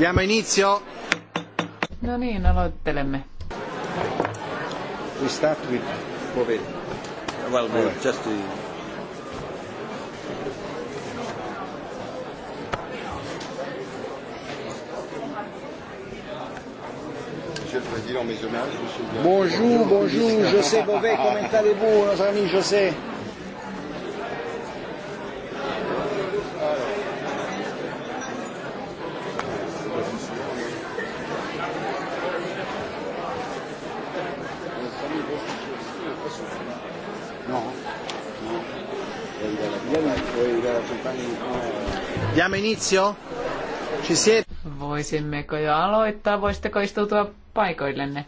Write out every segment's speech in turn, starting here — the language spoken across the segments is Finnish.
Diamo inizio. No niin, aloittelemme. We start with COVID. Well, we just to... Bonjour, bonjour, José Bové, comment allez-vous, nos amis José inizio? Ci siete? Voisimmeko jo aloittaa? Voisitteko istutua paikoillenne?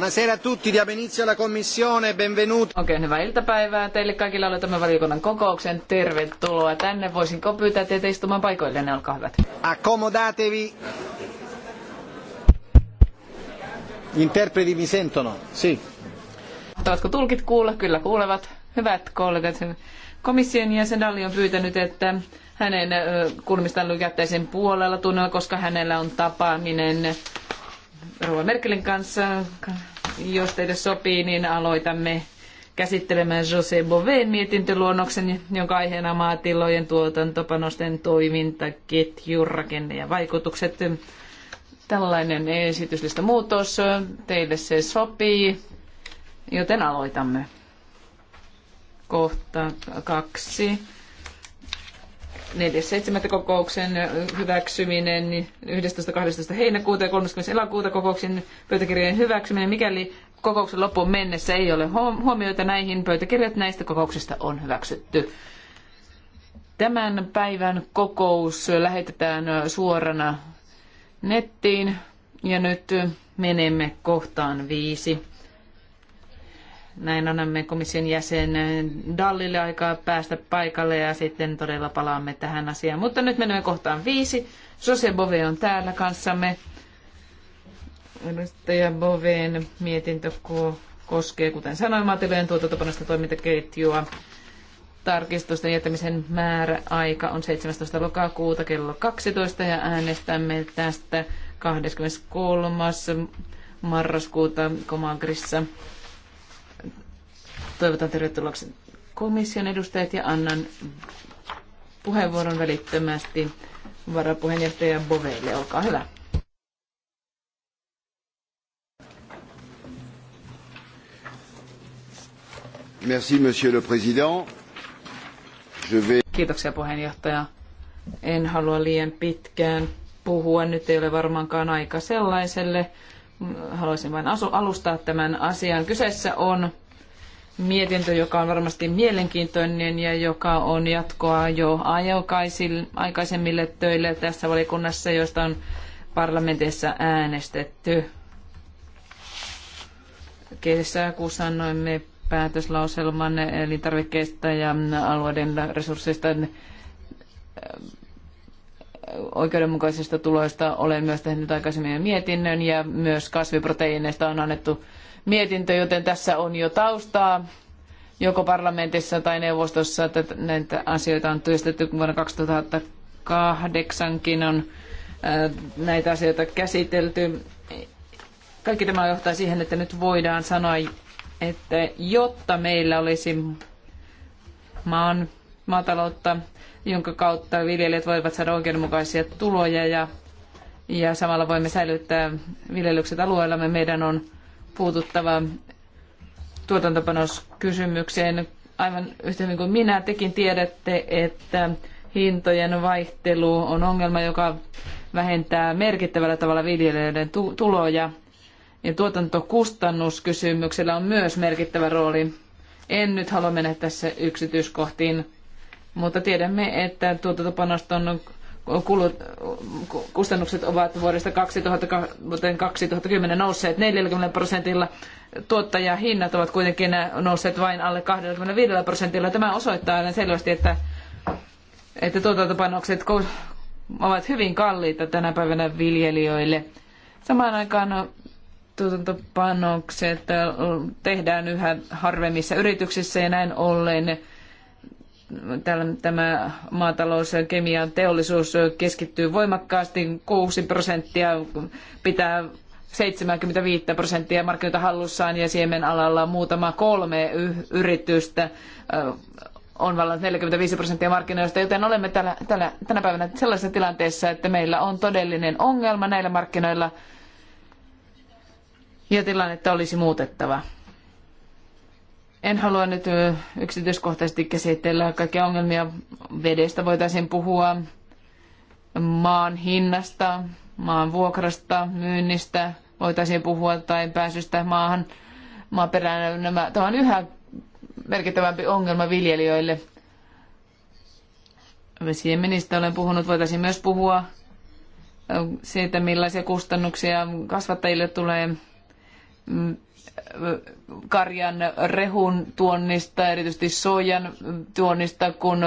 Buonasera a tutti, diamo inizio alla commissione, benvenuti. Oikein hyvää iltapäivää teille kaikille aloitamme valiokunnan kokouksen. Tervetuloa tänne. Voisinko pyytää teitä istumaan paikoillenne, olkaa hyvät. Accomodatevi. Interpreti mi sentono, si. Ottavatko tulkit kuulla? Kyllä kuulevat. Hyvät kollegat, komission jäsen Dalli on pyytänyt, että hänen kulmistaan lykättäisiin puolella tunnella, koska hänellä on tapaaminen Rouva Merkelin kanssa. Jos teille sopii, niin aloitamme käsittelemään Jose Boveen mietintöluonnoksen, jonka aiheena maatilojen tuotantopanosten toiminta, ketju, rakenne ja vaikutukset. Tällainen esityslista muutos, teille se sopii, joten aloitamme. Kohta kaksi 4.7. kokouksen hyväksyminen, 11.12. heinäkuuta ja 30. elokuuta kokouksen pöytäkirjojen hyväksyminen, mikäli kokouksen loppuun mennessä ei ole huomioita näihin, pöytäkirjat näistä kokouksista on hyväksytty. Tämän päivän kokous lähetetään suorana nettiin ja nyt menemme kohtaan viisi. Näin annamme komission jäsen Dallille aikaa päästä paikalle ja sitten todella palaamme tähän asiaan. Mutta nyt menemme kohtaan viisi. Jose Bove on täällä kanssamme. Edustaja Boveen mietintö koskee, kuten sanoin, maatilojen tuotantopanosta toimintaketjua. Tarkistusten jättämisen määräaika on 17. lokakuuta kello 12 ja äänestämme tästä 23. marraskuuta Komagrissa. Toivotan tervetulleeksi komission edustajat ja annan puheenvuoron välittömästi varapuheenjohtaja Boveille. Olkaa hyvä. Merci, monsieur le président. Je vais... Kiitoksia puheenjohtaja. En halua liian pitkään puhua. Nyt ei ole varmaankaan aika sellaiselle. Haluaisin vain alustaa tämän asian. Kyseessä on mietintö, joka on varmasti mielenkiintoinen ja joka on jatkoa jo aikaisemmille töille tässä valikunnassa, josta on parlamentissa äänestetty. Kesäkuussa annoimme päätöslauselman elintarvikkeista ja alueiden resursseista oikeudenmukaisista tuloista. Olen myös tehnyt aikaisemmin mietinnön ja myös kasviproteiineista on annettu mietintö, joten tässä on jo taustaa. Joko parlamentissa tai neuvostossa että näitä asioita on työstetty vuonna 2008kin on äh, näitä asioita käsitelty. Kaikki tämä johtaa siihen, että nyt voidaan sanoa, että jotta meillä olisi maan, maataloutta, jonka kautta viljelijät voivat saada oikeudenmukaisia tuloja ja, ja samalla voimme säilyttää viljelykset alueellamme, meidän on puututtava tuotantopanoskysymykseen. Aivan yhtä hyvin kuin minä, tekin tiedätte, että hintojen vaihtelu on ongelma, joka vähentää merkittävällä tavalla viljelijöiden tuloja. Ja tuotantokustannuskysymyksellä on myös merkittävä rooli. En nyt halua mennä tässä yksityiskohtiin, mutta tiedämme, että tuotantopanoston kulut, kustannukset ovat vuodesta 2000 2010 nousseet 40 prosentilla. Tuottajahinnat ovat kuitenkin nousseet vain alle 25 prosentilla. Tämä osoittaa aina selvästi, että, että tuotantopanokset ovat hyvin kalliita tänä päivänä viljelijöille. Samaan aikaan tuotantopanokset äh, tehdään yhä harvemmissa yrityksissä ja näin ollen tämä maatalous, kemian teollisuus keskittyy voimakkaasti, 6 prosenttia pitää 75 prosenttia markkinoita hallussaan ja siemenalalla muutama kolme yritystä on vallannut 45 prosenttia markkinoista, joten olemme tänä päivänä sellaisessa tilanteessa, että meillä on todellinen ongelma näillä markkinoilla ja tilannetta olisi muutettava. En halua nyt yksityiskohtaisesti käsitellä kaikkia ongelmia. Vedestä voitaisiin puhua, maan hinnasta, maan vuokrasta, myynnistä voitaisiin puhua tai pääsystä maahan, maaperään. Nämä, tämä on yhä merkittävämpi ongelma viljelijöille. Vesieministä olen puhunut, voitaisiin myös puhua siitä, millaisia kustannuksia kasvattajille tulee mm, karjan rehun tuonnista, erityisesti soijan tuonnista, kun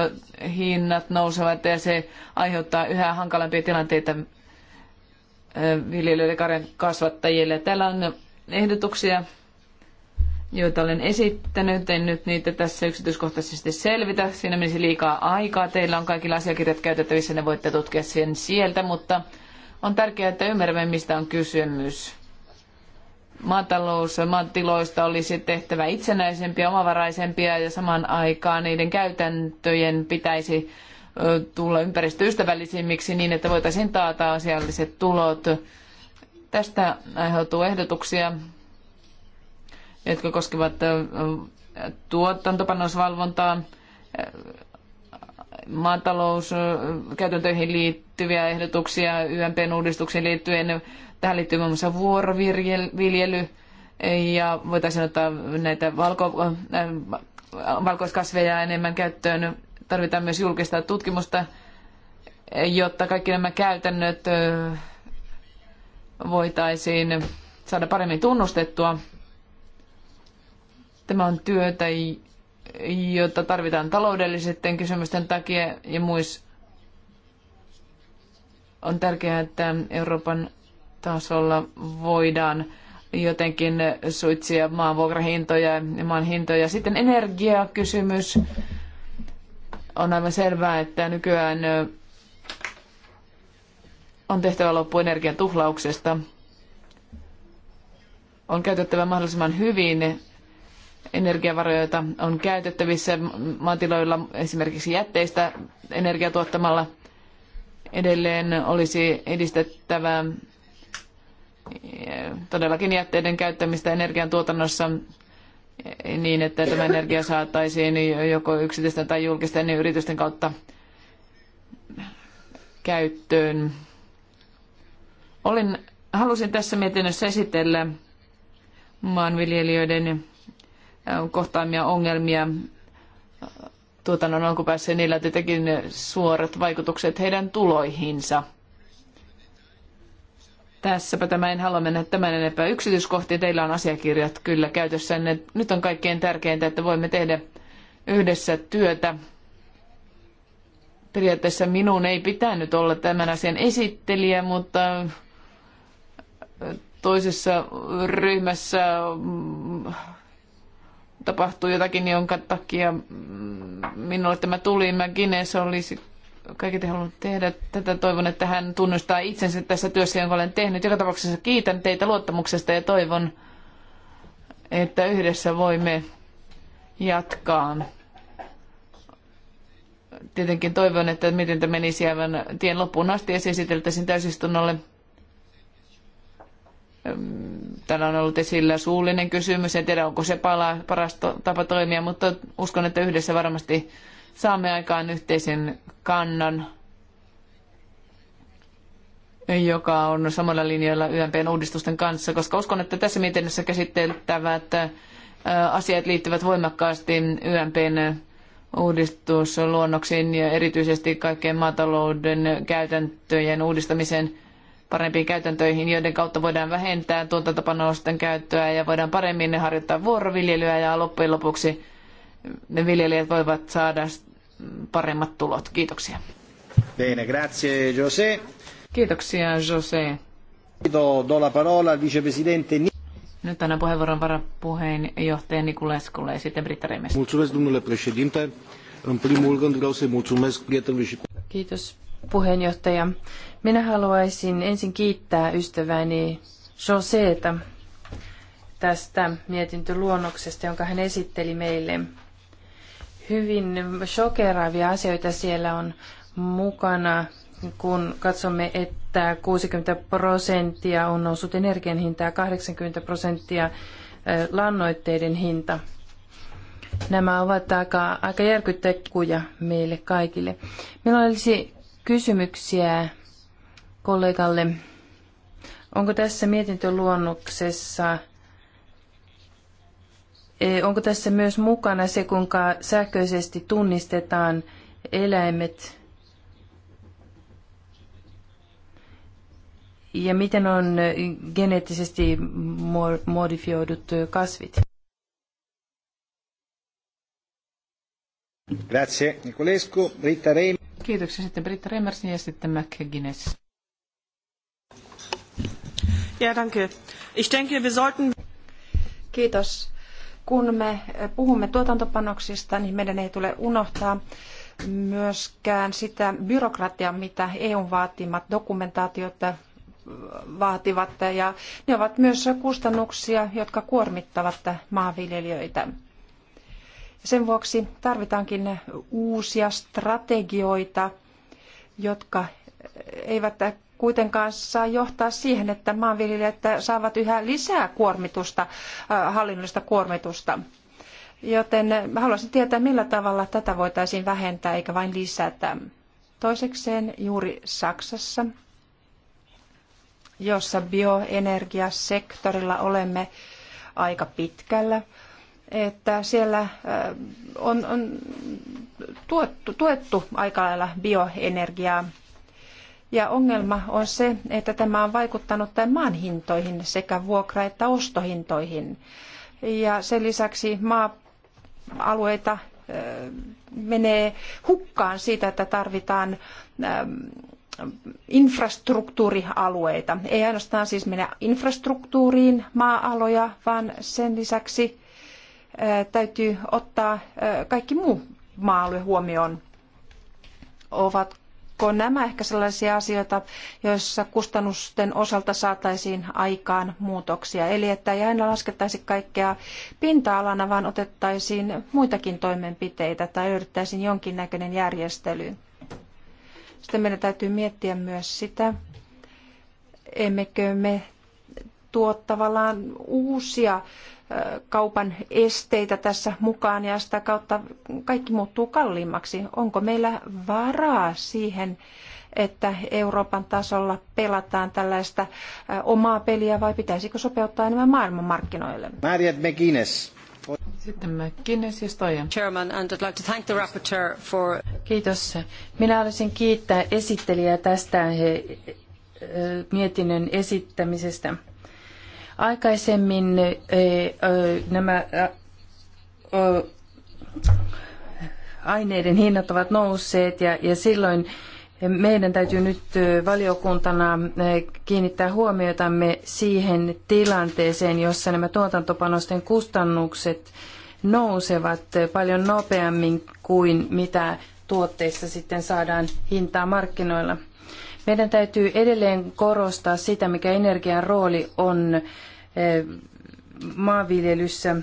hinnat nousevat ja se aiheuttaa yhä hankalampia tilanteita viljelijöille ja karjan kasvattajille. Täällä on ehdotuksia, joita olen esittänyt. En nyt niitä tässä yksityiskohtaisesti selvitä. Siinä menisi liikaa aikaa. Teillä on kaikilla asiakirjat käytettävissä, ne voitte tutkia sen sieltä, mutta on tärkeää, että ymmärrämme, mistä on kysymys maatalous, maatiloista olisi tehtävä itsenäisempiä, omavaraisempia ja samaan aikaan niiden käytäntöjen pitäisi tulla ympäristöystävällisimmiksi niin, että voitaisiin taata asialliset tulot. Tästä aiheutuu ehdotuksia, jotka koskevat tuotantopanosvalvontaa, maatalouskäytäntöihin liittyviä ehdotuksia, YMPn uudistuksiin liittyen, Tähän liittyy muun muassa vuoroviljely eh, ja voitaisiin ottaa näitä valko, eh, valkoiskasveja enemmän käyttöön. Tarvitaan myös julkista tutkimusta, eh, jotta kaikki nämä käytännöt voitaisiin saada paremmin tunnustettua. Tämä on työtä, jota tarvitaan taloudellisten kysymysten takia ja muissa on tärkeää, että Euroopan tasolla voidaan jotenkin suitsia maanvuokrahintoja ja maan hintoja. Sitten energiakysymys. On aivan selvää, että nykyään on tehtävä loppu energian tuhlauksesta. On käytettävä mahdollisimman hyvin energiavaroja, on käytettävissä maatiloilla esimerkiksi jätteistä energiatuottamalla. Edelleen olisi edistettävä todellakin jätteiden käyttämistä energiantuotannossa eh, niin, että tämä energia saataisiin joko yksityisten tai julkisten niin yritysten kautta käyttöön. Olin, halusin tässä mietinnössä esitellä maanviljelijöiden eh, kohtaamia ongelmia tuotannon alkupäässä ja niillä tietenkin suorat vaikutukset heidän tuloihinsa – Tässäpä tämä, en halua mennä tämän enempää yksityiskohtiin. Teillä on asiakirjat kyllä käytössä. Nyt on kaikkein tärkeintä, että voimme tehdä yhdessä työtä. Periaatteessa minun ei pitänyt olla tämän asian esittelijä, mutta äh, toisessa ryhmässä mm, tapahtui jotakin, jonka takia mm, minulle tämä tuli. Mä Guinness sitten kaiketi halunnut tehdä tätä. Toivon, että hän tunnustaa itsensä tässä työssä, jonka olen tehnyt. Joka tapauksessa kiitän teitä luottamuksesta ja toivon, että yhdessä voimme jatkaa. Tietenkin toivon, että miten tämä menisi aivan tien loppuun asti ja esiteltäisiin täysistunnolle. Ehm, täällä on ollut esillä suullinen kysymys. En tiedä, onko se pala, paras tapa toimia, mutta uskon, että yhdessä varmasti saamme aikaan yhteisen kannan, joka on samalla linjalla YMPn uudistusten kanssa, koska uskon, että tässä mietinnössä käsiteltävät asiat liittyvät voimakkaasti YMPn uudistusluonnoksiin ja erityisesti kaikkeen maatalouden käytäntöjen uudistamiseen parempiin käytäntöihin, joiden kautta voidaan vähentää tuotantopanosten käyttöä ja voidaan paremmin harjoittaa vuoroviljelyä ja loppujen lopuksi ne viljelijät voivat saada paremmat tulot. Kiitoksia. Bene, grazie José. Kiitoksia José. Do, do la parola al vicepresidente nyt annan puheenvuoron varapuheenjohtaja Nikuleskulle ja sitten Britta Remes. Kiitos, puheenjohtaja. Minä haluaisin ensin kiittää ystäväni Joseeta tästä mietintöluonnoksesta, jonka hän esitteli meille hyvin shokeraavia asioita siellä on mukana, kun katsomme, että 60 prosenttia on noussut energian hintaa, 80 prosenttia lannoitteiden hinta. Nämä ovat aika, aika järkyttäkkuja meille kaikille. Meillä olisi kysymyksiä kollegalle. Onko tässä mietintöluonnoksessa Eh, onko tässä myös mukana se, kuinka sähköisesti tunnistetaan eläimet ja miten on eh, geneettisesti modifioidut eh, kasvit? Grazie, Nicolescu. Britta Reim. Kiitoksia sitten Britta Reimersin ja sitten McGuinness. Ja, danke. Ich denke, wir sollten... Kiitos kun me puhumme tuotantopanoksista, niin meidän ei tule unohtaa myöskään sitä byrokratiaa, mitä EUn vaatimat dokumentaatiot äh, vaativat. Ja ne ovat myös kustannuksia, jotka kuormittavat maanviljelijöitä. Sen vuoksi tarvitaankin uusia strategioita, jotka eivät kuitenkaan saa johtaa siihen, että maanviljelijät saavat yhä lisää kuormitusta, äh, hallinnollista kuormitusta. Joten haluaisin tietää, millä tavalla tätä voitaisiin vähentää eikä vain lisätä. Toisekseen juuri Saksassa, jossa bioenergiasektorilla olemme aika pitkällä, että siellä äh, on, on tuettu, tuettu aika lailla bioenergiaa ja ongelma on se, että tämä on vaikuttanut tämän maan hintoihin sekä vuokra- että ostohintoihin. Ja sen lisäksi maa-alueita menee hukkaan siitä, että tarvitaan infrastruktuurialueita. Ei ainoastaan siis mene infrastruktuuriin maa-aloja, vaan sen lisäksi täytyy ottaa kaikki muu maa-alue huomioon. Ovat ovatko nämä ehkä sellaisia asioita, joissa kustannusten osalta saataisiin aikaan muutoksia? Eli että ei aina laskettaisi kaikkea pinta-alana, vaan otettaisiin muitakin toimenpiteitä tai löydettäisiin jonkinnäköinen järjestely. Sitten meidän täytyy miettiä myös sitä, emmekö me tuo tavallaan uusia kaupan esteitä tässä mukaan ja sitä kautta kaikki muuttuu kalliimmaksi. Onko meillä varaa siihen, että Euroopan tasolla pelataan tällaista omaa peliä vai pitäisikö sopeuttaa enemmän maailmanmarkkinoille? Marriott McGuinness. Sitten McGuinness ja Stojan. Chairman, and I'd like to thank the rapporteur for... Kiitos. Minä haluaisin kiittää esittelijää tästä mietinnön esittämisestä. Aikaisemmin eh, eh, nämä eh, aineiden hinnat ovat nousseet ja, silloin meidän täytyy nyt valiokuntana kiinnittää huomiotamme siihen tilanteeseen, jossa nämä tuotantopanosten kustannukset nousevat paljon nopeammin kuin mitä tuotteissa sitten saadaan hintaa markkinoilla. Meidän täytyy edelleen korostaa sitä, mikä energian rooli on eh, maanviljelyssä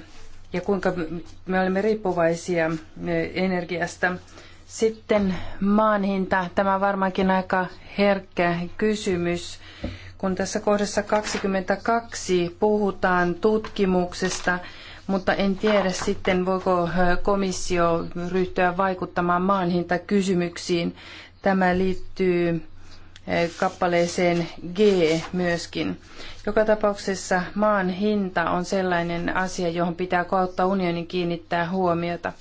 ja kuinka me olemme riippuvaisia eh, energiasta. Sitten maan hinta. Tämä on varmaankin aika herkkä kysymys, kun tässä kohdassa 22 puhutaan tutkimuksesta, mutta en tiedä sitten, voiko eh, komissio ryhtyä vaikuttamaan maan hintakysymyksiin. Tämä liittyy kappaleeseen G myöskin. Joka tapauksessa maan hinta on sellainen asia, johon pitää kautta unionin kiinnittää huomiota.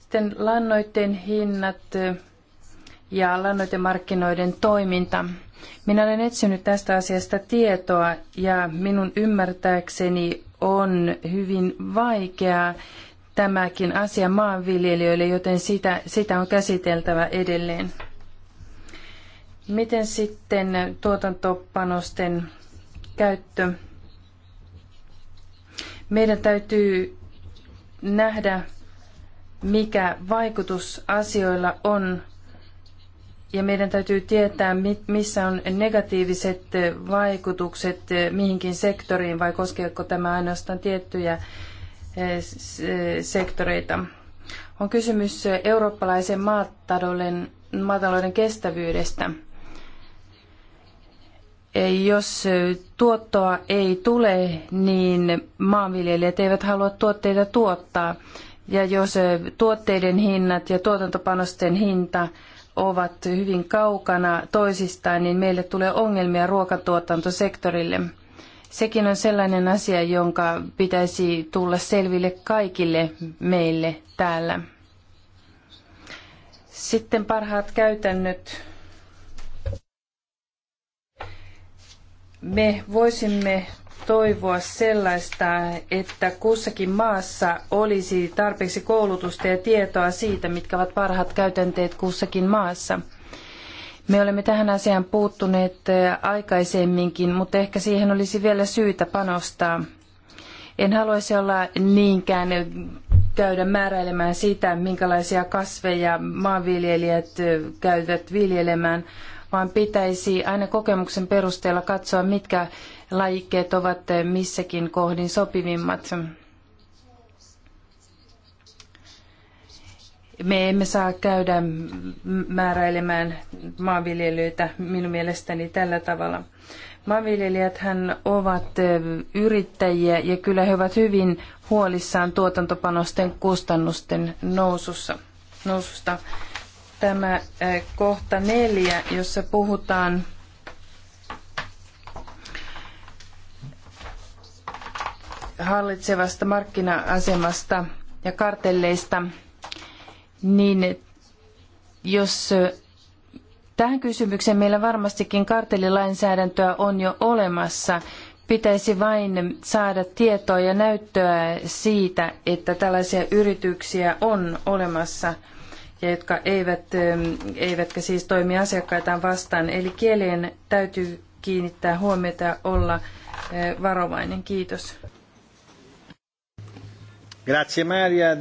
Sitten lannoitteen hinnat ja lannoitemarkkinoiden toiminta. Minä olen etsinyt tästä asiasta tietoa ja minun ymmärtääkseni on hyvin vaikeaa tämäkin asia maanviljelijöille, joten sitä, sitä on käsiteltävä edelleen. Miten sitten tuotantopanosten käyttö? Meidän täytyy nähdä, mikä vaikutus asioilla on ja meidän täytyy tietää, missä on negatiiviset vaikutukset mihinkin sektoriin vai koskeeko tämä ainoastaan tiettyjä eh, sektoreita. On kysymys eurooppalaisen maatalouden, maatalouden kestävyydestä jos tuottoa ei tule, niin maanviljelijät eivät halua tuotteita tuottaa. Ja jos tuotteiden hinnat ja tuotantopanosten hinta ovat hyvin kaukana toisistaan, niin meille tulee ongelmia ruokatuotantosektorille. Sekin on sellainen asia, jonka pitäisi tulla selville kaikille meille täällä. Sitten parhaat käytännöt me voisimme toivoa sellaista, että kussakin maassa olisi tarpeeksi koulutusta ja tietoa siitä, mitkä ovat parhaat käytänteet kussakin maassa. Me olemme tähän asiaan puuttuneet eh, aikaisemminkin, mutta ehkä siihen olisi vielä syytä panostaa. En haluaisi olla niinkään käydä määräilemään sitä, minkälaisia kasveja maanviljelijät eh, käyvät viljelemään, vaan pitäisi aina kokemuksen perusteella katsoa, mitkä lajikkeet ovat missäkin kohdin sopivimmat. Me emme saa käydä määräilemään maanviljelijöitä minun mielestäni tällä tavalla. Maanviljelijät hän ovat yrittäjiä ja kyllä he ovat hyvin huolissaan tuotantopanosten kustannusten nousussa, noususta tämä kohta neljä, jossa puhutaan hallitsevasta markkina-asemasta ja kartelleista, niin jos tähän kysymykseen meillä varmastikin kartellilainsäädäntöä on jo olemassa, pitäisi vain saada tietoa ja näyttöä siitä, että tällaisia yrityksiä on olemassa – ja jotka eivät, ähm, eivätkä siis toimi asiakkaitaan vastaan. Eli kielien täytyy kiinnittää huomiota ja olla äh, varovainen. Kiitos. Grazie Maria,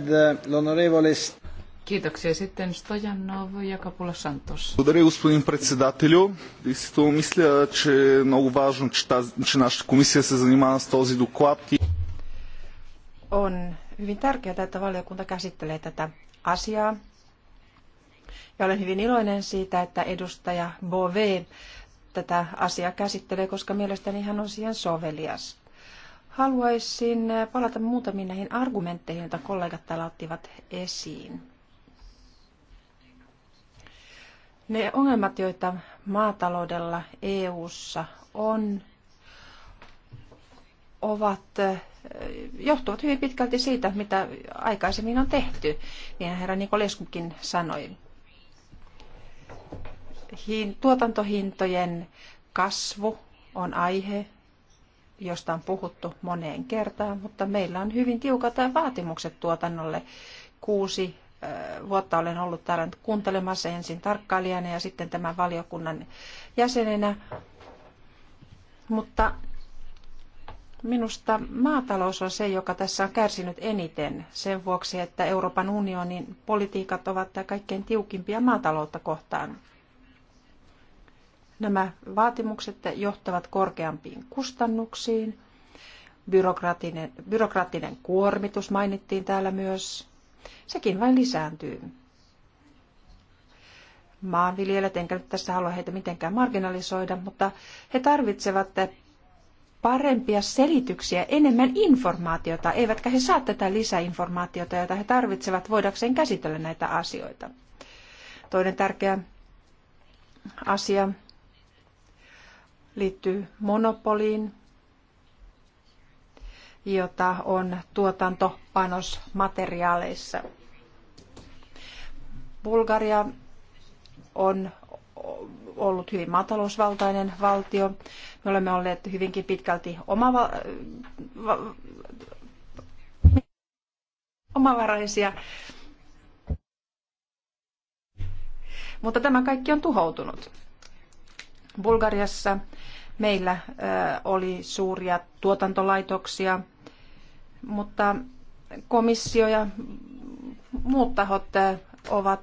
l'onorevole... Kiitoksia sitten Stojanov ja Kapula Santos. Благодаря, господин председателю. Действително мисля, че е много важно, че нашата комисия се занимава с този доклад. On hyvin tärkeää, että valiokunta käsittelee tätä asiaa. Ja olen hyvin iloinen siitä, että edustaja Bove tätä asiaa käsittelee, koska mielestäni hän on siihen sovelias. Haluaisin palata muutamiin näihin argumentteihin, joita kollegat täällä ottivat esiin. Ne ongelmat, joita maataloudella EU:ssa on, ovat, eh, johtuvat hyvin pitkälti siitä, mitä aikaisemmin on tehty, niin herra Nikoleskukin sanoi hin, tuotantohintojen kasvu on aihe, josta on puhuttu moneen kertaan, mutta meillä on hyvin tiukat vaatimukset tuotannolle. Kuusi vuotta olen ollut täällä kuuntelemassa ensin tarkkailijana ja sitten tämän valiokunnan jäsenenä. Mutta minusta maatalous on se, joka tässä on kärsinyt eniten sen vuoksi, että Euroopan unionin politiikat ovat kaikkein tiukimpia maataloutta kohtaan. Nämä vaatimukset johtavat korkeampiin kustannuksiin. Byrokraattinen, byrokraattinen kuormitus mainittiin täällä myös. Sekin vain lisääntyy. Maanviljelijät, enkä nyt tässä halua heitä mitenkään marginalisoida, mutta he tarvitsevat parempia selityksiä, enemmän informaatiota, eivätkä he saa tätä lisäinformaatiota, jota he tarvitsevat voidakseen käsitellä näitä asioita. Toinen tärkeä asia liittyy monopoliin, jota on tuotantopanosmateriaaleissa. Bulgaria on ollut hyvin maatalousvaltainen valtio. Me olemme olleet hyvinkin pitkälti oma omavaraisia. Mutta tämä kaikki on tuhoutunut. Bulgariassa Meillä oli suuria tuotantolaitoksia, mutta komissio ja muut tahot ovat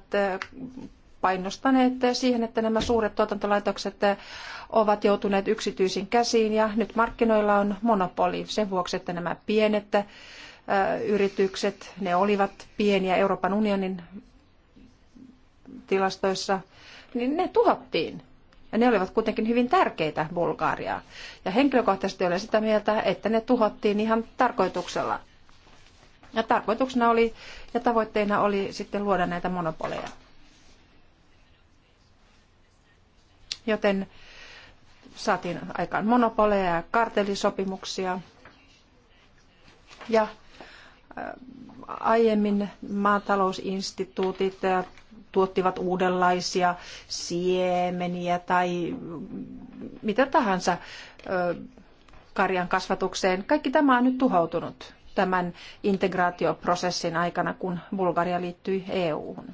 painostaneet siihen, että nämä suuret tuotantolaitokset ovat joutuneet yksityisiin käsiin ja nyt markkinoilla on monopoli sen vuoksi, että nämä pienet yritykset, ne olivat pieniä Euroopan unionin tilastoissa, niin ne tuhottiin. Ja ne olivat kuitenkin hyvin tärkeitä Bulgariaa. Ja henkilökohtaisesti olen sitä mieltä, että ne tuhottiin ihan tarkoituksella. Ja tarkoituksena oli ja tavoitteena oli sitten luoda näitä monopoleja. Joten saatiin aikaan monopoleja ja kartellisopimuksia. Ja aiemmin maatalousinstituutit tuottivat uudenlaisia siemeniä tai mitä tahansa karjan kasvatukseen. Kaikki tämä on nyt tuhoutunut tämän integraatioprosessin aikana, kun Bulgaria liittyi EU-hun.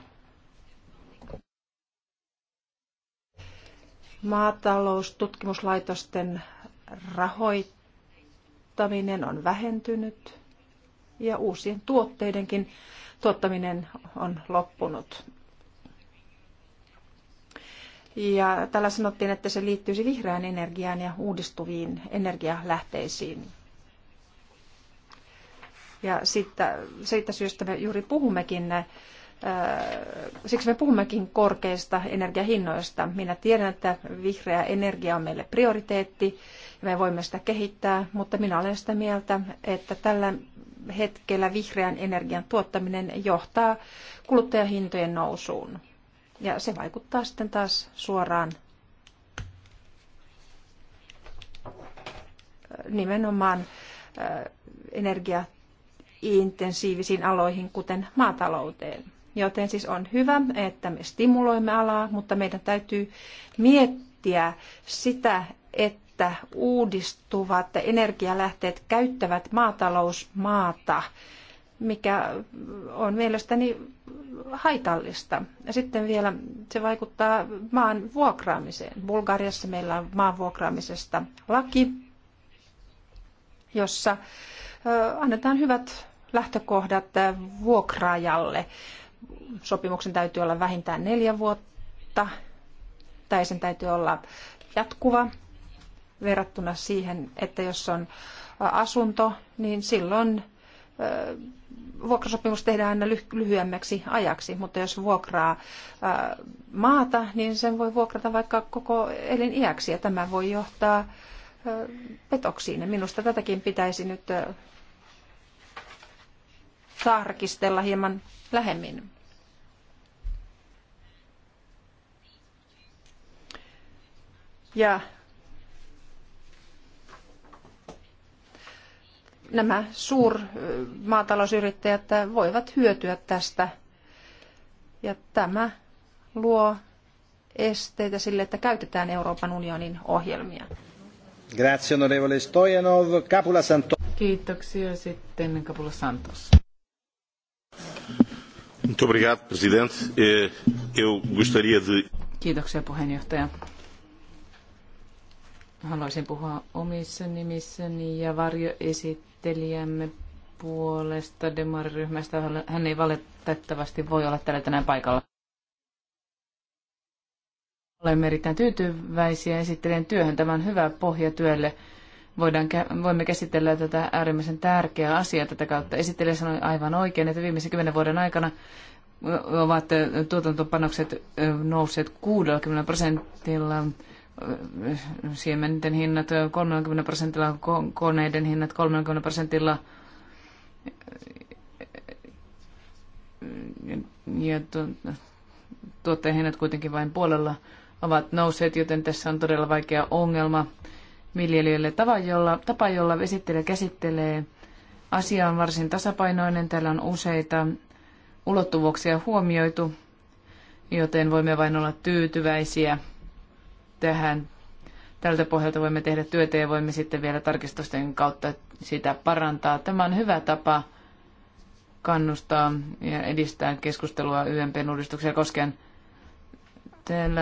Maataloustutkimuslaitosten rahoittaminen on vähentynyt ja uusien tuotteidenkin tuottaminen on loppunut. Ja tällä sanottiin, että se liittyisi vihreään energiaan ja uudistuviin energialähteisiin. Ja siitä, siitä syystä me juuri puhummekin, äh, siksi me puhummekin korkeista energiahinnoista. Minä tiedän, että vihreä energia on meille prioriteetti ja me voimme sitä kehittää, mutta minä olen sitä mieltä, että tällä hetkellä vihreän energian tuottaminen johtaa kuluttajahintojen nousuun. Ja se vaikuttaa sitten taas suoraan nimenomaan energiaintensiivisiin aloihin, kuten maatalouteen. Joten siis on hyvä, että me stimuloimme alaa, mutta meidän täytyy miettiä sitä, että uudistuvat energialähteet käyttävät maatalousmaata, mikä on mielestäni haitallista. Ja sitten vielä se vaikuttaa maan vuokraamiseen. Bulgariassa meillä on maan vuokraamisesta laki, jossa annetaan hyvät lähtökohdat vuokraajalle. Sopimuksen täytyy olla vähintään neljä vuotta tai sen täytyy olla jatkuva verrattuna siihen, että jos on asunto, niin silloin vuokrasopimus tehdään aina lyhyemmäksi ajaksi, mutta jos vuokraa maata, niin sen voi vuokrata vaikka koko eliniäksi ja tämä voi johtaa petoksiin. Ja minusta tätäkin pitäisi nyt tarkistella hieman lähemmin. Ja nämä suurmaatalousyrittäjät voivat hyötyä tästä. Ja tämä luo esteitä sille, että käytetään Euroopan unionin ohjelmia. Grazie onorevole Stojanov. Capula Santos. Kiitoksia sitten Capula Santos. Muito obrigado, presidente. Eh, eu gostaria de... Kiitoksia puheenjohtaja. Haluaisin puhua omissa nimissäni ja varjoesittää esittelijämme puolesta demariryhmästä. Hän ei valitettavasti voi olla täällä tänään paikalla. Olemme erittäin tyytyväisiä esittelijän työhön. Tämä on hyvä pohja työlle. Voidaan, voimme käsitellä tätä äärimmäisen tärkeää asiaa tätä kautta. Esittelijä sanoi aivan oikein, että viimeisen kymmenen vuoden aikana ovat tuotantopanokset nousseet 60 prosentilla siementen hinnat 30 prosentilla, koneiden hinnat 30 prosentilla. Ja tuotteen hinnat kuitenkin vain puolella ovat nousseet, joten tässä on todella vaikea ongelma viljelijöille. Tapa, jolla, tapa, jolla esittelijä käsittelee asia on varsin tasapainoinen. Täällä on useita ulottuvuuksia huomioitu, joten voimme vain olla tyytyväisiä tähän tältä pohjalta voimme tehdä työtä ja voimme sitten vielä tarkistusten kautta sitä parantaa. Tämä on hyvä tapa kannustaa ja edistää keskustelua YMPn uudistuksia koskien. Täällä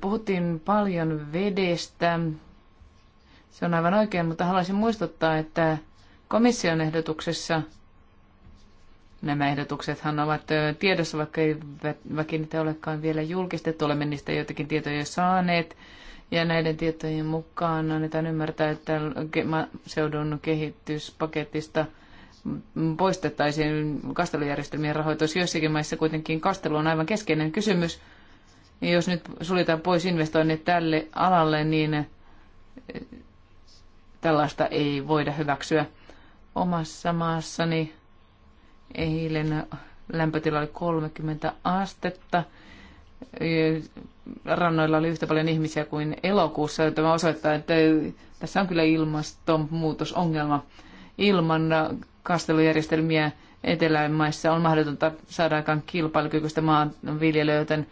puhuttiin paljon vedestä. Se on aivan oikein, mutta haluaisin muistuttaa, että komission ehdotuksessa – Nämä ehdotuksethan ovat tiedossa, vaikka ei niitä olekaan vielä julkistettu. Olemme niistä joitakin tietoja saaneet. Ja näiden tietojen mukaan annetaan ymmärtää, että seudun kehityspaketista poistettaisiin kastelujärjestelmien rahoitus. Joissakin maissa kuitenkin kastelu on aivan keskeinen kysymys. Ja jos nyt suljetaan pois investoinnit tälle alalle, niin tällaista ei voida hyväksyä omassa maassani Eilen lämpötila oli 30 astetta. Rannoilla oli yhtä paljon ihmisiä kuin elokuussa. Tämä osoittaa, että tässä on kyllä ilmastonmuutosongelma. Ilman kastelujärjestelmiä etelämaissa on mahdotonta saada aikaan kilpailukykyistä maanviljelyä, joten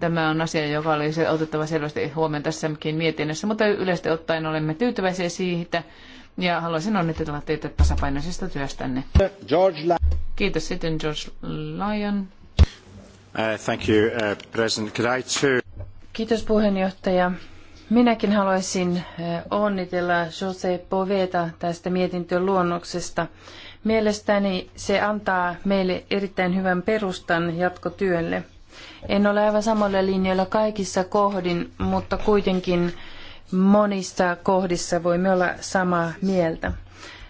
tämä on asia, joka oli otettava selvästi huomioon tässäkin mietinnössä, mutta yleisesti ottaen olemme tyytyväisiä siitä ja haluaisin onnitella teitä tasapainoisesta työstänne. George La- Kiitos sitten George Lyon. Uh, thank you, uh, President. Could I too... Kiitos puheenjohtaja. Minäkin haluaisin uh, onnitella Jose Poveta tästä mietintöön luonnoksesta. Mielestäni se antaa meille erittäin hyvän perustan jatkotyölle. En ole aivan samalla linjoilla kaikissa kohdin, mutta kuitenkin monissa kohdissa voimme olla samaa mieltä.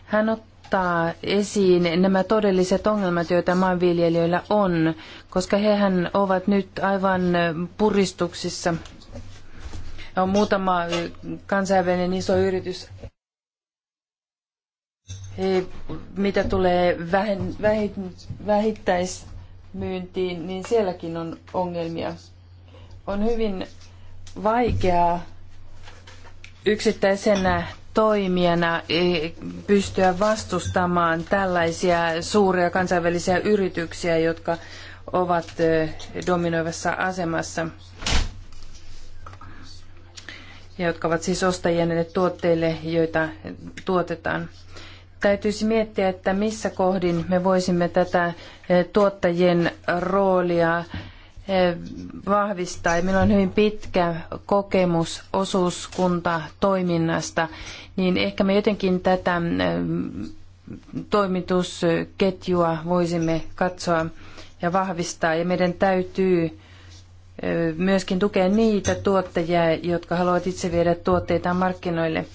Hän ottaa nostaa esiin nämä todelliset ongelmat, joita maanviljelijöillä on, koska hehän ovat nyt aivan puristuksissa. On muutama kansainvälinen iso yritys, He, mitä tulee vähen, vähit, vähittäismyyntiin, niin sielläkin on ongelmia. On hyvin vaikeaa yksittäisenä toimijana e, pystyä vastustamaan tällaisia suuria kansainvälisiä yrityksiä, jotka ovat e, dominoivassa asemassa ja jotka ovat siis ostajia näille tuotteille, joita tuotetaan. Täytyisi miettiä, että missä kohdin me voisimme tätä e, tuottajien roolia Eh, vahvistaa. Ja minulla on hyvin pitkä kokemus osuuskuntatoiminnasta, niin ehkä me jotenkin tätä eh, toimitusketjua voisimme katsoa ja vahvistaa. Ja meidän täytyy eh, myöskin tukea niitä tuottajia, jotka haluavat itse viedä tuotteitaan markkinoille.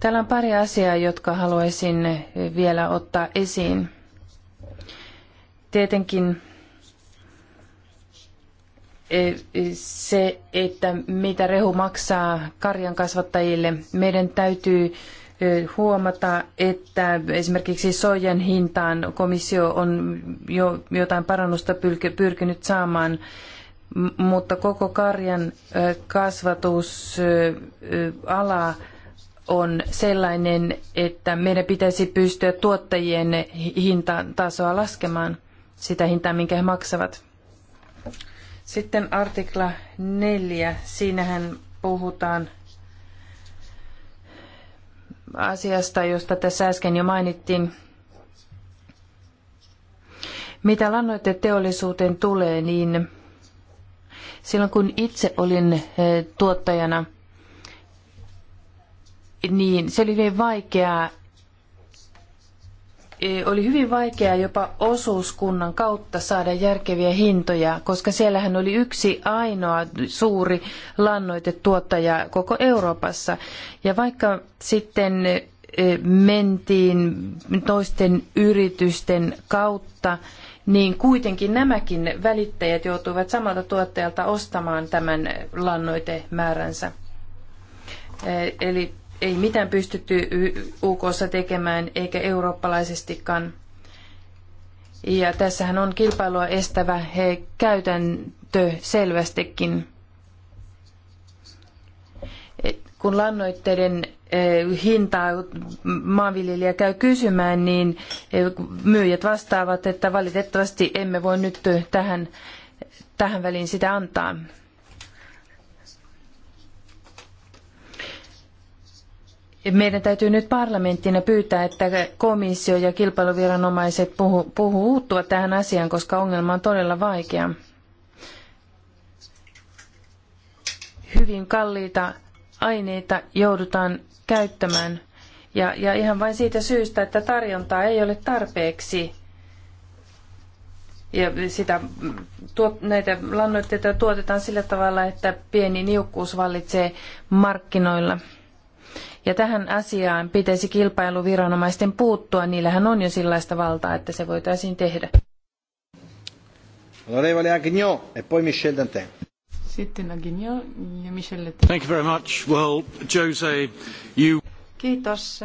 Täällä on pari asiaa, jotka haluaisin vielä ottaa esiin. Tietenkin se, että mitä rehu maksaa karjan kasvattajille. Meidän täytyy huomata, että esimerkiksi soijan hintaan komissio on jo jotain parannusta pyrkinyt saamaan, mutta koko karjan kasvatusala on sellainen, että meidän pitäisi pystyä tuottajien hintatasoa laskemaan sitä hintaa, minkä he maksavat. Sitten artikla 4. Siinähän puhutaan asiasta, josta tässä äsken jo mainittiin. Mitä lannoiteteollisuuteen tulee, niin silloin kun itse olin eh, tuottajana, niin se oli hyvin vaikeaa E, oli hyvin vaikeaa jopa osuuskunnan kautta saada järkeviä hintoja, koska siellähän oli yksi ainoa suuri lannoitetuottaja koko Euroopassa. Ja vaikka sitten e, mentiin toisten yritysten kautta, niin kuitenkin nämäkin välittäjät joutuivat samalta tuottajalta ostamaan tämän lannoitemääränsä. E, eli ei mitään pystytty UKssa tekemään eikä eurooppalaisestikaan. Ja tässähän on kilpailua estävä he käytäntö selvästikin. kun lannoitteiden e, hintaa maanviljelijä käy kysymään, niin e, myyjät vastaavat, että valitettavasti emme voi nyt tähän, tähän väliin sitä antaa. meidän täytyy nyt parlamenttina pyytää, että komissio ja kilpailuviranomaiset puhu, puhuuttuvat tähän asiaan, koska ongelma on todella vaikea. Hyvin kalliita aineita joudutaan käyttämään ja, ja ihan vain siitä syystä, että tarjontaa ei ole tarpeeksi. Ja sitä, tuot, näitä lannoitteita tuotetaan sillä tavalla, että pieni niukkuus vallitsee markkinoilla. Ja tähän asiaan pitäisi kilpailuviranomaisten puuttua. Niillähän on jo sellaista valtaa, että se voitaisiin tehdä. Onorevole Agnew e poi Michel Dantin. Sitten Agnew ja Michel Dantin. Thank you very much. Well, Jose, you... Kiitos.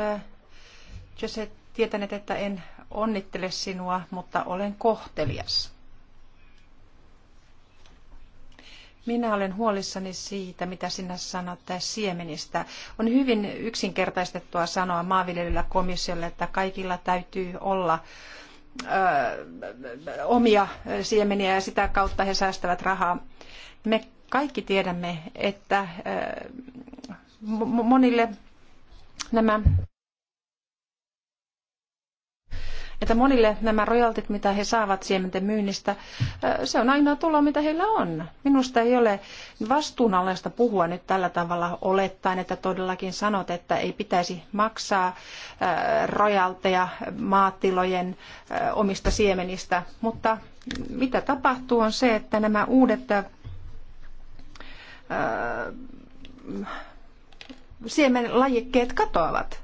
Jose, tietänet, että en onnittele sinua, mutta olen kohtelias. Minä olen huolissani siitä, mitä sinä sanotte siemenistä. On hyvin yksinkertaistettua sanoa maanviljelyllä komissiolle, että kaikilla täytyy olla ö, omia siemeniä ja sitä kautta he säästävät rahaa. Me kaikki tiedämme, että ö, monille nämä että monille nämä rojaltit, mitä he saavat siementen myynnistä, se on ainoa tulo, mitä heillä on. Minusta ei ole vastuunalaista puhua nyt tällä tavalla olettaen, että todellakin sanot, että ei pitäisi maksaa rojalteja maatilojen omista siemenistä, mutta mitä tapahtuu on se, että nämä uudet siemenlajikkeet katoavat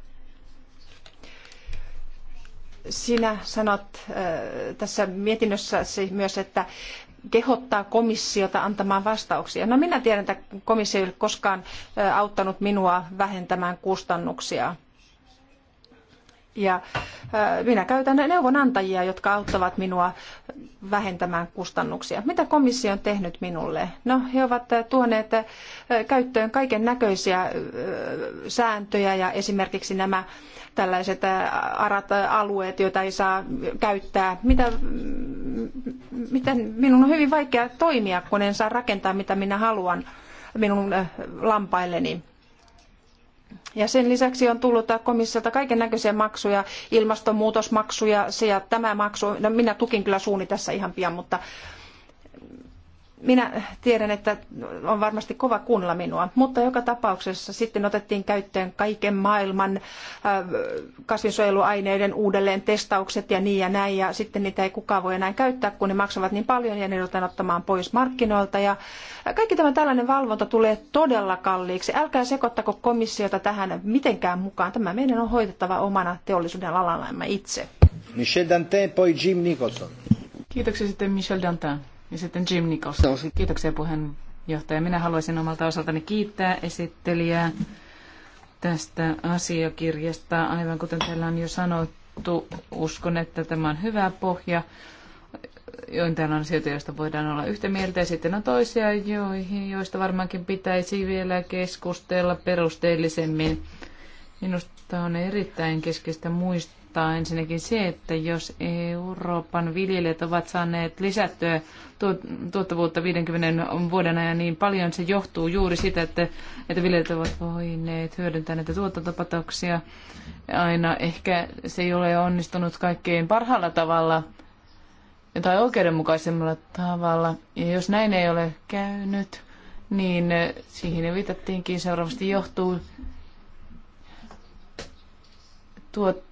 sinä sanot äh, tässä mietinnössäsi myös, että kehottaa komissiota antamaan vastauksia. No minä tiedän, että komissio ei ole koskaan äh, auttanut minua vähentämään kustannuksia. Ja minä käytän neuvonantajia, jotka auttavat minua vähentämään kustannuksia. Mitä komissio on tehnyt minulle? No, he ovat tuoneet käyttöön kaiken näköisiä sääntöjä ja esimerkiksi nämä tällaiset arat alueet, joita ei saa käyttää. Mitä, miten minun on hyvin vaikea toimia, kun en saa rakentaa mitä minä haluan minun lampailleni. Ja sen lisäksi on tullut komissiolta kaiken näköisiä maksuja, ilmastonmuutosmaksuja, se ja tämä maksu. No, minä tukin kyllä suuni tässä ihan pian, mutta minä tiedän, että on varmasti kova kuunnella minua, mutta joka tapauksessa sitten otettiin käyttöön kaiken maailman kasvinsuojeluaineiden uudelleen testaukset ja niin ja näin. Ja sitten niitä ei kukaan voi enää käyttää, kun ne maksavat niin paljon ja ne joudutaan ottamaan pois markkinoilta. Ja kaikki tämä tällainen valvonta tulee todella kalliiksi. Älkää sekoittako komissiota tähän mitenkään mukaan. Tämä meidän on hoidettava omana teollisuuden alallamme itse. Michel Dantin, poi Jim Nicholson. Kiitoksia sitten Michel Dantin. Ja sitten Jim Nicholson. Kiitoksia puheenjohtaja. Minä haluaisin omalta osaltani kiittää esittelijää tästä asiakirjasta. Aivan kuten teillä on jo sanottu, uskon, että tämä on hyvä pohja. Join täällä on asioita, joista voidaan olla yhtä mieltä, ja sitten on toisia, joihin, joista varmaankin pitäisi vielä keskustella perusteellisemmin. Minusta on erittäin keskeistä muistaa, huolettaa ensinnäkin se, että jos Euroopan viljelijät ovat saaneet lisättyä tuottavuutta 50 vuoden ajan, niin paljon se johtuu juuri siitä, että, että viljelijät ovat voineet hyödyntää näitä tuotantopatoksia. Aina ehkä se ei ole onnistunut kaikkein parhaalla tavalla tai oikeudenmukaisemmalla tavalla. Ja jos näin ei ole käynyt, niin siihen viitattiinkin seuraavasti johtuu tuot,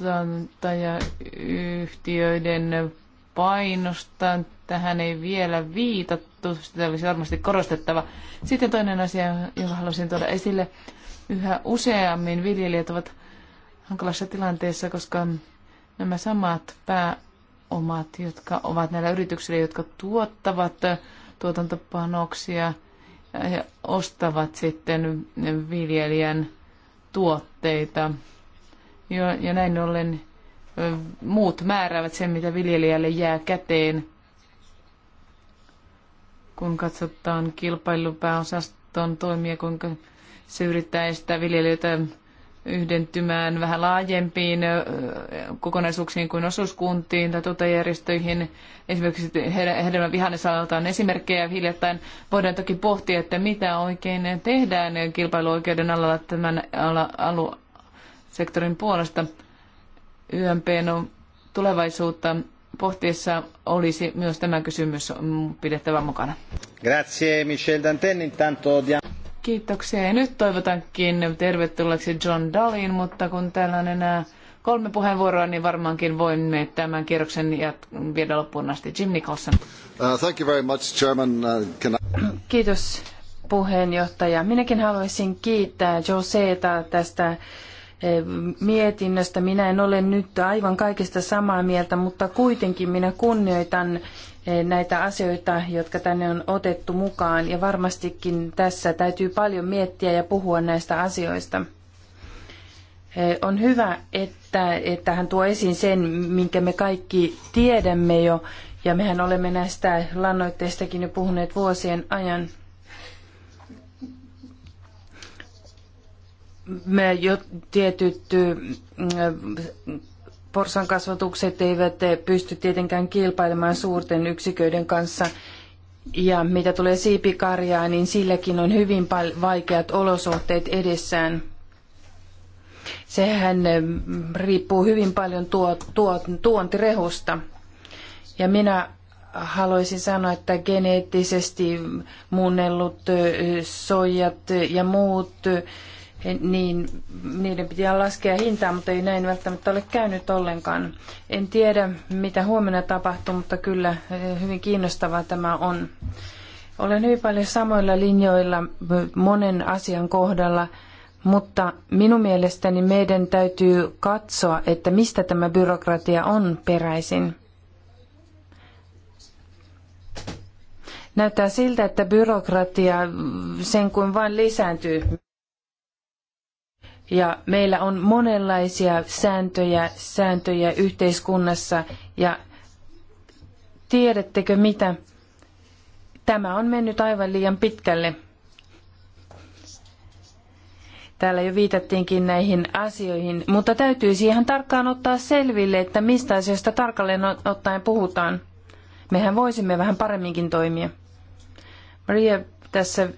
kustantajayhtiöiden painosta. Tähän ei vielä viitattu, sitä olisi varmasti korostettava. Sitten toinen asia, jonka haluaisin tuoda esille. Yhä useammin viljelijät ovat hankalassa tilanteessa, koska nämä samat pääomat, jotka ovat näillä yrityksillä, jotka tuottavat tuotantopanoksia ja ostavat sitten viljelijän tuotteita ja näin ollen muut määräävät sen, mitä viljelijälle jää käteen. Kun katsotaan kilpailupääosaston toimia, kuinka se yrittää estää viljelijöitä yhdentymään vähän laajempiin kokonaisuuksiin kuin osuuskuntiin tai tuottajärjestöihin. Esimerkiksi hedelmän vihannesalalta on esimerkkejä hiljattain. Voidaan toki pohtia, että mitä oikein tehdään kilpailuoikeuden alalla tämän sektorin puolesta. YMPn no, tulevaisuutta pohtiessa olisi myös tämä kysymys pidettävä mukana. Grazie Michel Danten. Intanto Kiitoksia. Ja nyt toivotankin tervetulleeksi John Dalin, mutta kun täällä on enää kolme puheenvuoroa, niin varmaankin voimme tämän kierroksen ja viedä loppuun asti. Jim Nicholson. Uh, thank you very much, Chairman. Uh, can I... Kiitos puheenjohtaja. Minäkin haluaisin kiittää Joseeta tästä mietinnöstä. Minä en ole nyt aivan kaikesta samaa mieltä, mutta kuitenkin minä kunnioitan eh, näitä asioita, jotka tänne on otettu mukaan. Ja varmastikin tässä täytyy paljon miettiä ja puhua näistä asioista. Eh, on hyvä, että, että hän tuo esiin sen, minkä me kaikki tiedämme jo, ja mehän olemme näistä lannoitteistakin jo puhuneet vuosien ajan. me jo tietyt porsan kasvatukset eivät pysty tietenkään kilpailemaan suurten yksiköiden kanssa. Ja mitä tulee siipikarjaan, niin silläkin on hyvin vaikeat olosuhteet edessään. Sehän riippuu hyvin paljon tuo, tuo, tuontirehusta. Ja minä haluaisin sanoa, että geneettisesti muunnellut soijat ja muut niin niiden pitää laskea hintaa, mutta ei näin välttämättä ole käynyt ollenkaan. En tiedä, mitä huomenna tapahtuu, mutta kyllä eh, hyvin kiinnostavaa tämä on. Olen hyvin paljon samoilla linjoilla eh, monen asian kohdalla, mutta minun mielestäni meidän täytyy katsoa, että mistä tämä byrokratia on peräisin. Näyttää siltä, että byrokratia mm, sen kuin vain lisääntyy. Ja meillä on monenlaisia sääntöjä, sääntöjä yhteiskunnassa ja tiedättekö mitä? Tämä on mennyt aivan liian pitkälle. Täällä jo viitattiinkin näihin asioihin, mutta täytyy ihan tarkkaan ottaa selville, että mistä asioista tarkalleen ottaen puhutaan. Mehän voisimme vähän paremminkin toimia. Maria tässä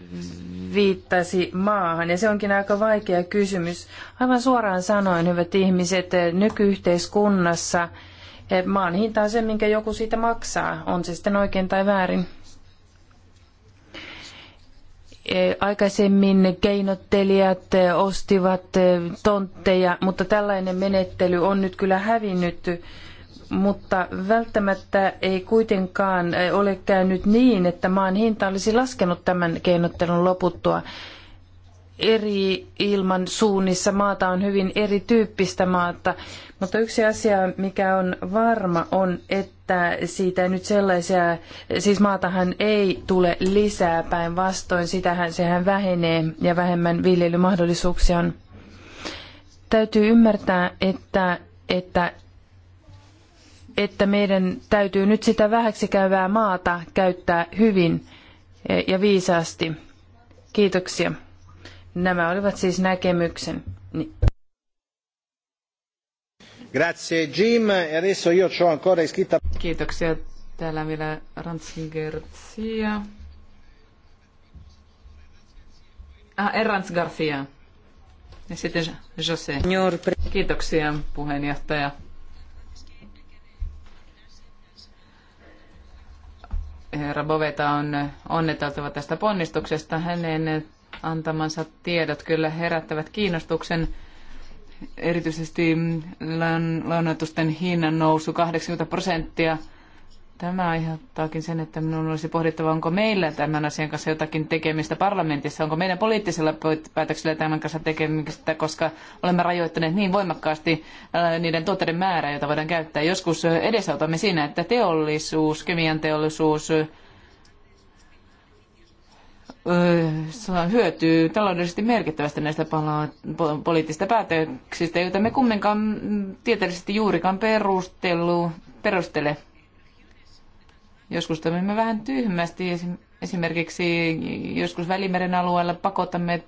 viittasi maahan, ja se onkin aika vaikea kysymys. Aivan suoraan sanoen, hyvät ihmiset, nykyyhteiskunnassa eh, maan hinta on se, minkä joku siitä maksaa, on se sitten oikein tai väärin. Eh, aikaisemmin keinottelijat eh, ostivat tontteja, mutta tällainen menettely on nyt kyllä hävinnyt mutta välttämättä ei kuitenkaan eh, ole käynyt niin, että maan hinta olisi laskenut tämän keinottelun loputtua. Eri ilman suunnissa maata on hyvin erityyppistä maata, mutta yksi asia, mikä on varma, on, että siitä nyt sellaisia, siis maatahan ei tule lisää päinvastoin, sitähän sehän vähenee ja vähemmän viljelymahdollisuuksia on. Täytyy ymmärtää, että että että meidän täytyy nyt sitä vähäksi käyvää maata käyttää hyvin e, ja viisaasti. Kiitoksia. Nämä olivat siis näkemyksen. Grazie Jim. E adesso io ho ancora iscritta... Kiitoksia. Täällä on vielä Rantsinger Ah, Errans Garcia. Ja sitten Jose. Kiitoksia puheenjohtaja. herra Boveta on onneteltava tästä ponnistuksesta. Hänen antamansa tiedot kyllä herättävät kiinnostuksen. Erityisesti lannoitusten hinnan nousu 80 prosenttia – Tämä aiheuttaakin sen, että minun olisi pohdittava, onko meillä tämän asian kanssa jotakin tekemistä parlamentissa, onko meidän poliittisella päätöksellä tämän kanssa tekemistä, koska olemme rajoittaneet niin voimakkaasti äh, niiden tuotteiden määrää, joita voidaan käyttää. Joskus edesautamme siinä, että teollisuus, kemian teollisuus, äh, hyötyy taloudellisesti merkittävästi näistä poliittisista päätöksistä, joita me kumminkaan mm, tieteellisesti juurikaan perustelu, perustele. Joskus toimimme vähän tyhmästi. Esimerkiksi joskus Välimeren alueella pakotamme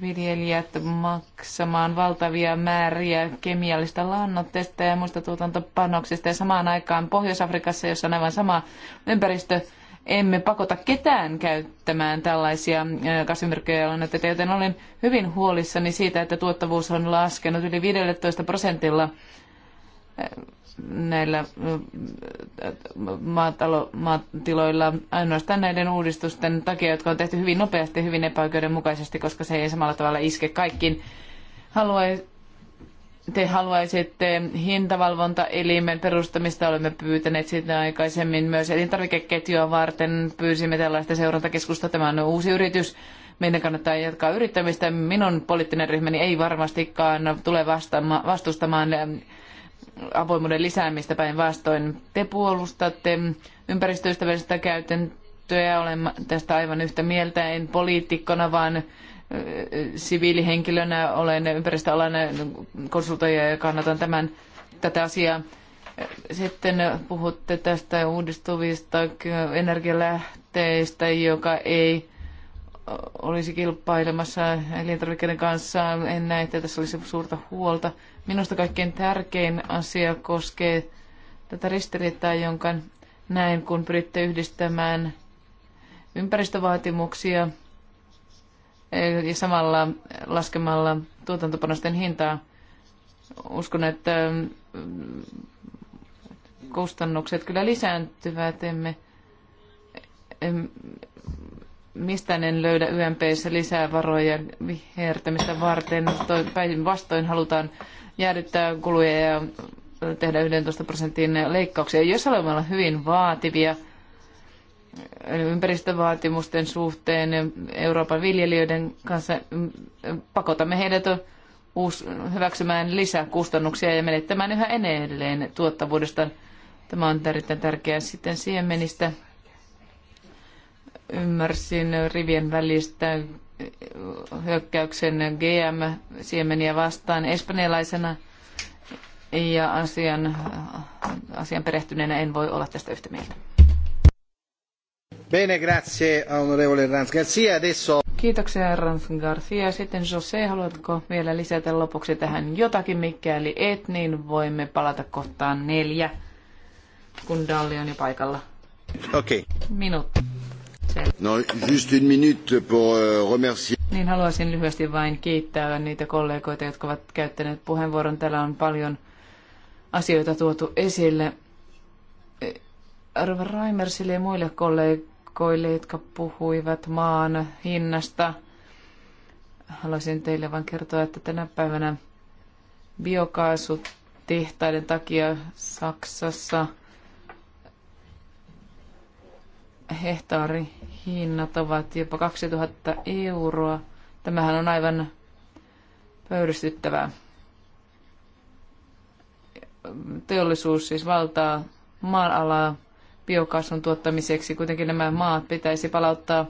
viljelijät maksamaan valtavia määriä kemiallista lannoitteista ja muista tuotantopanoksista. Ja samaan aikaan Pohjois-Afrikassa, jossa on aivan sama ympäristö, emme pakota ketään käyttämään tällaisia kasvimyrkkyjä lannoitteita, joten olen hyvin huolissani siitä, että tuottavuus on laskenut yli 15 prosentilla näillä maatalo, maatiloilla ainoastaan näiden uudistusten takia, jotka on tehty hyvin nopeasti ja hyvin epäoikeudenmukaisesti, koska se ei samalla tavalla iske kaikkiin. Haluais, te haluaisitte hintavalvontaelimen perustamista, olemme pyytäneet sitä aikaisemmin myös elintarvikeketjua varten, pyysimme tällaista seurantakeskusta, tämä on uusi yritys, meidän kannattaa jatkaa yrittämistä. Minun poliittinen ryhmäni ei varmastikaan tule vastustamaan avoimuuden lisäämistä päinvastoin. Te puolustatte ympäristöystävällistä käytäntöä, olen tästä aivan yhtä mieltä, en poliitikkona, vaan siviilihenkilönä olen ympäristöalan konsultoija ja kannatan tämän, tätä asiaa. Sitten puhutte tästä uudistuvista energialähteistä, joka ei olisi kilpailemassa elintarvikkeiden kanssa. En näe, että tässä olisi suurta huolta. Minusta kaikkein tärkein asia koskee tätä ristiriitaa, jonka näin, kun pyritte yhdistämään ympäristövaatimuksia eh, ja samalla laskemalla tuotantopanosten hintaa. Uskon, että mm, kustannukset kyllä lisääntyvät. Emme, em, mistään en löydä YMPssä lisää varoja vihertämistä varten. Päinvastoin halutaan jäädyttää kuluja ja tehdä 11 prosentin leikkauksia. Jos olemme olla hyvin vaativia ympäristövaatimusten suhteen Euroopan viljelijöiden kanssa, pakotamme heidät uus, hyväksymään lisää kustannuksia ja menettämään yhä edelleen tuottavuudesta. Tämä on erittäin tärkeää sitten siemenistä. Ymmärsin rivien välistä hyökkäyksen GM-siemeniä vastaan espanjalaisena ja asian, asian perehtyneenä en voi olla tästä yhtä mieltä. Bene, grazie, onorevole Ranz Garcia. Adesso... Kiitoksia, Ranz Garcia. Sitten Jose, haluatko vielä lisätä lopuksi tähän jotakin, mikäli et, niin voimme palata kohtaan neljä, kun Dalli on jo paikalla. Okei. Okay. Minuutti. No, just pour euh, remercier. Niin haluaisin lyhyesti vain kiittää niitä kollegoita, jotka ovat käyttäneet puheenvuoron. Täällä on paljon asioita tuotu esille. E, Arva Raimersille ja muille kollegoille, jotka puhuivat maan hinnasta. Haluaisin teille vain kertoa, että tänä päivänä biokaasutehtaiden takia Saksassa hehtaari hinnat ovat jopa 2000 euroa. Tämähän on aivan pöyristyttävää. Teollisuus siis valtaa maanalaa biokaasun tuottamiseksi. Kuitenkin nämä maat pitäisi palauttaa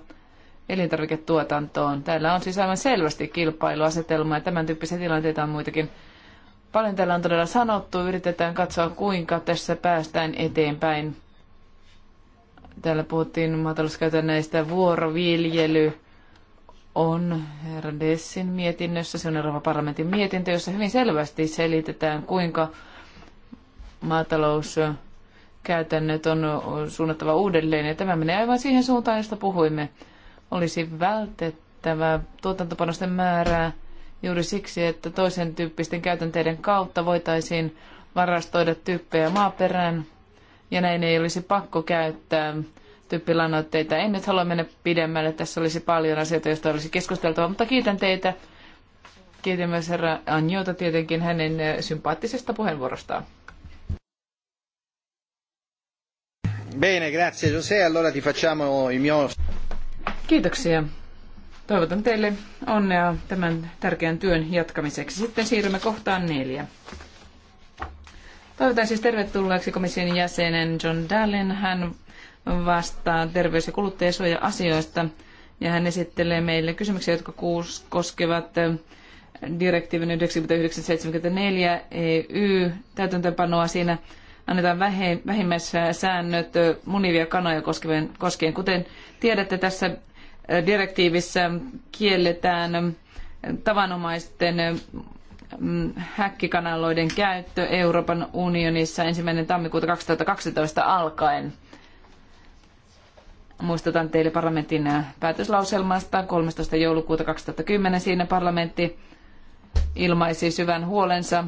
elintarviketuotantoon. Täällä on siis aivan selvästi kilpailuasetelma ja tämän tyyppisiä tilanteita on muitakin. Paljon täällä on todella sanottu, yritetään katsoa kuinka tässä päästään eteenpäin. Täällä puhuttiin maatalouskäytännöistä vuoroviljely on herra Dessin mietinnössä, se on Euroopan parlamentin mietintö, jossa hyvin selvästi selitetään, kuinka maatalouskäytännöt on suunnattava uudelleen. Ja tämä menee aivan siihen suuntaan, josta puhuimme. Olisi vältettävä tuotantopanosten määrää juuri siksi, että toisen tyyppisten käytänteiden kautta voitaisiin varastoida tyyppejä maaperään ja näin ei olisi pakko käyttää tyyppilannoitteita. En nyt halua mennä pidemmälle, tässä olisi paljon asioita, joista olisi keskusteltava, mutta kiitän teitä. Kiitän myös herra Anjota tietenkin hänen eh, sympaattisesta puheenvuorostaan. Bene, grazie José. Allora ti facciamo i mio... Kiitoksia. Toivotan teille onnea tämän tärkeän työn jatkamiseksi. Sitten siirrymme kohtaan neljä. Toivotan siis tervetulleeksi komission jäsenen John Dallin. Hän vastaa terveys- ja kuluttajasuoja-asioista ja hän esittelee meille kysymyksiä, jotka koskevat direktiivin 9974 EY täytäntöönpanoa siinä annetaan vähimmäissäännöt munivia kanoja koskien. Kuten tiedätte, tässä direktiivissä kielletään tavanomaisten Mm, häkkikanaloiden käyttö Euroopan unionissa ensimmäinen tammikuuta 2012 alkaen. Muistutan teille parlamentin äh, päätöslauselmasta 13. joulukuuta 2010. Siinä parlamentti ilmaisi syvän huolensa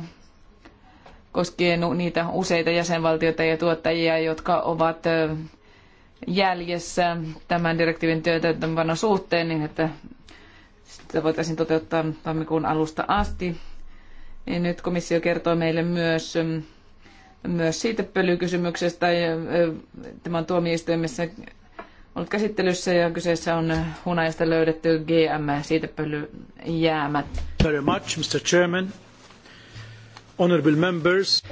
koskien niitä useita jäsenvaltioita ja tuottajia, jotka ovat äh, jäljessä tämän direktiivin työtäytäntöönpanon suhteen, niin että sitä voitaisiin toteuttaa tammikuun alusta asti. Niin nyt komissio kertoo meille myös, mm, myös siitä pölykysymyksestä. Tämä on tuomioistuimessa ollut käsittelyssä ja kyseessä on hunajasta löydetty GM siitepölyjäämät. Very much, Mr. Chairman. Honorable members.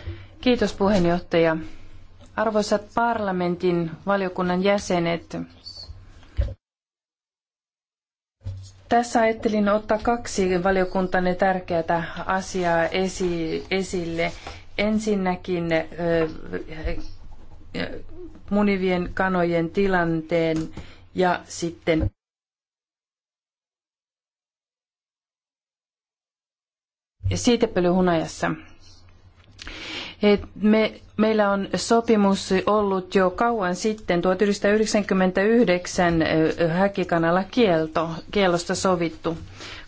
Kiitos puheenjohtaja. Arvoisat parlamentin valiokunnan jäsenet, Tässä ajattelin ottaa kaksi valiokuntanne tärkeää asiaa esi- esille. Ensinnäkin munivien kanojen tilanteen ja sitten siitepölyhunajassa me, meillä on sopimus ollut jo kauan sitten, 1999 häkikanalla kielto, kielosta sovittu.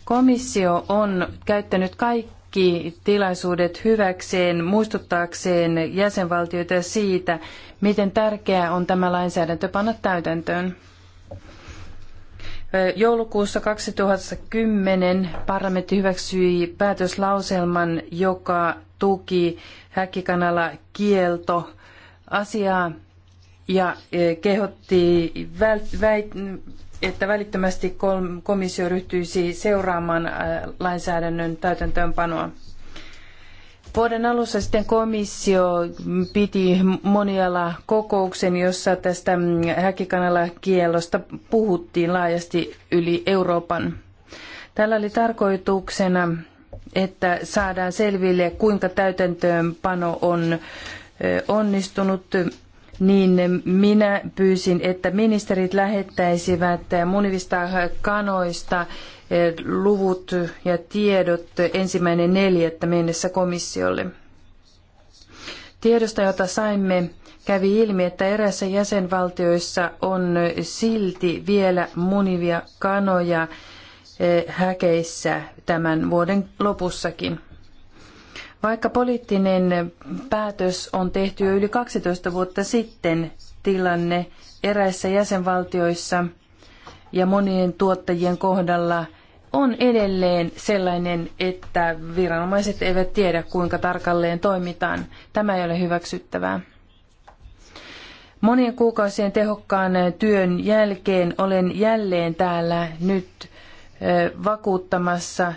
Komissio on käyttänyt kaikki tilaisuudet hyväkseen, muistuttaakseen jäsenvaltioita siitä, miten tärkeää on tämä lainsäädäntö panna täytäntöön. Joulukuussa 2010 parlamentti hyväksyi päätöslauselman, joka tuki, häkkikanala kielto asiaa ja e, kehotti, että välittömästi komissio ryhtyisi seuraamaan lainsäädännön täytäntöönpanoa. Vuoden alussa sitten komissio piti moniala kokouksen, jossa tästä mm, häkikanala kiellosta puhuttiin laajasti yli Euroopan. Tällä oli tarkoituksena että saadaan selville, kuinka täytäntöönpano on onnistunut, niin minä pyysin, että ministerit lähettäisivät munivista kanoista luvut ja tiedot ensimmäinen neljättä mennessä komissiolle. Tiedosta, jota saimme, kävi ilmi, että eräissä jäsenvaltioissa on silti vielä munivia kanoja, Eh, häkeissä tämän vuoden lopussakin. Vaikka poliittinen päätös on tehty jo yli 12 vuotta sitten, tilanne eräissä jäsenvaltioissa ja monien tuottajien kohdalla on edelleen sellainen, että viranomaiset eivät tiedä, kuinka tarkalleen toimitaan. Tämä ei ole hyväksyttävää. Monien kuukausien tehokkaan työn jälkeen olen jälleen täällä nyt vakuuttamassa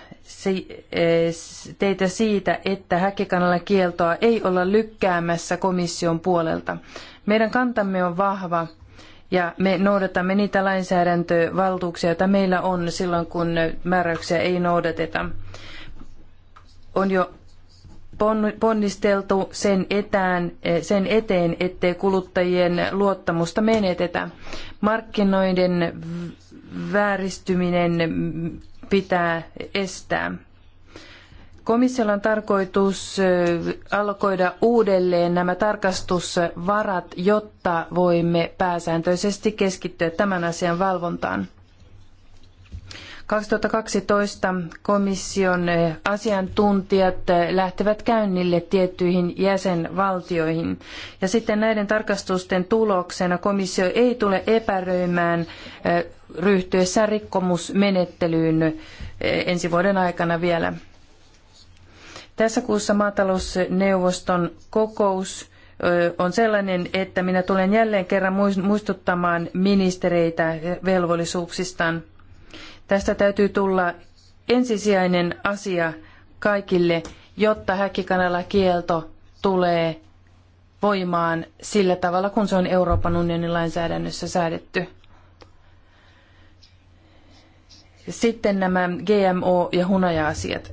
teitä siitä, että häkkikanalan kieltoa ei olla lykkäämässä komission puolelta. Meidän kantamme on vahva ja me noudatamme niitä lainsäädäntövaltuuksia, joita meillä on silloin, kun määräyksiä ei noudateta. On jo ponnisteltu sen, etään, sen eteen, ettei kuluttajien luottamusta menetetä. Markkinoiden vääristyminen pitää estää. Komissiolla on tarkoitus allokoida uudelleen nämä tarkastusvarat, jotta voimme pääsääntöisesti keskittyä tämän asian valvontaan. 2012 komission eh, asiantuntijat eh, lähtevät käynnille tiettyihin jäsenvaltioihin. Ja sitten näiden tarkastusten tuloksena komissio ei tule epäröimään eh, ryhtyessään rikkomusmenettelyyn ensi vuoden aikana vielä. Tässä kuussa maatalousneuvoston kokous on sellainen, että minä tulen jälleen kerran muistuttamaan ministereitä velvollisuuksistaan. Tästä täytyy tulla ensisijainen asia kaikille, jotta häkkikanalla kielto tulee voimaan sillä tavalla, kun se on Euroopan unionin lainsäädännössä säädetty. Sitten nämä GMO- ja hunaja-asiat.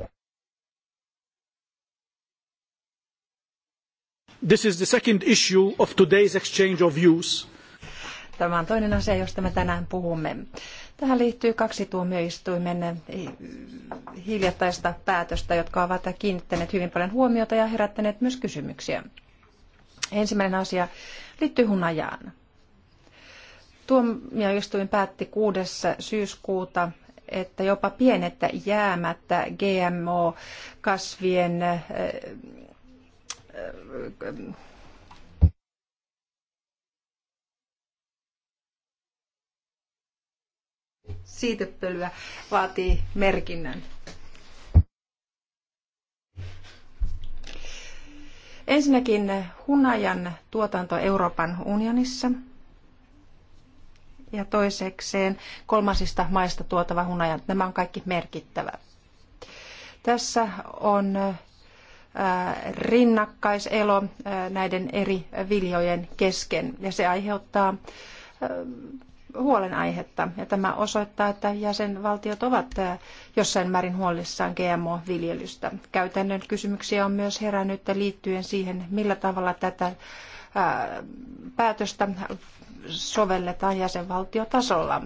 This is the second issue of today's exchange of views. Tämä on toinen asia, josta me tänään puhumme. Tähän liittyy kaksi tuomioistuimen eh, hiljattaista päätöstä, jotka ovat kiinnittäneet hyvin paljon huomiota ja herättäneet myös kysymyksiä. Ensimmäinen asia liittyy hunajaan. Tuomioistuin päätti 6. syyskuuta, että jopa pienet jäämät GMO-kasvien eh, eh, siitepölyä vaatii merkinnän. Ensinnäkin hunajan tuotanto Euroopan unionissa ja toisekseen kolmansista maista tuotava hunaja. Nämä on kaikki merkittävä. Tässä on äh, rinnakkaiselo äh, näiden eri viljojen kesken ja se aiheuttaa äh, huolenaihetta. Ja tämä osoittaa, että jäsenvaltiot ovat äh, jossain määrin huolissaan GMO-viljelystä. Käytännön kysymyksiä on myös herännyt liittyen siihen, millä tavalla tätä äh, päätöstä sovelletaan jäsenvaltiotasolla.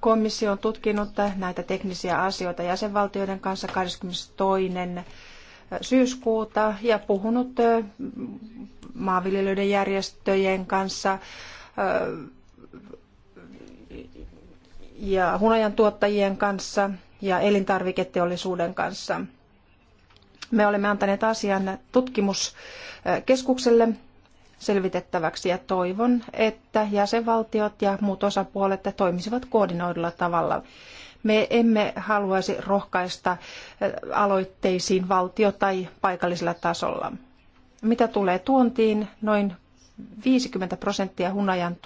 Komissio on tutkinut näitä teknisiä asioita jäsenvaltioiden kanssa 22 äh, syyskuuta ja puhunut maanviljelijöiden järjestöjen kanssa, ja hunajan tuottajien kanssa ja elintarviketeollisuuden kanssa. Me olemme antaneet asian tutkimuskeskukselle selvitettäväksi ja toivon, että jäsenvaltiot ja muut osapuolet toimisivat koordinoidulla tavalla. Me emme haluaisi rohkaista aloitteisiin valtio- tai paikallisella tasolla. Mitä tulee tuontiin, noin 50 prosenttia hunajan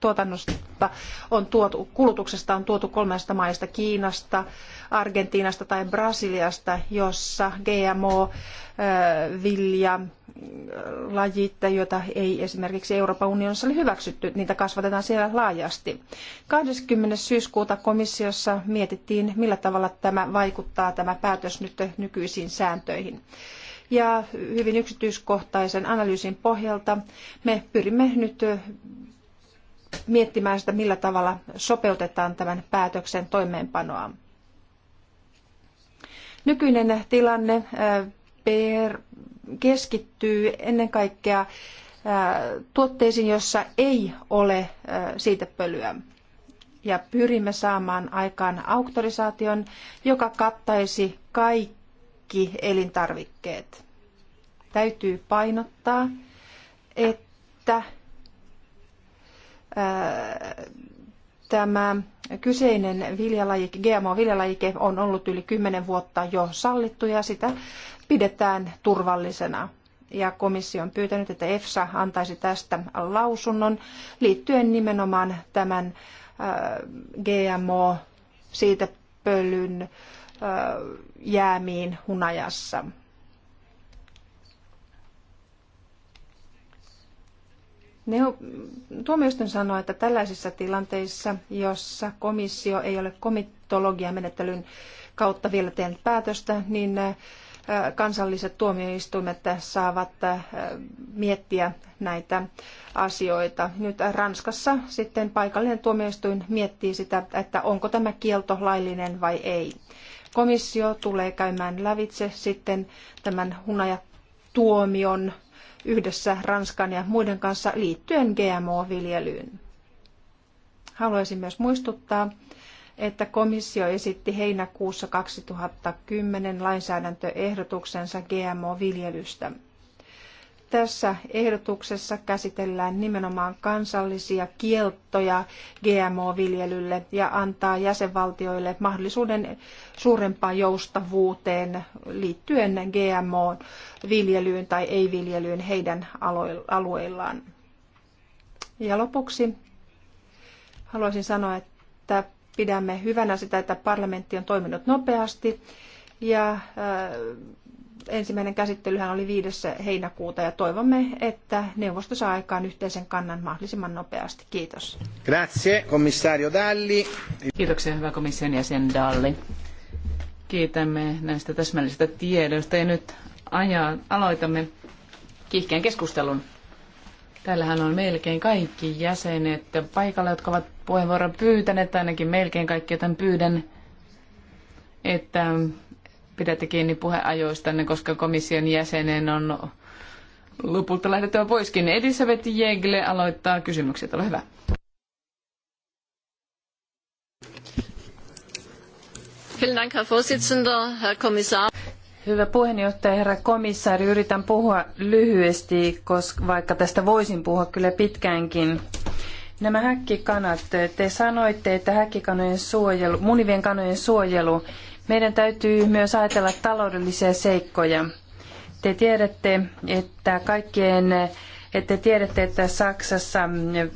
tuotannosta on tuotu, kulutuksesta on tuotu kolmesta maista Kiinasta, Argentiinasta tai Brasiliasta, jossa GMO, vilja, lajit, joita ei esimerkiksi Euroopan unionissa ole hyväksytty, niitä kasvatetaan siellä laajasti. 20. syyskuuta komissiossa mietittiin, millä tavalla tämä vaikuttaa tämä päätös nyt nykyisiin sääntöihin ja hyvin yksityiskohtaisen analyysin pohjalta me pyrimme nyt miettimään sitä, millä tavalla sopeutetaan tämän päätöksen toimeenpanoa. Nykyinen tilanne keskittyy ennen kaikkea tuotteisiin, joissa ei ole siitepölyä. Ja pyrimme saamaan aikaan auktorisaation, joka kattaisi kaikki kaikki elintarvikkeet. Täytyy painottaa, että tämä kyseinen viljalajike, GMO-viljalajike on ollut yli kymmenen vuotta jo sallittu ja sitä pidetään turvallisena. Ja komissio on pyytänyt, että EFSA antaisi tästä lausunnon liittyen nimenomaan tämän GMO siitä pölyn jäämiin hunajassa. tuomioistuin sanoi, että tällaisissa tilanteissa, jossa komissio ei ole komitologiamenettelyn kautta vielä tehnyt päätöstä, niin kansalliset tuomioistuimet saavat miettiä näitä asioita. Nyt Ranskassa sitten paikallinen tuomioistuin miettii sitä, että onko tämä kielto laillinen vai ei. Komissio tulee käymään lävitse sitten tämän hunajatuomion yhdessä Ranskan ja muiden kanssa liittyen GMO-viljelyyn. Haluaisin myös muistuttaa, että komissio esitti heinäkuussa 2010 lainsäädäntöehdotuksensa GMO-viljelystä tässä ehdotuksessa käsitellään nimenomaan kansallisia kieltoja GMO-viljelylle ja antaa jäsenvaltioille mahdollisuuden suurempaan joustavuuteen liittyen GMO-viljelyyn tai ei-viljelyyn heidän alueillaan. Ja lopuksi haluaisin sanoa, että pidämme hyvänä sitä, että parlamentti on toiminut nopeasti ja äh, ensimmäinen käsittelyhän oli 5. heinäkuuta ja toivomme, että neuvosto saa aikaan yhteisen kannan mahdollisimman nopeasti. Kiitos. Grazie, komissario Dalli. Kiitoksia, hyvä komission jäsen Dalli. Kiitämme näistä täsmällisistä tiedoista ja nyt ajaa, aloitamme kiihkeän keskustelun. Täällähän on melkein kaikki jäsenet paikalla, jotka ovat puheenvuoron pyytäneet, ainakin melkein kaikki, joten pyydän, että pidätte kiinni puheajoistanne, koska komission jäsenen on lopulta lähdettävä poiskin. Elisabeth jägle aloittaa kysymykset. Ole hyvä. Hyvä puheenjohtaja, herra komissaari. Yritän puhua lyhyesti, koska vaikka tästä voisin puhua kyllä pitkäänkin. Nämä häkkikanat, te sanoitte, että häkkikanojen suojelu, munivien kanojen suojelu meidän täytyy myös ajatella taloudellisia seikkoja. Te tiedätte, että kaikkien että tiedätte, että Saksassa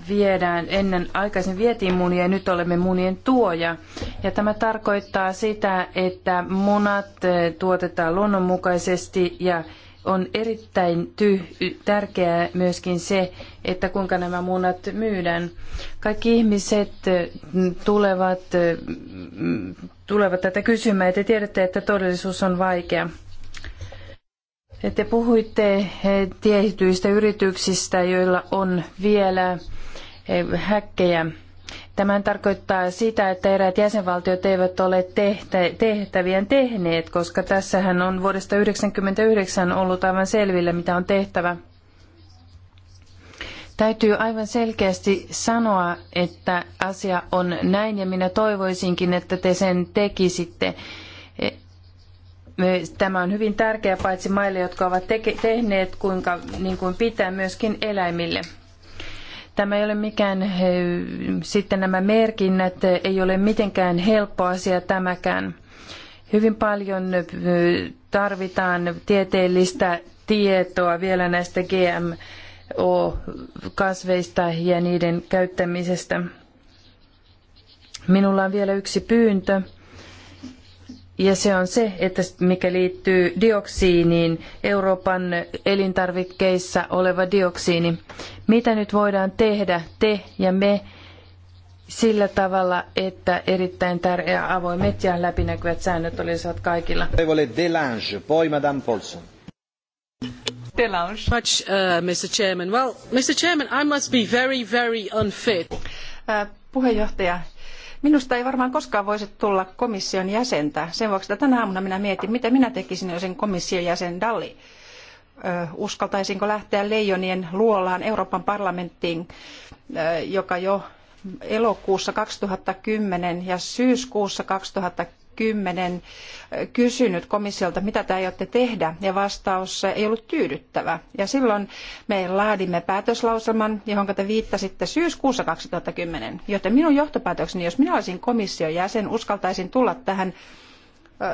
viedään ennen aikaisin vietiin munia ja nyt olemme munien tuoja. Ja tämä tarkoittaa sitä, että munat tuotetaan luonnonmukaisesti ja on erittäin ty- tärkeää myöskin se, että kuinka nämä munat myydään. Kaikki ihmiset tulevat tulevat tätä kysymään. Te tiedätte, että todellisuus on vaikea. Te puhuitte tietyistä yrityksistä, joilla on vielä eh, häkkejä. Tämä tarkoittaa sitä, että eräät jäsenvaltiot eivät ole tehtävien tehneet, koska tässähän on vuodesta 1999 ollut aivan selvillä, mitä on tehtävä. Täytyy aivan selkeästi sanoa, että asia on näin ja minä toivoisinkin, että te sen tekisitte. E, tämä on hyvin tärkeä paitsi maille, jotka ovat tehneet kuinka, niin kuin pitää, myöskin eläimille. Tämä ei ole mikään, e, sitten nämä merkinnät, ei ole mitenkään helppo asia tämäkään. Hyvin paljon e, tarvitaan tieteellistä tietoa vielä näistä GM kasveista ja niiden käyttämisestä. Minulla on vielä yksi pyyntö, ja se on se, että mikä liittyy dioksiiniin, Euroopan elintarvikkeissa oleva dioksiini. Mitä nyt voidaan tehdä te ja me sillä tavalla, että erittäin tärkeä avoimet ja läpinäkyvät säännöt olisivat kaikilla? poi Madame Paulson. Delange. Much, puheenjohtaja, Minusta ei varmaan koskaan voisi tulla komission jäsentä. Sen vuoksi, että tänä aamuna minä mietin, mitä minä tekisin, jos en komission jäsen Dalli. uskaltaisinko lähteä leijonien luolaan Euroopan parlamenttiin, joka jo elokuussa kymmenen ja syyskuussa 2010 kymmenen kysynyt komissiolta, mitä te aiotte tehdä, ja vastaus ei ollut tyydyttävä. Ja silloin me laadimme päätöslauselman, johon te viittasitte syyskuussa 2010. Joten minun johtopäätökseni, jos minä olisin komission jäsen, uskaltaisin tulla tähän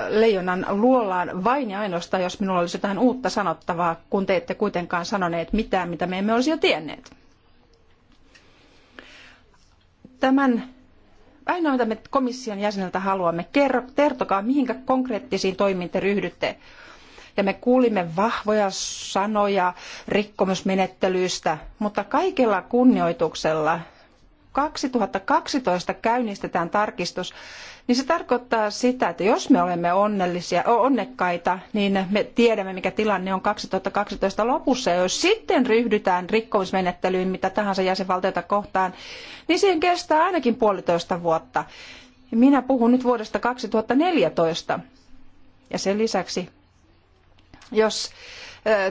leijonan luolaan vain ja ainoastaan, jos minulla olisi jotain uutta sanottavaa, kun te ette kuitenkaan sanoneet mitään, mitä me emme olisi jo tienneet. Tämän ainoa mitä me komission jäseneltä haluamme, kerro, kertokaa mihin konkreettisiin toimiin te ryhdytte. Ja me kuulimme vahvoja sanoja rikkomusmenettelyistä, mutta kaikella kunnioituksella 2012 käynnistetään tarkistus, niin se tarkoittaa sitä, että jos me olemme onnellisia, onnekkaita, niin me tiedämme, mikä tilanne on 2012 lopussa. Ja jos sitten ryhdytään rikkomusmenettelyyn mitä tahansa jäsenvaltiota kohtaan, niin siihen kestää ainakin puolitoista vuotta. Minä puhun nyt vuodesta 2014. Ja sen lisäksi, jos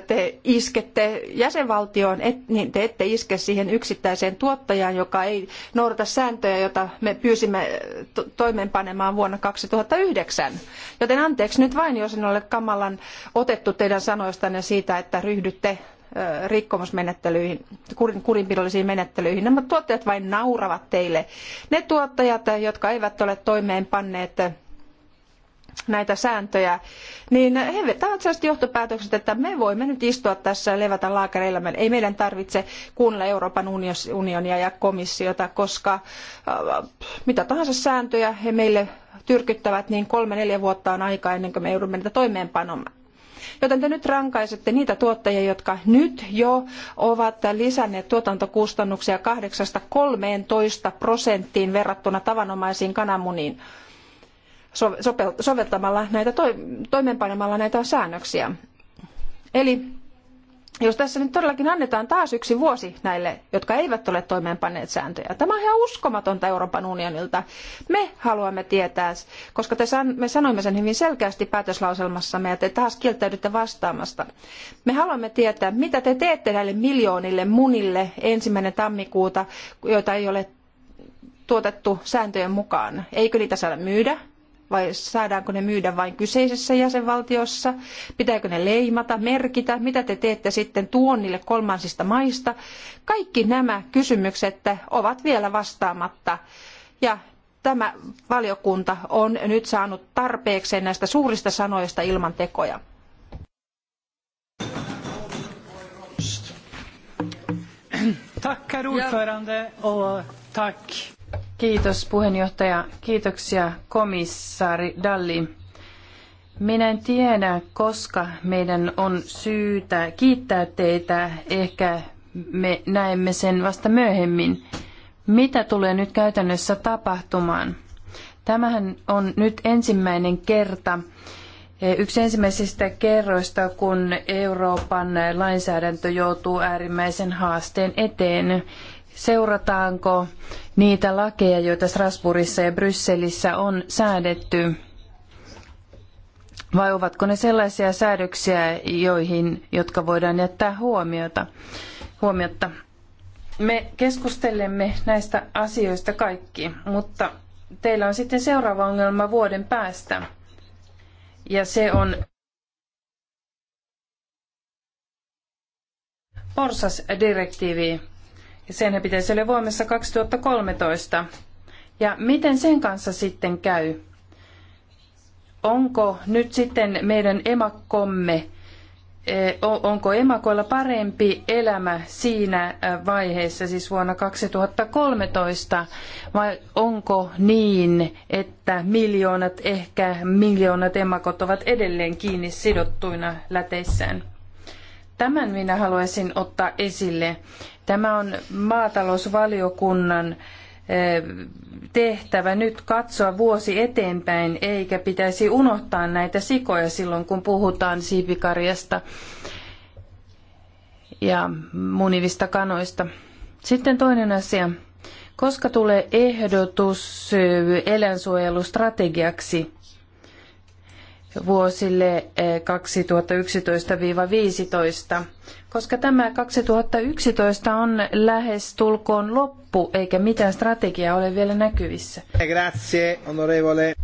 te iskette jäsenvaltioon, niin te ette iske siihen yksittäiseen tuottajaan, joka ei noudata sääntöjä, joita me pyysimme toimeenpanemaan vuonna 2009. Joten anteeksi nyt vain, jos en ole kamalan otettu teidän sanoistanne siitä, että ryhdytte rikkomusmenettelyihin, kurinpidollisiin menettelyihin. Nämä tuottajat vain nauravat teille. Ne tuottajat, jotka eivät ole toimeenpanneet näitä sääntöjä, niin he vetävät sellaiset johtopäätökset, että me voimme nyt istua tässä ja levätä laakereilla. Ei meidän tarvitse kuunnella Euroopan unionia ja komissiota, koska äh, mitä tahansa sääntöjä he meille tyrkyttävät, niin kolme-neljä vuotta on aikaa ennen kuin me joudumme niitä toimeenpanomaan. Joten te nyt rankaisette niitä tuottajia, jotka nyt jo ovat lisänneet tuotantokustannuksia 8-13 prosenttiin verrattuna tavanomaisiin kananmuniin soveltamalla näitä, toimeenpanemalla näitä säännöksiä. Eli jos tässä nyt todellakin annetaan taas yksi vuosi näille, jotka eivät ole toimeenpanneet sääntöjä. Tämä on ihan uskomatonta Euroopan unionilta. Me haluamme tietää, koska te san, me sanoimme sen hyvin selkeästi päätöslauselmassa, ja te taas kieltäydytte vastaamasta. Me haluamme tietää, mitä te teette näille miljoonille munille ensimmäinen tammikuuta, joita ei ole tuotettu sääntöjen mukaan. Eikö niitä saada myydä? vai saadaanko ne myydä vain kyseisessä jäsenvaltiossa? Pitääkö ne leimata, merkitä? Mitä te teette sitten tuonnille kolmansista maista? Kaikki nämä kysymykset ovat vielä vastaamatta. Ja tämä valiokunta on nyt saanut tarpeekseen näistä suurista sanoista ilman tekoja. Tack herr ordförande och tack Kiitos puheenjohtaja. Kiitoksia komissaari Dalli. Minä en tiedä, koska meidän on syytä kiittää teitä. Ehkä me näemme sen vasta myöhemmin. Mitä tulee nyt käytännössä tapahtumaan? Tämähän on nyt ensimmäinen kerta, eh, yksi ensimmäisistä kerroista, kun Euroopan lainsäädäntö joutuu äärimmäisen haasteen eteen seurataanko niitä lakeja, joita Strasbourgissa ja Brysselissä on säädetty, vai ovatko ne sellaisia säädöksiä, joihin, jotka voidaan jättää huomiota, huomiotta? Me keskustelemme näistä asioista kaikki, mutta teillä on sitten seuraava ongelma vuoden päästä. Ja se on porsasdirektiivi. Sen pitäisi olla voimassa 2013. Ja miten sen kanssa sitten käy? Onko nyt sitten meidän emakkomme, eh, onko emakoilla parempi elämä siinä eh, vaiheessa, siis vuonna 2013, vai onko niin, että miljoonat, ehkä miljoonat emakot ovat edelleen kiinni sidottuina läteissään? Tämän minä haluaisin ottaa esille. Tämä on maatalousvaliokunnan eh, tehtävä nyt katsoa vuosi eteenpäin, eikä pitäisi unohtaa näitä sikoja silloin, kun puhutaan siipikarjasta ja munivista kanoista. Sitten toinen asia. Koska tulee ehdotus eh, eläinsuojelustrategiaksi? vuosille 2011-2015, eh, koska tämä 2011 on lähes tulkoon loppu, eikä mitään strategiaa ole vielä näkyvissä. Grazie, onorevole.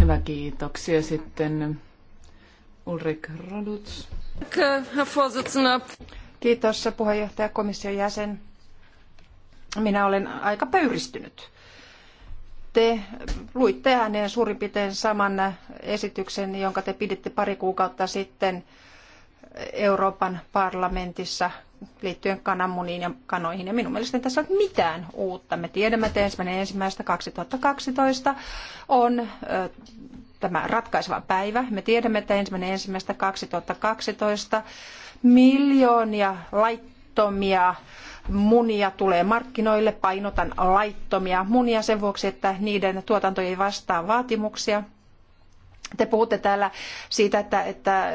Hyvä, kiitoksia sitten Ulrik Raduts. Kiitos puheenjohtaja komission jäsen. Minä olen aika pöyristynyt te luitte ääneen suurin piirtein saman esityksen, jonka te piditte pari kuukautta sitten Euroopan parlamentissa liittyen kananmuniin ja kanoihin. Ja minun mielestäni tässä on mitään uutta. Me tiedämme, että ensimmäinen ensimmäistä 2012 on tämä ratkaiseva päivä. Me tiedämme, että ensimmäinen ensimmäistä 2012 miljoonia laittomia munia tulee markkinoille, painotan laittomia munia sen vuoksi, että niiden tuotanto ei vastaa vaatimuksia. Te puhutte täällä siitä, että, että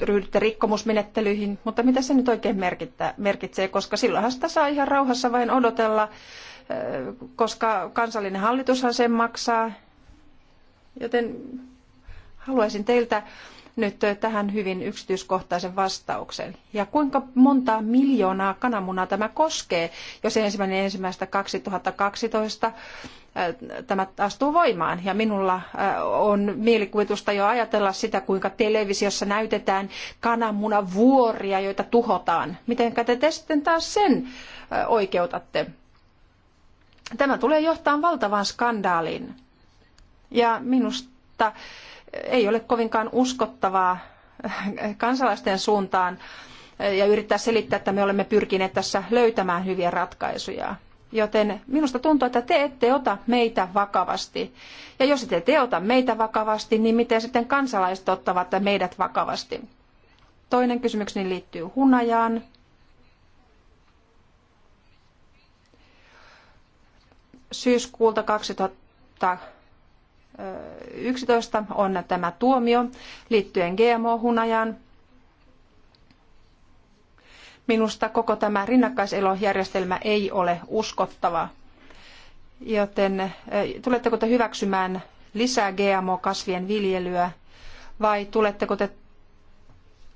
ryhdytte rikkomusmenettelyihin, mutta mitä se nyt oikein merkitsee, koska silloinhan sitä saa ihan rauhassa vain odotella, eh, koska kansallinen hallitushan sen maksaa. Joten haluaisin teiltä nyt tähän hyvin yksityiskohtaisen vastauksen. Ja kuinka monta miljoonaa kananmunaa tämä koskee, jos ensimmäinen ensimmäistä 2012 äh, tämä astuu voimaan. Ja minulla äh, on mielikuvitusta jo ajatella sitä, kuinka televisiossa näytetään kananmunavuoria, joita tuhotaan. Miten te, te sitten taas sen äh, oikeutatte? Tämä tulee johtamaan valtavaan skandaaliin. Ja minusta ei ole kovinkaan uskottavaa kansalaisten suuntaan ja yrittää selittää, että me olemme pyrkineet tässä löytämään hyviä ratkaisuja. Joten minusta tuntuu, että te ette ota meitä vakavasti. Ja jos te ette ota meitä vakavasti, niin miten sitten kansalaiset ottavat meidät vakavasti? Toinen kysymykseni liittyy hunajaan. Syyskuulta 2000 11 on tämä tuomio liittyen GMO-hunajaan. Minusta koko tämä rinnakkaiselojärjestelmä ei ole uskottava. Joten tuletteko te hyväksymään lisää GMO-kasvien viljelyä vai tuletteko te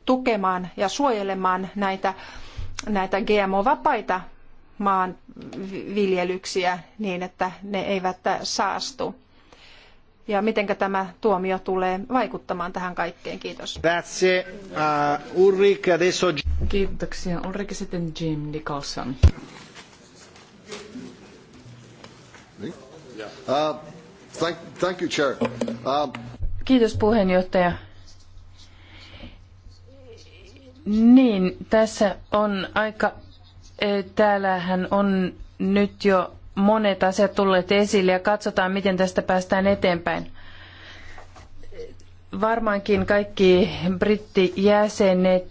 tukemaan ja suojelemaan näitä, näitä GMO-vapaita maanviljelyksiä niin, että ne eivät saastu? ja miten tämä tuomio tulee vaikuttamaan tähän kaikkeen. Kiitos. Grazie. Uh, Ulrich, adesso... Kiitoksia. Ulrich, sitten Jim Nicholson. Uh, thank, thank you, chair. Uh... Kiitos puheenjohtaja. Niin, tässä on aika, eh, täällähän on nyt jo monet asiat tulleet esille ja katsotaan, miten tästä päästään eteenpäin. Varmaankin kaikki brittijäsenet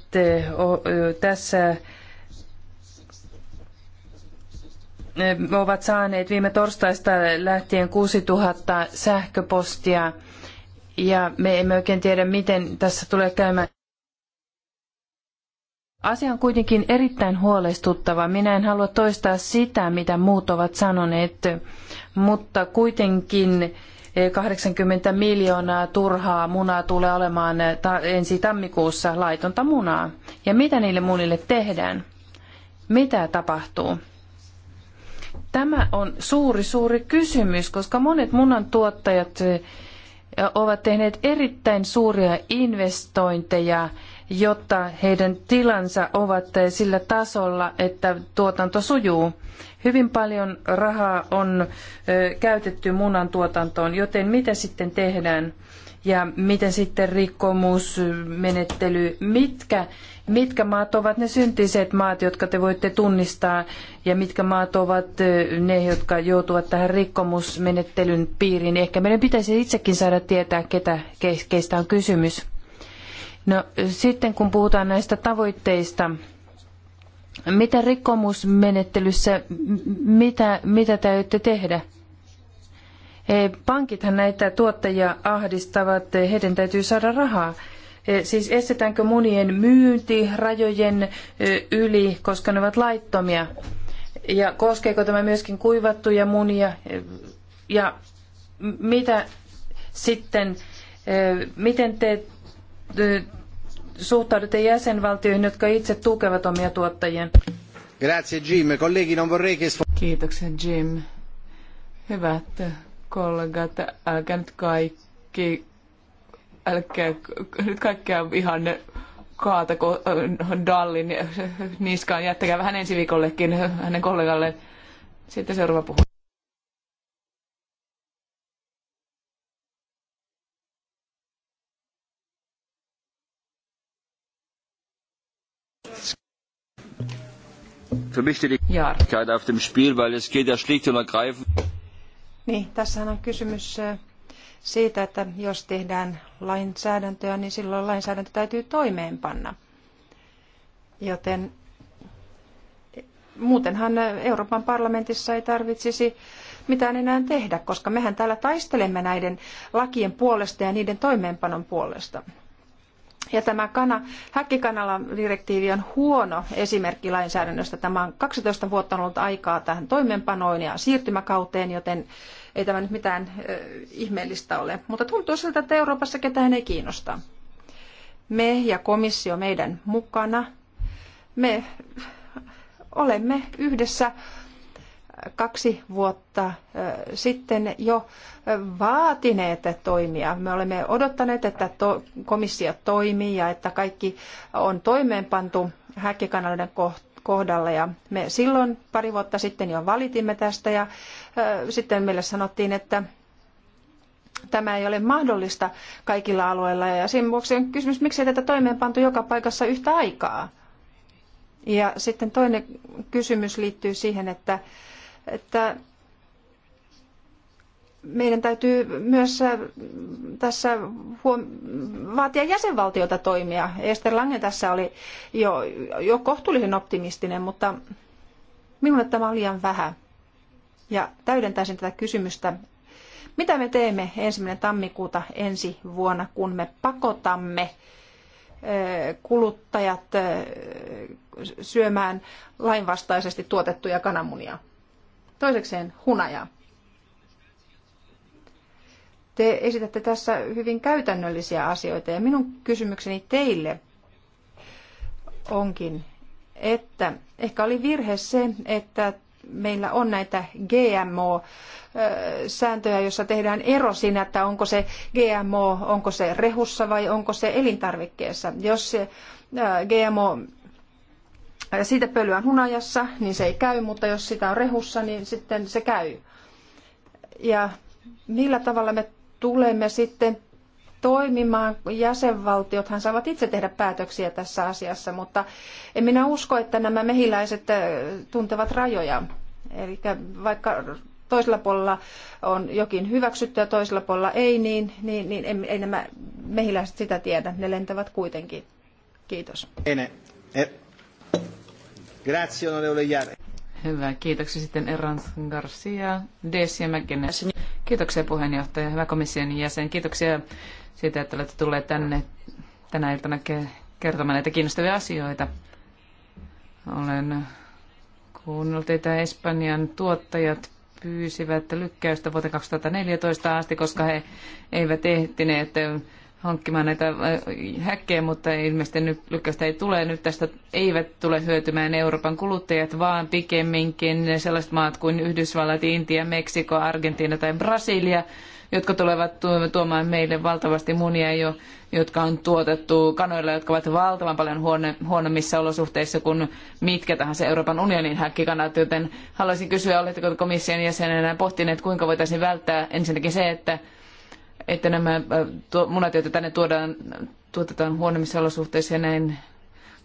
tässä ovat saaneet viime torstaista lähtien 6000 sähköpostia ja me emme oikein tiedä, miten tässä tulee käymään. Asia on kuitenkin erittäin huolestuttava. Minä en halua toistaa sitä, mitä muut ovat sanoneet, mutta kuitenkin 80 eh, miljoonaa turhaa munaa tulee olemaan eh, ensi tammikuussa laitonta munaa. Ja mitä niille munille tehdään? Mitä tapahtuu? Tämä on suuri, suuri kysymys, koska monet munan tuottajat eh, ovat tehneet erittäin suuria investointeja – jotta heidän tilansa ovat sillä tasolla, että tuotanto sujuu. Hyvin paljon rahaa on käytetty munan tuotantoon, joten mitä sitten tehdään? Ja miten sitten rikkomusmenettely, mitkä, mitkä maat ovat ne syntiset maat, jotka te voitte tunnistaa, ja mitkä maat ovat ne, jotka joutuvat tähän rikkomusmenettelyn piiriin. Ehkä meidän pitäisi itsekin saada tietää, ketä, keistä on kysymys. No sitten kun puhutaan näistä tavoitteista, mitä rikkomusmenettelyssä, mitä, mitä täytyy tehdä? E, pankithan näitä tuottajia ahdistavat, e, heidän täytyy saada rahaa. E, siis estetäänkö munien myynti rajojen yli, koska ne ovat laittomia? Ja koskeeko tämä myöskin kuivattuja munia? Ja mitä sitten, miten te suhtaudutte jäsenvaltioihin, jotka itse tukevat omia tuottajien? Grazie Jim. Kollegi, non vorrei che... Kiitoksia Jim. Hyvät kollegat, älkää nyt kaikki, älkää nyt kaikkea ihan kaatako äh, Dallin niskaan. Jättäkää vähän ensi viikollekin hänen kollegalleen. Sitten seuraava puhuu. Für mich steht die Jaar. auf dem Spiel, weil es geht ja schlicht und ergreifend. Niin, tässähän on kysymys äh, siitä, että jos tehdään lainsäädäntöä, niin silloin lainsäädäntö täytyy toimeenpanna. Joten e, muutenhan äh, Euroopan parlamentissa ei tarvitsisi mitään enää tehdä, koska mehän täällä taistelemme näiden lakien puolesta ja niiden toimeenpanon puolesta. Ja tämä kana, häkkikanalan direktiivi on huono esimerkki lainsäädännöstä. Tämä on 12 vuotta ollut aikaa tähän toimeenpanoon ja siirtymäkauteen, joten ei tämä nyt mitään ö, ihmeellistä ole. Mutta tuntuu siltä, että Euroopassa ketään ei kiinnosta. Me ja komissio meidän mukana, me olemme yhdessä kaksi vuotta sitten jo vaatineet toimia. Me olemme odottaneet, että komissio toimii ja että kaikki on toimeenpantu häkkikanaloiden kohdalla. Ja me silloin pari vuotta sitten jo valitimme tästä ja sitten meille sanottiin, että tämä ei ole mahdollista kaikilla alueilla ja sen vuoksi on kysymys, miksi tätä toimeenpantu joka paikassa yhtä aikaa. Ja sitten toinen kysymys liittyy siihen, että että meidän täytyy myös äh, tässä huom- vaatia jäsenvaltiota toimia. Ester Lange tässä oli jo, jo kohtuullisen optimistinen, mutta minulle tämä on liian vähän. Ja täydentäisin tätä kysymystä. Mitä me teemme ensimmäinen tammikuuta ensi vuonna, kun me pakotamme äh, kuluttajat äh, syömään lainvastaisesti tuotettuja kananmunia? Toisekseen hunaja. Te esitätte tässä hyvin käytännöllisiä asioita ja minun kysymykseni teille onkin, että ehkä oli virhe se, että meillä on näitä GMO-sääntöjä, jossa tehdään ero siinä, että onko se GMO, onko se rehussa vai onko se elintarvikkeessa. Jos GMO siitä pölyä on hunajassa, niin se ei käy, mutta jos sitä on rehussa, niin sitten se käy. Ja millä tavalla me tulemme sitten toimimaan. Jäsenvaltiothan saavat itse tehdä päätöksiä tässä asiassa, mutta en minä usko, että nämä mehiläiset tuntevat rajoja. Eli vaikka toisella puolella on jokin hyväksytty ja toisella puolella ei, niin, niin, niin ei nämä mehiläiset sitä tiedä. Ne lentävät kuitenkin. Kiitos. Bene. E- Grazie, onorevole Hyvä, kiitoksia sitten Erans Garcia, Desia McGuinness. Kiitoksia puheenjohtaja, hyvä komission jäsen. Kiitoksia siitä, että olette tulleet tänne tänä iltana kertomaan näitä kiinnostavia asioita. Olen kuunnellut teitä Espanjan tuottajat pyysivät lykkäystä vuoteen 2014 asti, koska he eivät ehtineet hankkimaan näitä äh, häkkejä, mutta ilmeisesti nyt lykkäystä ei tule. Nyt tästä eivät tule hyötymään Euroopan kuluttajat, vaan pikemminkin sellaiset maat kuin Yhdysvallat, Intia, Meksiko, Argentiina tai Brasilia, jotka tulevat tuomaan meille valtavasti munia, jo, jotka on tuotettu kanoilla, jotka ovat valtavan paljon huone, huonommissa olosuhteissa kuin mitkä tahansa Euroopan unionin häkkikanat. Joten haluaisin kysyä, oletteko komission jäsenenä pohtineet, kuinka voitaisiin välttää ensinnäkin se, että että nämä äh, munat, joita tänne tuodaan, tuotetaan huonommissa olosuhteissa ja näin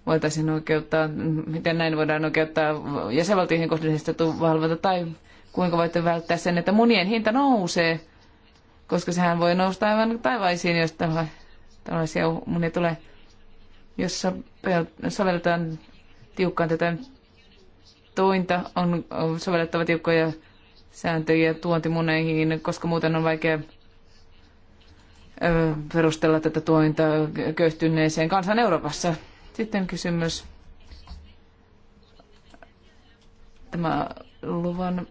voitaisiin oikeuttaa, miten näin voidaan oikeuttaa jäsenvaltioihin kohdistettu valvonta tai kuinka voitte välttää sen, että munien hinta nousee, koska sehän voi nousta aivan taivaisiin, jos tällaisia munia tulee, jos sovelletaan tiukkaan tätä tointa, on sovellettava tiukkoja sääntöjä tuontimuneihin, koska muuten on vaikea perustella tätä tuointa köyhtyneeseen kansan Euroopassa. Sitten kysymys. Tämä luvan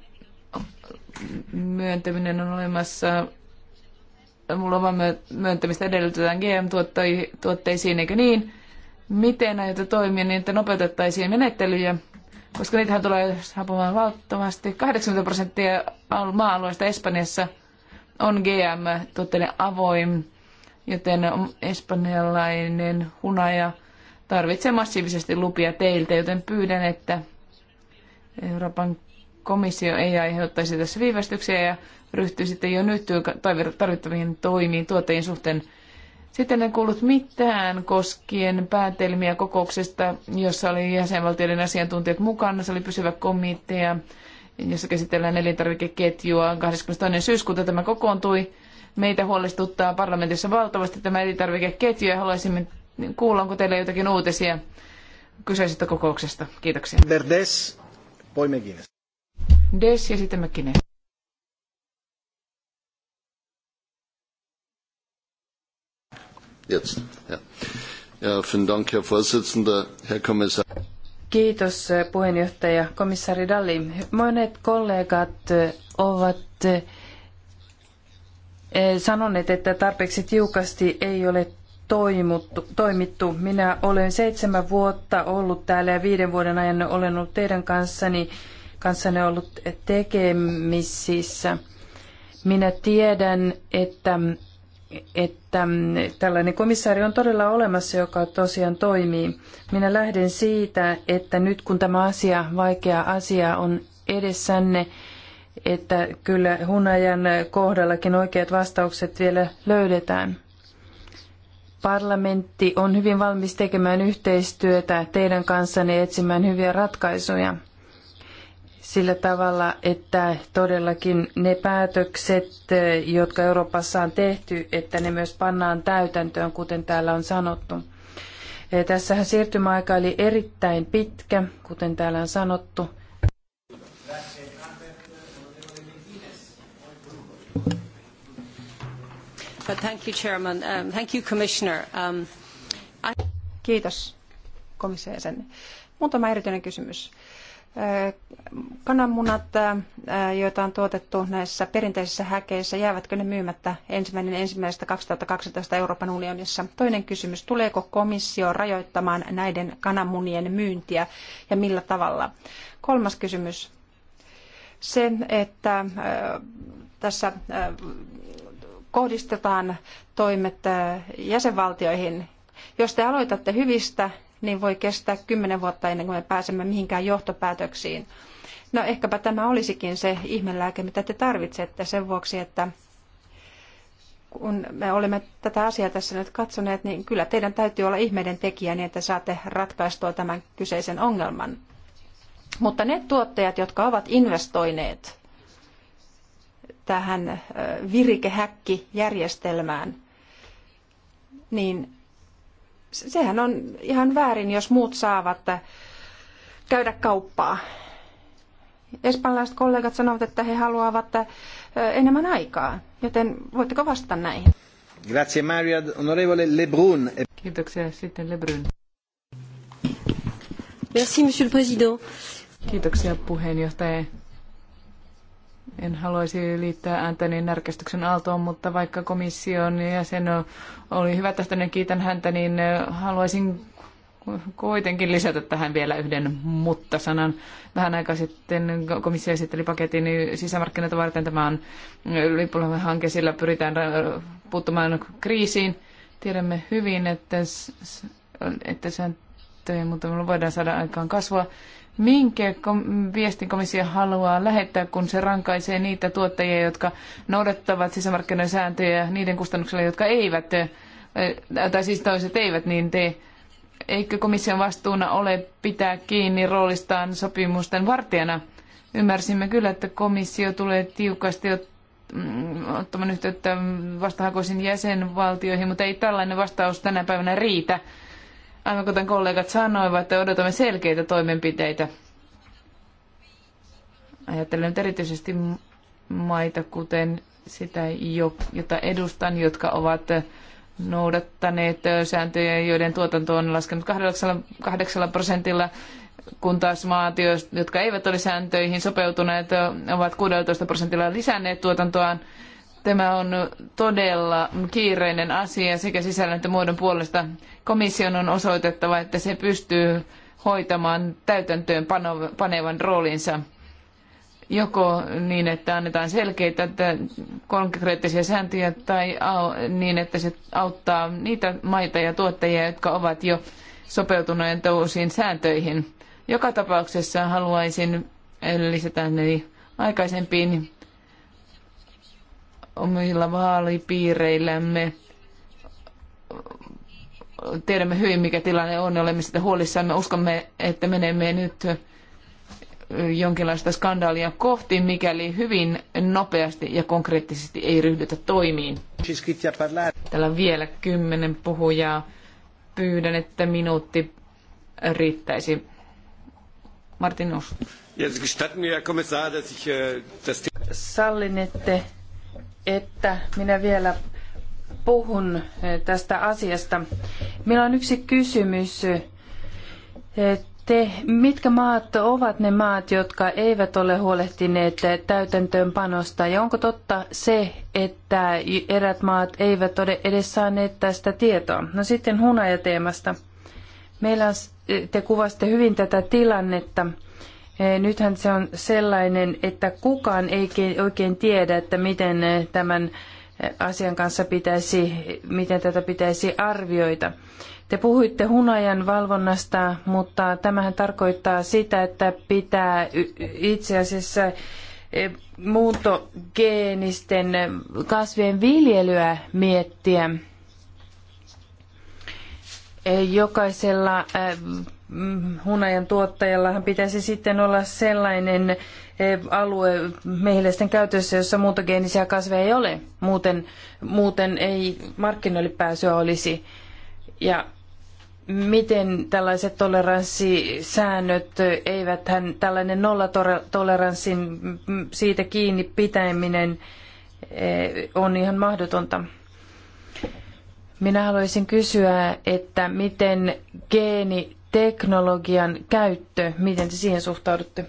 myöntäminen on olemassa. Luvan myöntämistä edellytetään GM-tuotteisiin, eikö niin? Miten näitä toimia niin, että nopeutettaisiin menettelyjä? Koska niitähän tulee saapumaan valtavasti. 80 prosenttia maa-alueesta Espanjassa – on GM-tuotteille avoin, joten espanjalainen hunaja tarvitsee massiivisesti lupia teiltä, joten pyydän, että Euroopan komissio ei aiheuttaisi tässä viivästyksiä ja sitten jo nyt tarvittaviin toimiin tuottajien suhteen. Sitten en kuullut mitään koskien päätelmiä kokouksesta, jossa oli jäsenvaltioiden asiantuntijat mukana. Se oli pysyvä komitea jossa käsitellään elintarvikeketjua 22. syyskuuta tämä kokoontui. Meitä huolestuttaa parlamentissa valtavasti tämä elintarvikeketju ja haluaisimme kuulla, onko teillä jotakin uutisia kyseisestä kokouksesta. Kiitoksia. Verdes, Des ja sitten Mäkinen. Jetzt, ja. Ja, vielen Dank, Herr Vorsitzender, Herr Kommissar. Kiitos eh, puheenjohtaja komissaari Dalli. Monet kollegat eh, ovat eh, sanoneet, että tarpeeksi tiukasti ei ole toimittu, toimittu. Minä olen seitsemän vuotta ollut täällä ja viiden vuoden ajan olen ollut teidän kanssani, kanssanne ollut tekemisissä. Minä tiedän, että että mm, tällainen komissaari on todella olemassa, joka tosiaan toimii. Minä lähden siitä, että nyt kun tämä asia, vaikea asia on edessänne, että kyllä hunajan kohdallakin oikeat vastaukset vielä löydetään. Parlamentti on hyvin valmis tekemään yhteistyötä teidän kanssanne etsimään hyviä ratkaisuja sillä tavalla, että todellakin ne päätökset, jotka Euroopassa on tehty, että ne myös pannaan täytäntöön, kuten täällä on sanottu. Tässähän siirtymäaika oli erittäin pitkä, kuten täällä on sanottu. Thank you, Chairman. Um, thank you, Commissioner. Um, Kiitos jäsen. Muutama erityinen kysymys kananmunat, joita on tuotettu näissä perinteisissä häkeissä, jäävätkö ne myymättä ensimmäinen ensimmäistä 2012 Euroopan unionissa? Toinen kysymys, tuleeko komissio rajoittamaan näiden kananmunien myyntiä ja millä tavalla? Kolmas kysymys, se, että tässä kohdistetaan toimet jäsenvaltioihin. Jos te aloitatte hyvistä, niin voi kestää kymmenen vuotta ennen kuin me pääsemme mihinkään johtopäätöksiin. No ehkäpä tämä olisikin se ihmelääke, mitä te tarvitsette sen vuoksi, että kun me olemme tätä asiaa tässä nyt katsoneet, niin kyllä teidän täytyy olla ihmeiden tekijä niin, että saatte ratkaistua tämän kyseisen ongelman. Mutta ne tuottajat, jotka ovat investoineet tähän virikehäkkijärjestelmään, niin sehän on ihan väärin, jos muut saavat käydä kauppaa. Espanjalaiset kollegat sanovat, että he haluavat äh, enemmän aikaa, joten voitteko vastata näihin? Grazie Maria, onorevole Lebrun. Kiitoksia sitten Lebrun. Merci monsieur le président. Kiitoksia puheenjohtaja. En haluaisi liittää ääntäni närkästyksen aaltoon, mutta vaikka komission jäsen oli hyvä tästä, niin kiitän häntä, niin haluaisin kuitenkin lisätä tähän vielä yhden mutta-sanan. Vähän aikaa sitten komissio esitteli paketin sisämarkkinoita varten. Tämä on hanke, sillä pyritään puuttumaan kriisiin. Tiedämme hyvin, että, että sääntöjen mutta voidaan saada aikaan kasvua Minkä viestin komissio haluaa lähettää, kun se rankaisee niitä tuottajia, jotka noudattavat sisämarkkinoiden sääntöjä niiden kustannuksella, jotka eivät, tai siis toiset eivät niin tee? Eikö komission vastuuna ole pitää kiinni roolistaan sopimusten vartijana? Ymmärsimme kyllä, että komissio tulee tiukasti mm, ottamaan yhteyttä vastahakoisiin jäsenvaltioihin, mutta ei tällainen vastaus tänä päivänä riitä Aivan kuten kollegat sanoivat, että odotamme selkeitä toimenpiteitä. Ajattelen nyt erityisesti maita, kuten sitä, jota edustan, jotka ovat noudattaneet sääntöjä, joiden tuotanto on laskenut 8 prosentilla, kun taas maat, jotka eivät ole sääntöihin sopeutuneet, ovat 16 prosentilla lisänneet tuotantoaan Tämä on todella kiireinen asia sekä sisällön että muodon puolesta. Komission on osoitettava, että se pystyy hoitamaan täytäntöön panevan roolinsa joko niin, että annetaan selkeitä että konkreettisia sääntöjä tai niin, että se auttaa niitä maita ja tuottajia, jotka ovat jo sopeutuneet uusiin sääntöihin. Joka tapauksessa haluaisin lisätä ne aikaisempiin omilla vaalipiireillämme. Tiedämme hyvin, mikä tilanne on, olemme sitä huolissamme. Uskomme, että menemme nyt jonkinlaista skandaalia kohti, mikäli hyvin nopeasti ja konkreettisesti ei ryhdytä toimiin. Täällä on vielä kymmenen puhujaa. Pyydän, että minuutti riittäisi. Martin Nuss. Äh, Sallinette, että minä vielä puhun eh, tästä asiasta. Meillä on yksi kysymys. Eh, te, mitkä maat ovat ne maat, jotka eivät ole huolehtineet täytäntöönpanosta? Ja onko totta se, että erät maat eivät ole edes saaneet tästä tietoa? No sitten hunajateemasta. Meillä te kuvaste hyvin tätä tilannetta Eh, nythän se on sellainen, että kukaan ei oikein tiedä, että miten eh, tämän eh, asian kanssa pitäisi, miten tätä pitäisi arvioida. Te puhuitte hunajan valvonnasta, mutta tämähän tarkoittaa sitä, että pitää itse asiassa muuntogeenisten kasvien viljelyä miettiä. Jokaisella hunajan tuottajallahan pitäisi sitten olla sellainen eh, alue mehiläisten käytössä, jossa muutogeenisiä kasveja ei ole. Muuten, muuten ei markkinoille pääsyä olisi. Ja miten tällaiset toleranssisäännöt eivät hän tällainen nollatoleranssin siitä kiinni pitäminen eh, on ihan mahdotonta. Minä haluaisin kysyä, että miten geeni teknologian käyttö, miten te siihen suhtaudutte?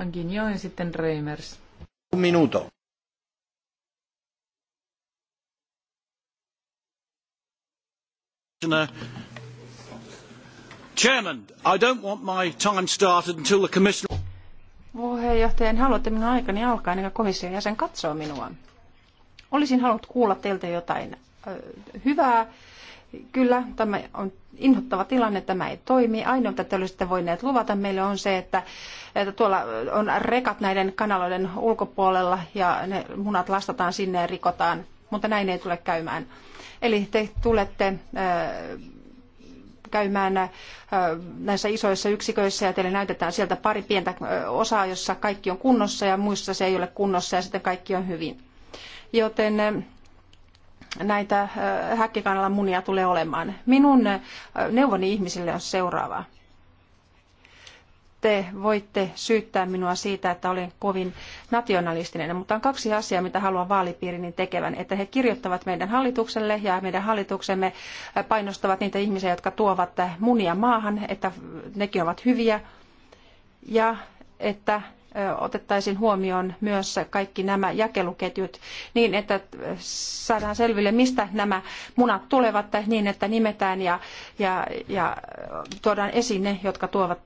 Agnon, ja sitten Reimers. Un minuto. Chairman, I don't want my time started until the commissioner... Puheenjohtaja, en halua, että minun aikani alkaa ennen kuin komission jäsen katsoo minua. Olisin halunnut kuulla teiltä jotain hyvää Kyllä, tämä on inhottava tilanne, tämä ei toimi. Ainoa, mitä te olisitte voineet luvata meille on se, että, että tuolla on rekat näiden kanaloiden ulkopuolella ja ne munat lastataan sinne ja rikotaan, mutta näin ei tule käymään. Eli te tulette äh, käymään äh, näissä isoissa yksiköissä ja teille näytetään sieltä pari pientä äh, osaa, jossa kaikki on kunnossa ja muissa se ei ole kunnossa ja sitten kaikki on hyvin. Joten näitä äh, häkkikanalan munia tulee olemaan. Minun äh, neuvoni ihmisille on seuraava. Te voitte syyttää minua siitä, että olen kovin nationalistinen, mutta on kaksi asiaa, mitä haluan vaalipiirini tekevän. Että he kirjoittavat meidän hallitukselle ja meidän hallituksemme äh, painostavat niitä ihmisiä, jotka tuovat munia maahan, että nekin ovat hyviä. Ja että otettaisiin huomioon myös kaikki nämä jakeluketjut niin, että saadaan selville, mistä nämä munat tulevat niin, että nimetään ja, ja, ja tuodaan esiin ne, jotka tuovat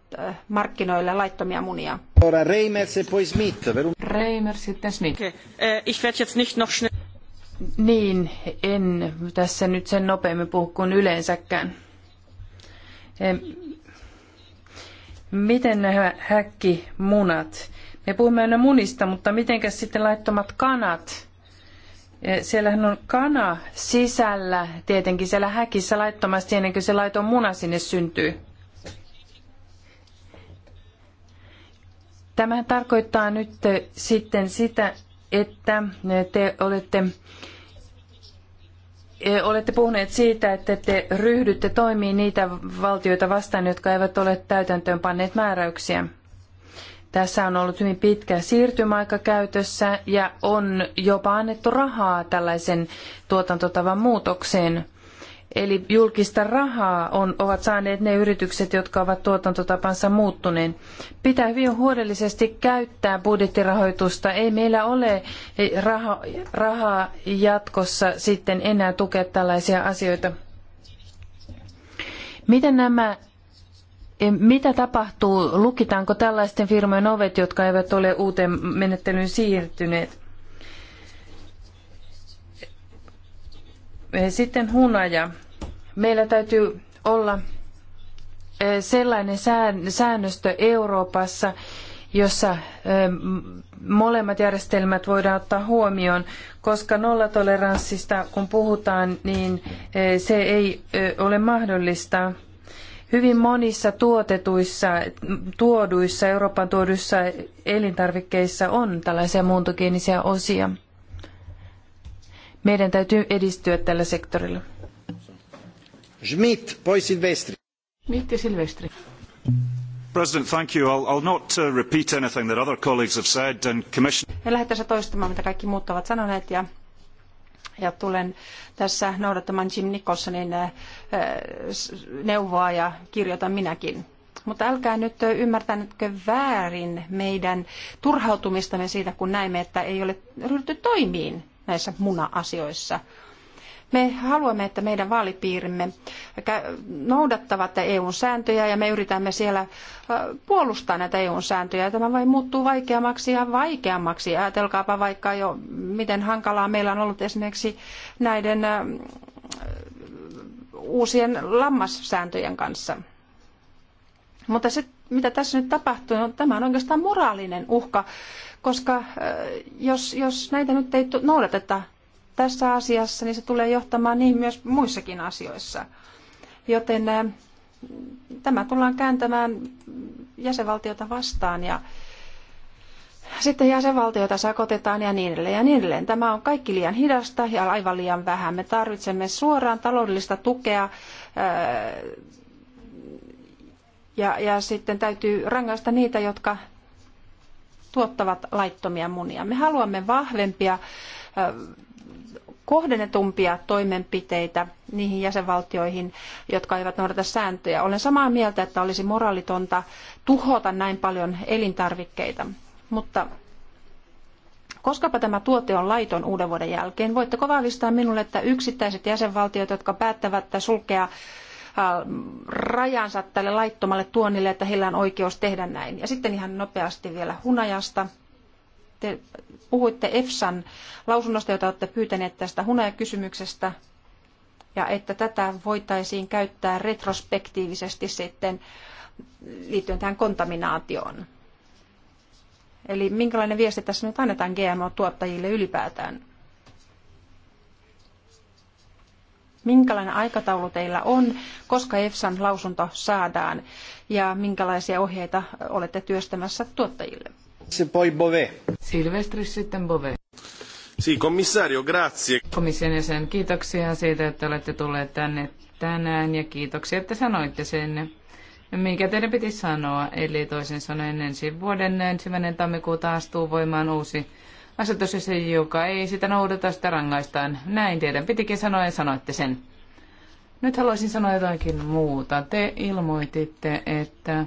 markkinoille laittomia munia. Reimers e Smith. sitten Smith. Okay. E, ich werde jetzt nicht noch schnell... Niin, en tässä nyt sen nopeammin puhu kuin yleensäkään. Miten nämä häkkimunat? Me puhumme aina munista, mutta mitenkäs sitten laittomat kanat? Siellähän on kana sisällä, tietenkin siellä häkissä laittomasti ennen kuin se laiton muna sinne syntyy. Tämähän tarkoittaa nyt sitten sitä, että te olette olette puhuneet siitä, että te ryhdytte toimiin niitä valtioita vastaan, jotka eivät ole täytäntöön panneet määräyksiä. Tässä on ollut hyvin pitkä siirtymäaika käytössä ja on jopa annettu rahaa tällaisen tuotantotavan muutokseen. Eli julkista rahaa on, ovat saaneet ne yritykset, jotka ovat tuotantotapansa muuttuneen. Pitää hyvin huolellisesti käyttää budjettirahoitusta. Ei meillä ole raha, rahaa jatkossa sitten enää tukea tällaisia asioita. Miten nämä mitä tapahtuu? Lukitaanko tällaisten firmojen ovet, jotka eivät ole uuteen menettelyyn siirtyneet? Sitten hunaja. Meillä täytyy olla eh, sellainen säännöstö Euroopassa, jossa eh, molemmat järjestelmät voidaan ottaa huomioon, koska nollatoleranssista kun puhutaan, niin eh, se ei ole mahdollista. Hyvin monissa tuotetuissa, tuoduissa, Euroopan tuoduissa elintarvikkeissa on tällaisia muuntogeenisiä osia. Meidän täytyy edistyä tällä sektorilla. Schmidt, poi Silvestri. Schmidt ja e Silvestri. President, thank you. I'll, I'll not uh, repeat anything that other colleagues have said and commission... En lähde tässä toistamaan, mitä kaikki muut ovat sanoneet ja, ja tulen tässä noudattamaan Jim Nicholsonin äh, äh neuvoa ja kirjoitan minäkin. Mutta älkää nyt äh, ymmärtänytkö väärin meidän turhautumistamme siitä, kun näemme, että ei ole ryhdytty toimiin näissä muna-asioissa. Me haluamme, että meidän vaalipiirimme noudattavat EUn sääntöjä ja me yritämme siellä puolustaa näitä EUn sääntöjä. Tämä vain muuttuu vaikeammaksi ja vaikeammaksi. Ajatelkaapa vaikka jo, miten hankalaa meillä on ollut esimerkiksi näiden uusien lammassääntöjen kanssa. Mutta se, mitä tässä nyt tapahtuu, no, tämä on oikeastaan moraalinen uhka, koska jos, jos näitä nyt ei noudateta, tässä asiassa, niin se tulee johtamaan niin myös muissakin asioissa. Joten tämä tullaan kääntämään jäsenvaltiota vastaan ja sitten jäsenvaltioita sakotetaan ja niin edelleen ja niin edelleen. Tämä on kaikki liian hidasta ja aivan liian vähän. Me tarvitsemme suoraan taloudellista tukea ja, ja sitten täytyy rangaista niitä, jotka tuottavat laittomia munia. Me haluamme vahvempia kohdennetumpia toimenpiteitä niihin jäsenvaltioihin, jotka eivät noudata sääntöjä. Olen samaa mieltä, että olisi moraalitonta tuhota näin paljon elintarvikkeita. Mutta koskapa tämä tuote on laiton uuden vuoden jälkeen, voitteko vahvistaa minulle, että yksittäiset jäsenvaltiot, jotka päättävät sulkea äh, rajansa tälle laittomalle tuonnille, että heillä on oikeus tehdä näin. Ja sitten ihan nopeasti vielä hunajasta te puhuitte EFSAn lausunnosta, jota olette pyytäneet tästä hunajakysymyksestä, ja että tätä voitaisiin käyttää retrospektiivisesti sitten liittyen tähän kontaminaatioon. Eli minkälainen viesti tässä nyt annetaan GMO-tuottajille ylipäätään? Minkälainen aikataulu teillä on, koska EFSAn lausunto saadaan ja minkälaisia ohjeita olette työstämässä tuottajille? Se poi Bove. Silvestris sitten Bove. Si, komissario, grazie. Komission jäsen, kiitoksia siitä, että olette tulleet tänne tänään ja kiitoksia, että sanoitte sen, mikä teidän piti sanoa. Eli toisin sanoen ensi vuoden ensimmäinen tammikuuta astuu voimaan uusi asetus ja se, joka ei sitä noudata, sitä rangaistaan. Näin teidän pitikin sanoa ja sanoitte sen. Nyt haluaisin sanoa jotakin muuta. Te ilmoititte, että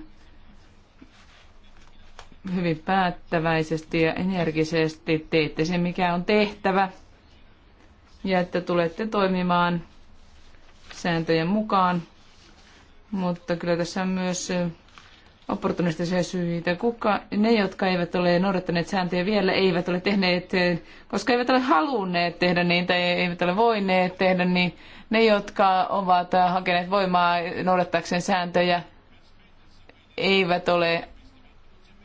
hyvin päättäväisesti ja energisesti teette sen, mikä on tehtävä, ja että tulette toimimaan sääntöjen mukaan. Mutta kyllä tässä on myös opportunistisia syitä. Kuka, ne, jotka eivät ole noudattaneet sääntöjä vielä, eivät ole tehneet, koska eivät ole halunneet tehdä niitä, e, eivät ole voineet tehdä, niin ne, jotka ovat hakeneet voimaa noudattaakseen sääntöjä, eivät ole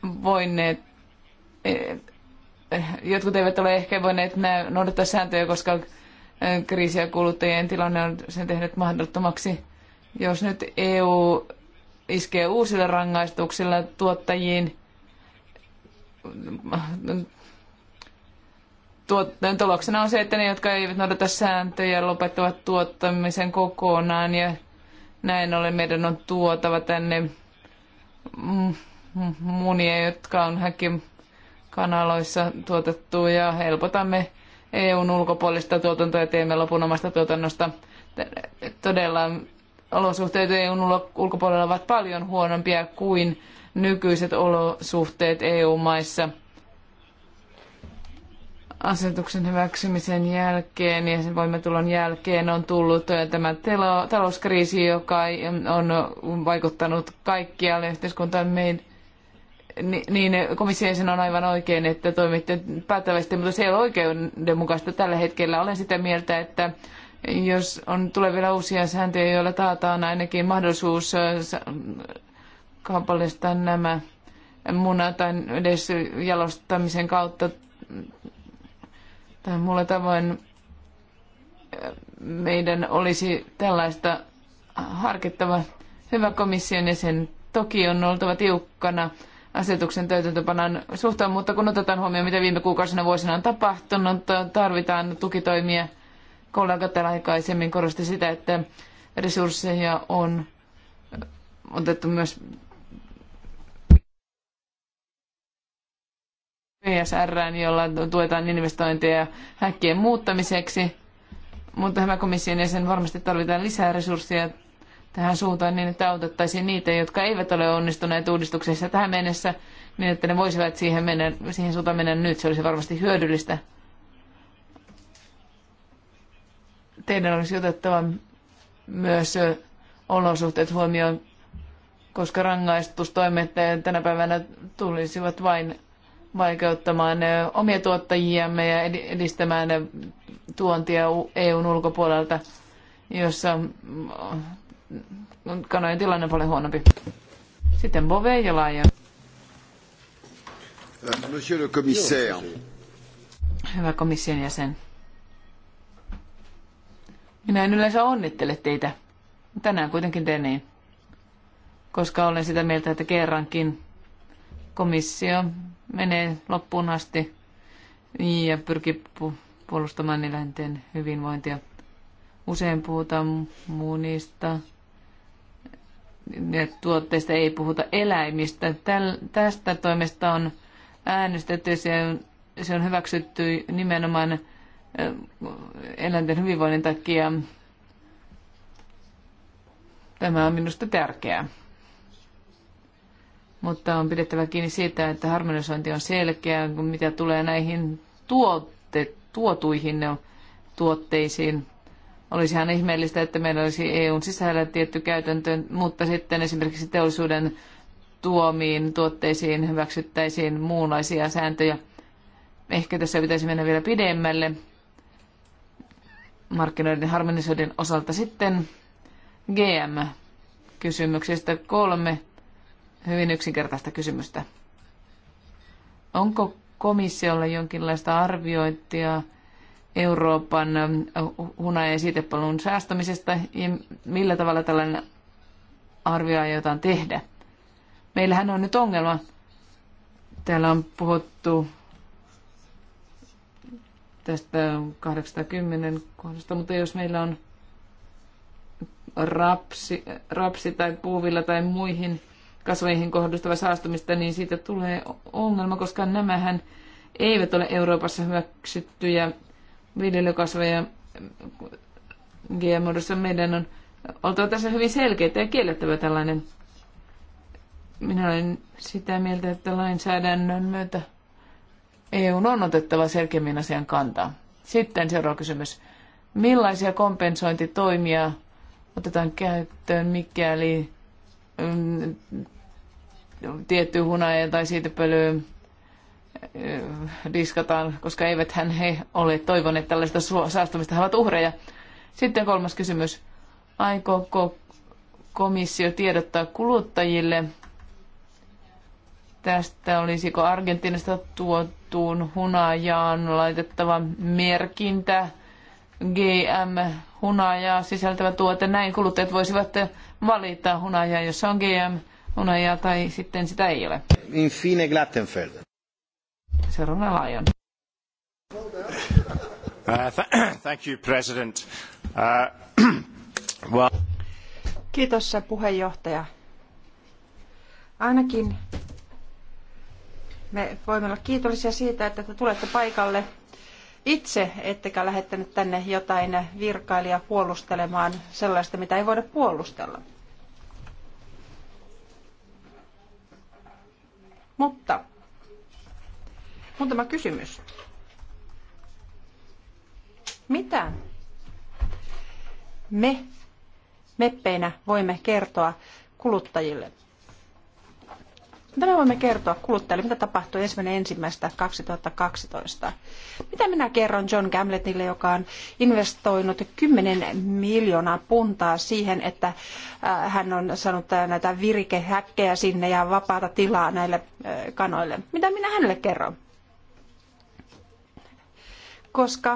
voineet eh, eh, jotkut eivät ole ehkä voineet noudattaa sääntöjä, koska eh, kriisi- ja kuluttajien tilanne on sen tehnyt mahdottomaksi. Jos nyt EU iskee uusilla rangaistuksilla tuottajiin, tuloksena on se, että ne, jotka eivät noudata sääntöjä, lopettavat tuottamisen kokonaan ja näin ollen meidän on tuotava tänne mm, munia, jotka on kanaloissa tuotettu ja helpotamme EUn ulkopuolista tuotantoa ja teemme lopun omasta tuotannosta. Todella olosuhteet EUn ulkopuolella ovat paljon huonompia kuin nykyiset olosuhteet EU-maissa asetuksen hyväksymisen jälkeen ja sen voimatulon jälkeen on tullut tämä talouskriisi, joka on vaikuttanut kaikkialle yhteiskuntaan. Meidän niin komissio on aivan oikein, että toimitte päättävästi, mutta se ei ole oikeudenmukaista tällä hetkellä. Olen sitä mieltä, että jos on tulee vielä uusia sääntöjä, joilla taataan ainakin mahdollisuus äh, kaupallistaa nämä munat tai edes jalostamisen kautta tai muulla tavoin äh, meidän olisi tällaista harkittava hyvä komission jäsen. toki on oltava tiukkana asetuksen täytäntöpanan suhteen, mutta kun otetaan huomioon, mitä viime kuukausina vuosina on tapahtunut, tarvitaan tukitoimia. Kollega täällä aikaisemmin korosti sitä, että resursseja on otettu myös PSR, jolla tuetaan investointeja häkkien muuttamiseksi. Mutta tämä komission jäsen varmasti tarvitaan lisää resursseja tähän suuntaan niin, että autettaisiin niitä, jotka eivät ole onnistuneet uudistuksessa tähän mennessä, niin että ne voisivat siihen, mennä, siihen suuntaan mennä nyt. Se olisi varmasti hyödyllistä. Teidän olisi otettava myös olosuhteet huomioon, koska rangaistustoimet tänä päivänä tulisivat vain vaikeuttamaan omia tuottajiamme ja edistämään tuontia EUn ulkopuolelta, jossa kanojen tilanne on paljon huonompi. Sitten Bove ja Laaja. Monsieur le commissaire. Hyvä komission jäsen. Minä en yleensä onnittele teitä. Tänään kuitenkin teen niin. Koska olen sitä mieltä, että kerrankin komissio menee loppuun asti ja pyrkii puolustamaan eläinten hyvinvointia. Usein puhutaan muunista tuotteista ei puhuta eläimistä. Täl, tästä toimesta on äänestetty ja se on hyväksytty nimenomaan eläinten hyvinvoinnin takia. Tämä on minusta tärkeää. Mutta on pidettävä kiinni siitä, että harmonisointi on selkeää, mitä tulee näihin tuotte, tuotuihin tuotteisiin. Olisi ihan ihmeellistä, että meillä olisi EUn sisällä tietty käytäntö, mutta sitten esimerkiksi teollisuuden tuomiin tuotteisiin hyväksyttäisiin muunlaisia sääntöjä. Ehkä tässä pitäisi mennä vielä pidemmälle markkinoiden harmonisoiden osalta sitten GM-kysymyksestä kolme hyvin yksinkertaista kysymystä. Onko komissiolla jonkinlaista arviointia Euroopan hunajan ja siitepalun säästämisestä ja millä tavalla tällainen arvio aiotaan tehdä. Meillähän on nyt ongelma. Täällä on puhuttu tästä 810 kohdasta, mutta jos meillä on rapsi, rapsi tai puuvilla tai muihin kasveihin kohdistuva saastumista, niin siitä tulee ongelma, koska nämähän eivät ole Euroopassa hyväksyttyjä viljelykasveja GM-muodossa meidän on oltava tässä hyvin selkeitä ja kiellettävä tällainen. Minä olen sitä mieltä, että lainsäädännön myötä EU on otettava selkeämmin asian kantaa. Sitten seuraava kysymys. Millaisia kompensointitoimia otetaan käyttöön, mikäli mm, tietty hunaja tai siitä pölyä diskataan, koska eivät hän he ole toivoneet tällaista saastumista, he ovat uhreja. Sitten kolmas kysymys. Aikooko komissio tiedottaa kuluttajille tästä, olisiko Argentiinasta tuotuun hunajaan laitettava merkintä GM-hunajaa sisältävä tuote. Näin kuluttajat voisivat valita hunajaa, jossa on GM-hunajaa tai sitten sitä ei ole. Infine Glattenfeld. Seuraavana Laajon. Uh, thank you, President. Uh, well... Kiitos puheenjohtaja. Ainakin me voimme olla kiitollisia siitä, että te tulette paikalle itse, ettekä lähettänyt tänne jotain virkailijaa puolustelemaan sellaista, mitä ei voida puolustella. Mutta Muutama kysymys. Mitä me meppeinä voimme kertoa kuluttajille? Mitä me voimme kertoa kuluttajille, mitä tapahtui ensimmäinen ensimmäistä 2012? Mitä minä kerron John Gamletille, joka on investoinut 10 miljoonaa puntaa siihen, että äh, hän on saanut äh, näitä virikehäkkejä sinne ja vapaata tilaa näille äh, kanoille? Mitä minä hänelle kerron? koska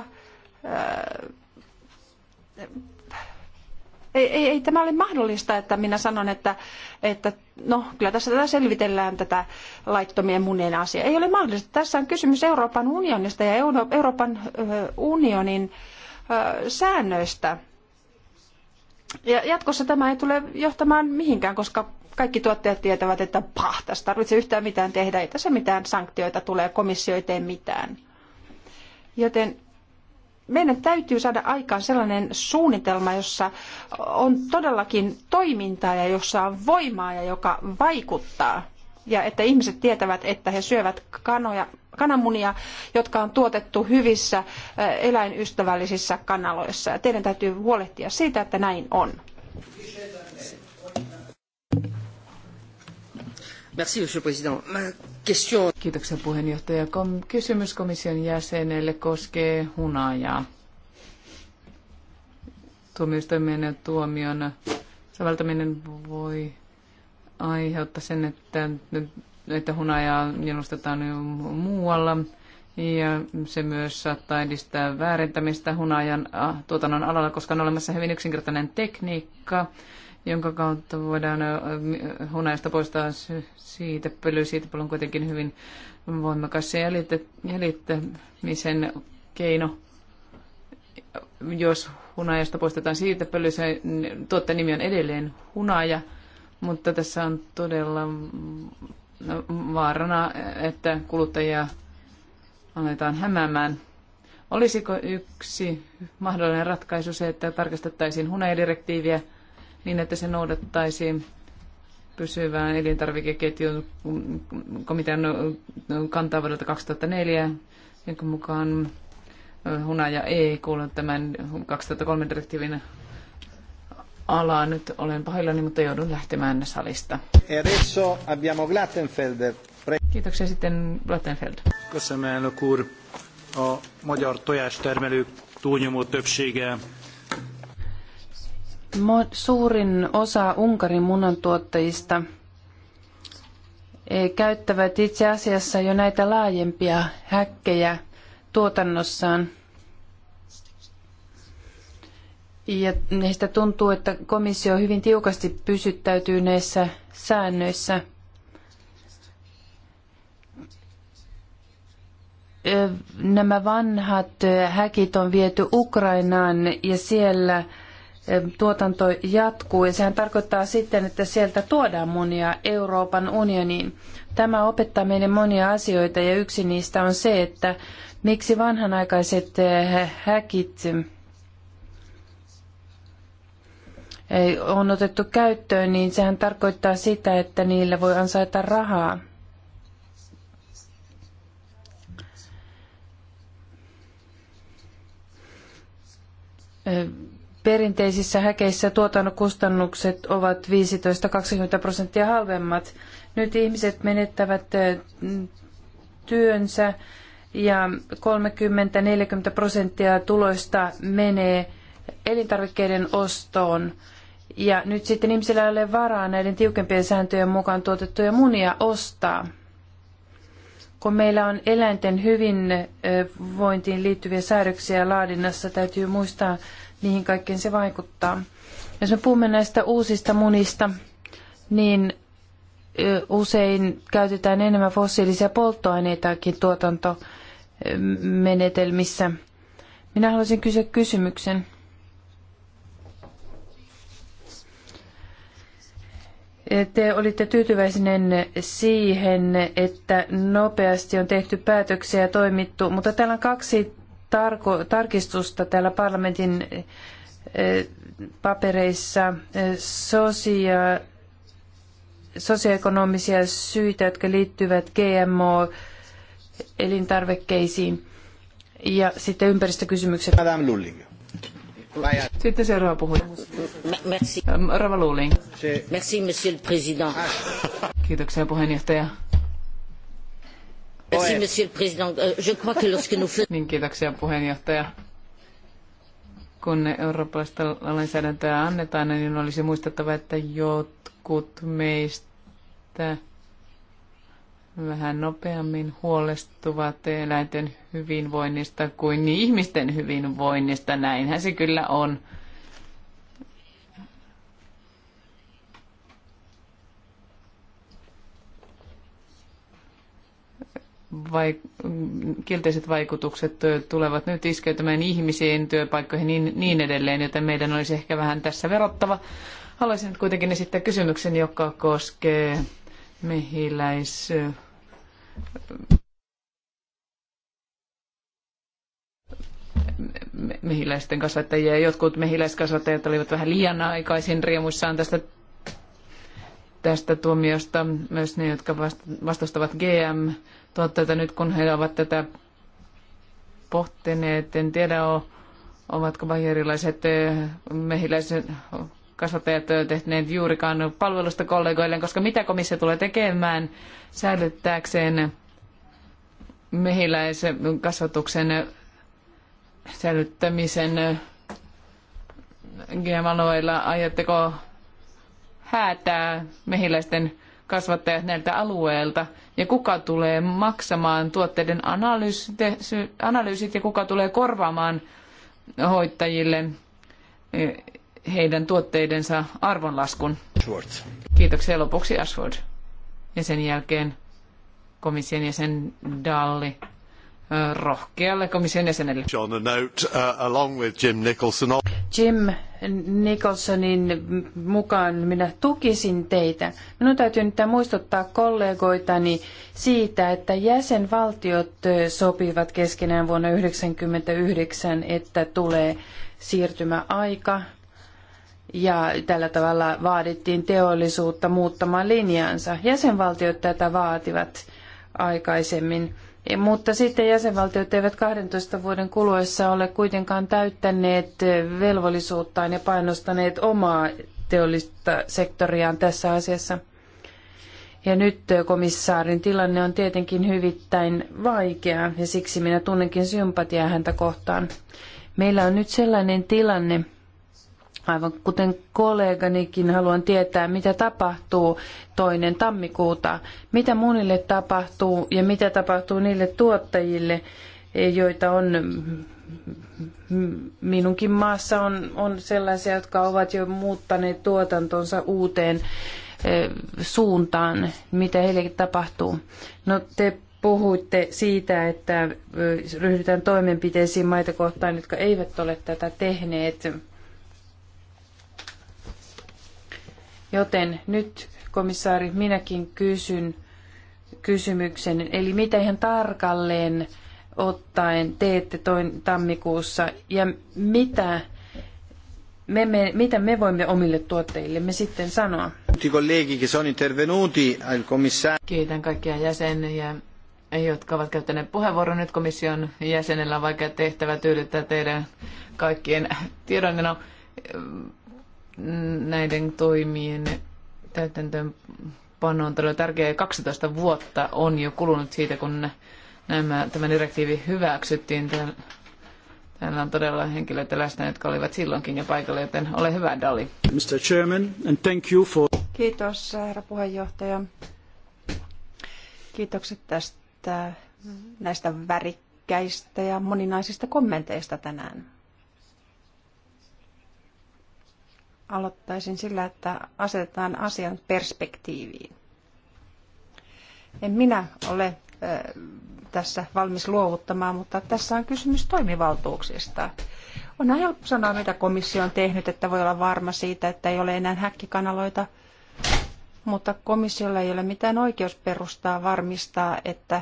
äh, ei, ei, ei tämä ole mahdollista, että minä sanon, että, että no, kyllä tässä tätä selvitellään tätä laittomien munien asiaa. Ei ole mahdollista. Tässä on kysymys Euroopan unionista ja Euro- Euroopan äh, unionin äh, säännöistä. Ja jatkossa tämä ei tule johtamaan mihinkään, koska kaikki tuottajat tietävät, että pah, tässä tarvitsee yhtään mitään tehdä, ei tässä mitään sanktioita tule, komissio ei tee mitään. Joten meidän täytyy saada aikaan sellainen suunnitelma, jossa on todellakin toimintaa ja jossa on voimaa ja joka vaikuttaa. Ja että ihmiset tietävät, että he syövät kanoja, kananmunia, jotka on tuotettu hyvissä eläinystävällisissä kanaloissa. Ja teidän täytyy huolehtia siitä, että näin on. Merci, monsieur le président. Kiitoksia puheenjohtaja. Kysymys komission jäsenelle koskee hunajaa. Tuomioistuimen tuomion säveltäminen voi aiheuttaa sen, että, että hunajaa jalostetaan jo muualla. Ja se myös saattaa edistää väärentämistä hunajan äh, tuotannon alalla, koska on olemassa hyvin yksinkertainen tekniikka, jonka kautta voidaan hunajasta poistaa siitä pöly. Siitä on kuitenkin hyvin voimakas se jäljittämisen keino. Jos hunajasta poistetaan siitä pöly, se tuotteen nimi on edelleen hunaja, mutta tässä on todella no, vaarana, että kuluttajia aletaan hämäämään. Olisiko yksi mahdollinen ratkaisu se, että tarkastettaisiin hunajadirektiiviä direktiiviä niin, että se noudattaisi pysyvään elintarvikeketjun komitean kantaa vuodelta 2004, jonka mukaan hunaja ei kuulu tämän 2003 direktiivin alaa. Nyt olen pahillani, mutta joudun lähtemään salista. E Glattenfelder. Kiitoksia sitten Glattenfeld. Köszönöm, elnök úr. A magyar tojástermelők túlnyomó többsége Suurin osa Unkarin munantuottajista eh, käyttävät itse asiassa jo näitä laajempia häkkejä tuotannossaan. Ja heistä tuntuu, että komissio hyvin tiukasti pysyttäytyy näissä säännöissä. Eh, nämä vanhat häkit on viety Ukrainaan ja siellä tuotanto jatkuu ja sehän tarkoittaa sitten, että sieltä tuodaan monia Euroopan unioniin. Tämä opettaa meille monia asioita ja yksi niistä on se, että miksi vanhanaikaiset eh, häkit eh, on otettu käyttöön, niin sehän tarkoittaa sitä, että niillä voi ansaita rahaa. Ö, eh, Perinteisissä häkeissä tuotannokustannukset ovat 15-20 prosenttia halvemmat. Nyt ihmiset menettävät työnsä ja 30-40 prosenttia tuloista menee elintarvikkeiden ostoon. Ja nyt sitten ihmisillä ei ole varaa näiden tiukempien sääntöjen mukaan tuotettuja munia ostaa. Kun meillä on eläinten hyvinvointiin liittyviä säädöksiä laadinnassa, täytyy muistaa mihin kaikkeen se vaikuttaa. Jos me puhumme näistä uusista munista, niin usein käytetään enemmän fossiilisia polttoaineitakin tuotantomenetelmissä. Minä haluaisin kysyä kysymyksen. Te olitte tyytyväisinen siihen, että nopeasti on tehty päätöksiä ja toimittu, mutta täällä on kaksi tarko- tarkistusta täällä parlamentin eh, papereissa eh, sosia- sosioekonomisia syitä, jotka liittyvät GMO-elintarvikkeisiin ja sitten ympäristökysymykset. Madame Lulling. Sitten seuraava puhuja. Merci. Rava Luuling. Merci, monsieur le président. Kiitoksia puheenjohtaja. Euh, niin, kiitoksia puheenjohtaja. Kun eurooppalaista lainsäädäntöä annetaan, niin olisi muistettava, että jotkut meistä vähän nopeammin huolestuvat eläinten hyvinvoinnista kuin ihmisten hyvinvoinnista. Näinhän se kyllä on. vai, kielteiset vaikutukset tulevat nyt iskeytymään ihmisiin, työpaikkoihin niin, niin edelleen, joten meidän olisi ehkä vähän tässä verottava. Haluaisin nyt kuitenkin esittää kysymyksen, joka koskee mehiläis... mehiläisten kasvattajia. Jotkut mehiläiskasvattajat olivat vähän liian aikaisin riemuissaan tästä, tästä tuomiosta. Myös ne, jotka vastustavat GM totta, että nyt kun he ovat tätä pohtineet, en tiedä, ovatko bahirilaiset mehiläiset kasvattajat tehneet juurikaan palvelusta kollegoilleen, koska mitä komissio tulee tekemään säilyttääkseen mehiläisen kasvatuksen säilyttämisen GM-alueilla? Aiotteko häätää mehiläisten kasvattajat näiltä alueilta ja kuka tulee maksamaan tuotteiden analyysit ja kuka tulee korvaamaan hoitajille e, heidän tuotteidensa arvonlaskun. Schwartz. Kiitoksia lopuksi Ashford. Ja sen jälkeen komission jäsen Dalli e, rohkealle komission jäsenelle. John note, uh, along with Jim Nicholson. Jim Nicholsonin mukaan minä tukisin teitä. Minun täytyy nyt muistuttaa kollegoitani siitä, että jäsenvaltiot sopivat keskenään vuonna 1999, että tulee siirtymäaika. Ja tällä tavalla vaadittiin teollisuutta muuttamaan linjaansa. Jäsenvaltiot tätä vaativat aikaisemmin. Mutta sitten jäsenvaltiot eivät 12 vuoden kuluessa ole kuitenkaan täyttäneet velvollisuuttaan ja painostaneet omaa teollista sektoriaan tässä asiassa. Ja nyt komissaarin tilanne on tietenkin hyvittäin vaikea ja siksi minä tunnenkin sympatiaa häntä kohtaan. Meillä on nyt sellainen tilanne, Aivan kuten kolleganikin haluan tietää, mitä tapahtuu toinen tammikuuta, mitä munille tapahtuu ja mitä tapahtuu niille tuottajille, joita on minunkin maassa on, on sellaisia, jotka ovat jo muuttaneet tuotantonsa uuteen e, suuntaan, mitä heille tapahtuu. No te puhuitte siitä, että e, ryhdytään toimenpiteisiin maita kohtaan, jotka eivät ole tätä tehneet. Joten nyt, komissaari, minäkin kysyn kysymyksen. Eli mitä ihan tarkalleen ottaen teette toin tammikuussa ja mitä me, me, mitä me voimme omille me sitten sanoa? Kiitän kaikkia jäseniä, jotka ovat käyttäneet puheenvuoron. Nyt komission jäsenellä on vaikea tehtävä tyydyttää teidän kaikkien tiedonmeno näiden toimien täytäntöönpano on todella tärkeää. 12 vuotta on jo kulunut siitä, kun nämä, tämä direktiivi hyväksyttiin. Täällä on todella henkilöitä läsnä, jotka olivat silloinkin jo paikalla, joten ole hyvä, Dali. Mr. Chairman, and thank you for... Kiitos, herra puheenjohtaja. Kiitokset tästä, näistä värikkäistä ja moninaisista kommenteista tänään. Aloittaisin sillä, että asetetaan asian perspektiiviin. En minä ole tässä valmis luovuttamaan, mutta tässä on kysymys toimivaltuuksista. On helppo sanoa, mitä komissio on tehnyt, että voi olla varma siitä, että ei ole enää häkkikanaloita, mutta komissiolla ei ole mitään oikeusperustaa varmistaa, että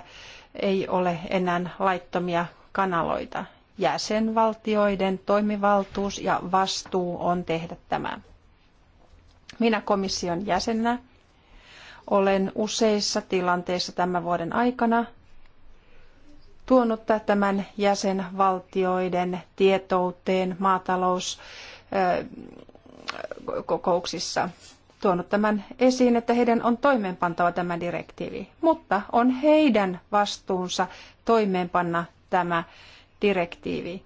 ei ole enää laittomia kanaloita jäsenvaltioiden toimivaltuus ja vastuu on tehdä tämä. Minä komission jäsenä olen useissa tilanteissa tämän vuoden aikana tuonut tämän jäsenvaltioiden tietouteen maatalouskokouksissa tuonut tämän esiin, että heidän on toimeenpantava tämä direktiivi, mutta on heidän vastuunsa toimeenpanna tämä direktiivi.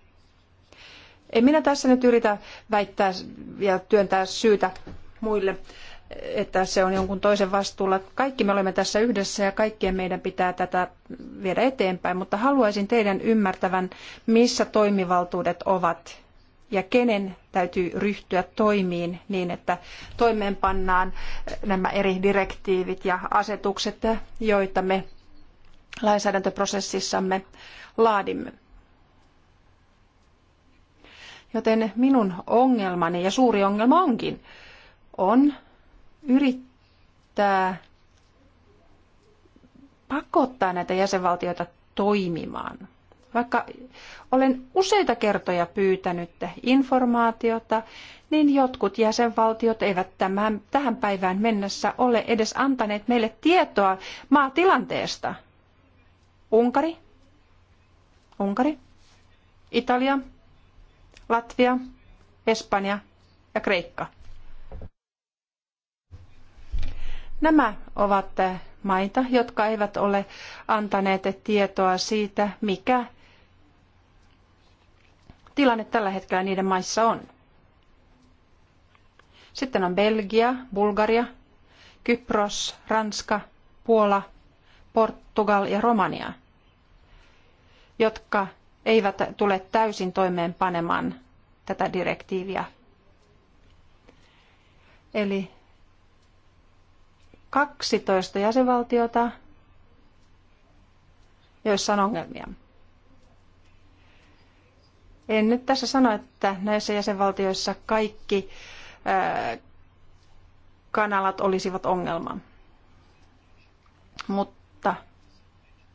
En minä tässä nyt yritä väittää ja työntää syytä muille, että se on jonkun toisen vastuulla. Kaikki me olemme tässä yhdessä ja kaikkien meidän pitää tätä viedä eteenpäin, mutta haluaisin teidän ymmärtävän, missä toimivaltuudet ovat ja kenen täytyy ryhtyä toimiin niin, että toimeenpannaan nämä eri direktiivit ja asetukset, joita me lainsäädäntöprosessissamme laadimme. Joten minun ongelmani ja suuri ongelma onkin, on yrittää pakottaa näitä jäsenvaltioita toimimaan. Vaikka olen useita kertoja pyytänyt informaatiota, niin jotkut jäsenvaltiot eivät tämän, tähän päivään mennessä ole edes antaneet meille tietoa maatilanteesta. Unkari, Unkari, Italia, Latvia, Espanja ja Kreikka. Nämä ovat maita, jotka eivät ole antaneet tietoa siitä, mikä tilanne tällä hetkellä niiden maissa on. Sitten on Belgia, Bulgaria, Kypros, Ranska, Puola, Portugal ja Romania, jotka eivät tule täysin toimeenpanemaan tätä direktiiviä. Eli 12 jäsenvaltiota, joissa on ongelmia. En nyt tässä sano, että näissä jäsenvaltioissa kaikki kanalat olisivat ongelma. Mutta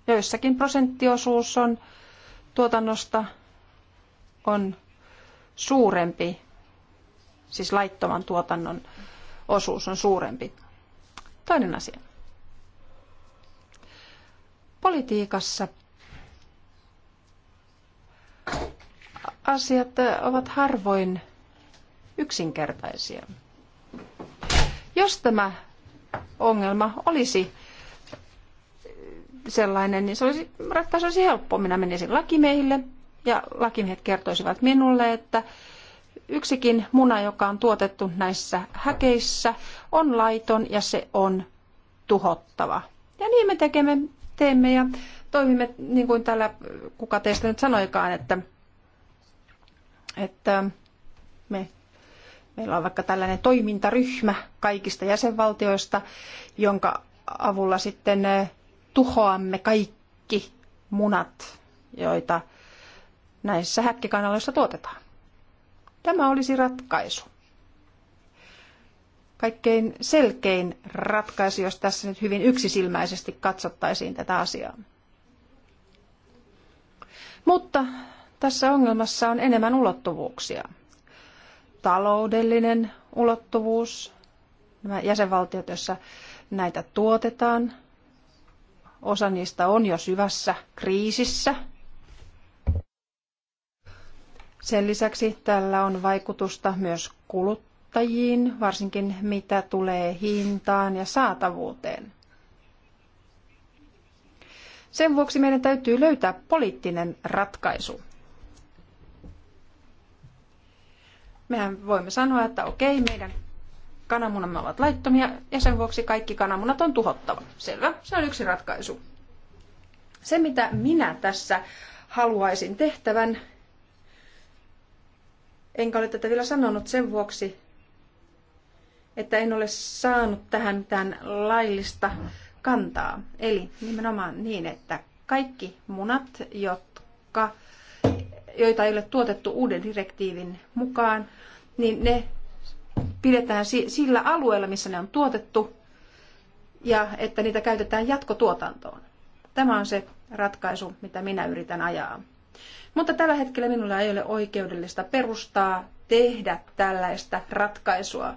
joissakin prosenttiosuus on tuotannosta on suurempi, siis laittoman tuotannon osuus on suurempi. Toinen asia. Politiikassa asiat ovat harvoin yksinkertaisia. Jos tämä ongelma olisi sellainen, niin se olisi, ratkaisu olisi helppo. Minä menisin lakimiehille ja lakimiehet kertoisivat minulle, että yksikin muna, joka on tuotettu näissä häkeissä, on laiton ja se on tuhottava. Ja niin me tekemme, teemme ja toimimme, niin kuin täällä kuka teistä nyt sanoikaan, että, että me Meillä on vaikka tällainen toimintaryhmä kaikista jäsenvaltioista, jonka avulla sitten tuhoamme kaikki munat, joita näissä häkkikanaloissa tuotetaan. Tämä olisi ratkaisu. Kaikkein selkein ratkaisu, jos tässä nyt hyvin yksisilmäisesti katsottaisiin tätä asiaa. Mutta tässä ongelmassa on enemmän ulottuvuuksia. Taloudellinen ulottuvuus, nämä jäsenvaltiot, joissa näitä tuotetaan, Osa niistä on jo syvässä kriisissä. Sen lisäksi tällä on vaikutusta myös kuluttajiin, varsinkin mitä tulee hintaan ja saatavuuteen. Sen vuoksi meidän täytyy löytää poliittinen ratkaisu. Mehän voimme sanoa, että okei, meidän kananmunamme ovat laittomia ja sen vuoksi kaikki kananmunat on tuhottava. Selvä, se on yksi ratkaisu. Se, mitä minä tässä haluaisin tehtävän, enkä ole tätä vielä sanonut sen vuoksi, että en ole saanut tähän mitään laillista kantaa. Eli nimenomaan niin, että kaikki munat, jotka, joita ei ole tuotettu uuden direktiivin mukaan, niin ne pidetään sillä alueella, missä ne on tuotettu, ja että niitä käytetään jatkotuotantoon. Tämä on se ratkaisu, mitä minä yritän ajaa. Mutta tällä hetkellä minulla ei ole oikeudellista perustaa tehdä tällaista ratkaisua.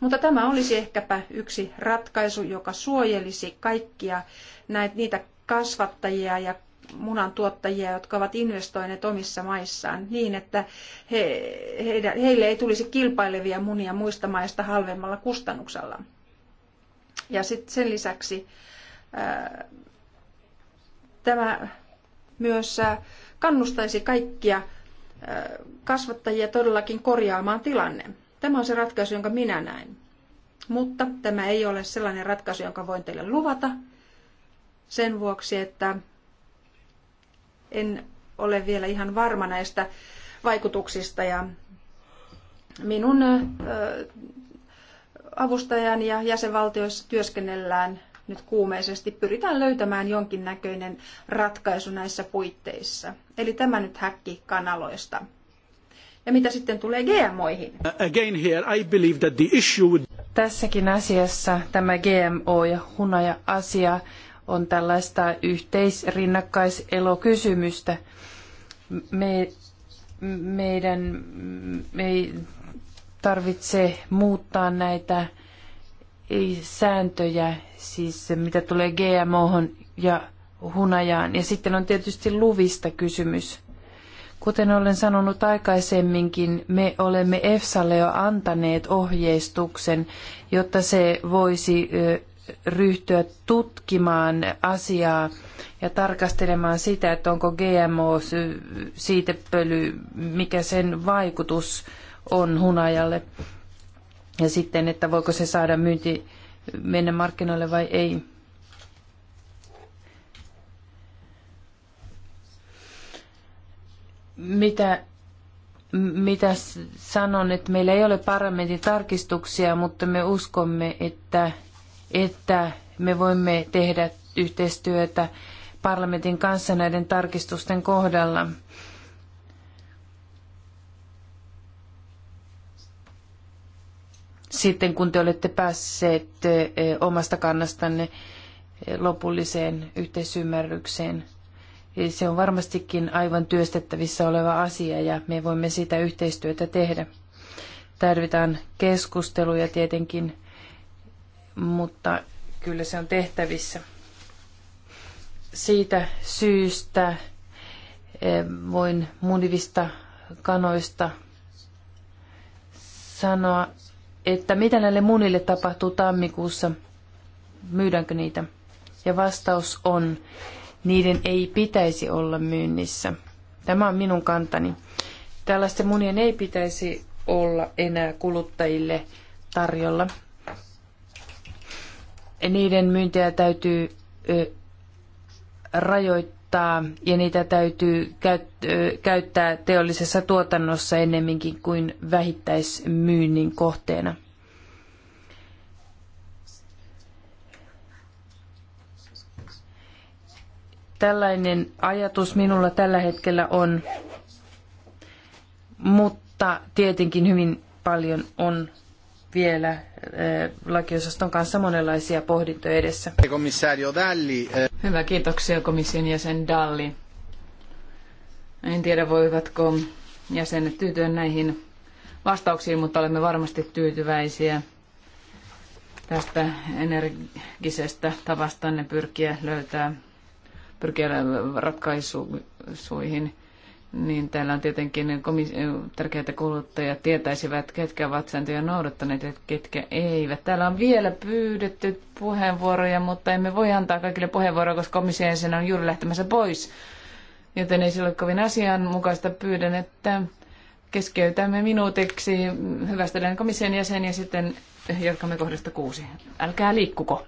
Mutta tämä olisi ehkäpä yksi ratkaisu, joka suojelisi kaikkia näitä, niitä kasvattajia ja munan tuottajia, jotka ovat investoineet omissa maissaan niin, että he, heidän, heille ei tulisi kilpailevia munia muista maista halvemmalla kustannuksella. Ja sitten sen lisäksi ää, tämä myös kannustaisi kaikkia ää, kasvattajia todellakin korjaamaan tilanne. Tämä on se ratkaisu, jonka minä näen. Mutta tämä ei ole sellainen ratkaisu, jonka voin teille luvata sen vuoksi, että en ole vielä ihan varma näistä vaikutuksista ja minun avustajan ja jäsenvaltioissa työskennellään nyt kuumeisesti. Pyritään löytämään jonkinnäköinen ratkaisu näissä puitteissa. Eli tämä nyt häkki kanaloista. Ja mitä sitten tulee GMOihin? Again here, I believe that the issue... Tässäkin asiassa tämä GMO ja hunaja asia on tällaista yhteisrinnakkaiselokysymystä. Me, meidän me ei tarvitse muuttaa näitä sääntöjä, siis mitä tulee gmo ja hunajaan. Ja sitten on tietysti luvista kysymys. Kuten olen sanonut aikaisemminkin, me olemme EFSAlle jo antaneet ohjeistuksen, jotta se voisi ryhtyä tutkimaan asiaa ja tarkastelemaan sitä, että onko GMO siitepöly, mikä sen vaikutus on hunajalle. Ja sitten, että voiko se saada myynti mennä markkinoille vai ei. Mitä mitä sanon, että meillä ei ole parlamentin tarkistuksia, mutta me uskomme, että että me voimme tehdä yhteistyötä parlamentin kanssa näiden tarkistusten kohdalla. Sitten kun te olette päässeet omasta kannastanne lopulliseen yhteisymmärrykseen. se on varmastikin aivan työstettävissä oleva asia ja me voimme sitä yhteistyötä tehdä. Tarvitaan keskusteluja tietenkin mutta kyllä se on tehtävissä. Siitä syystä eh, voin munivista kanoista sanoa, että mitä näille munille tapahtuu tammikuussa, myydäänkö niitä? Ja vastaus on, niiden ei pitäisi olla myynnissä. Tämä on minun kantani. Tällaisten munien ei pitäisi olla enää kuluttajille tarjolla niiden myyntiä täytyy rajoittaa ja niitä täytyy käyttää teollisessa tuotannossa ennemminkin kuin vähittäismyynnin kohteena. Tällainen ajatus minulla tällä hetkellä on, mutta tietenkin hyvin paljon on vielä lakiosaston kanssa monenlaisia pohdintoja edessä. Hyvä, kiitoksia komission jäsen Dalli. En tiedä, voivatko jäsenet tyytyä näihin vastauksiin, mutta olemme varmasti tyytyväisiä tästä energisestä tavastanne pyrkiä löytää pyrkiä ratkaisuihin niin täällä on tietenkin tärkeitä että kuluttajat tietäisivät, ketkä ovat sääntöjä noudattaneet ja ketkä eivät. Täällä on vielä pyydetty puheenvuoroja, mutta emme voi antaa kaikille puheenvuoroja, koska komission sen on juuri lähtemässä pois. Joten ei sillä ole kovin asianmukaista. Pyydän, että keskeytämme minuutiksi. Hyvästelen komission jäsen ja sitten jatkamme kohdasta kuusi. Älkää liikkuko.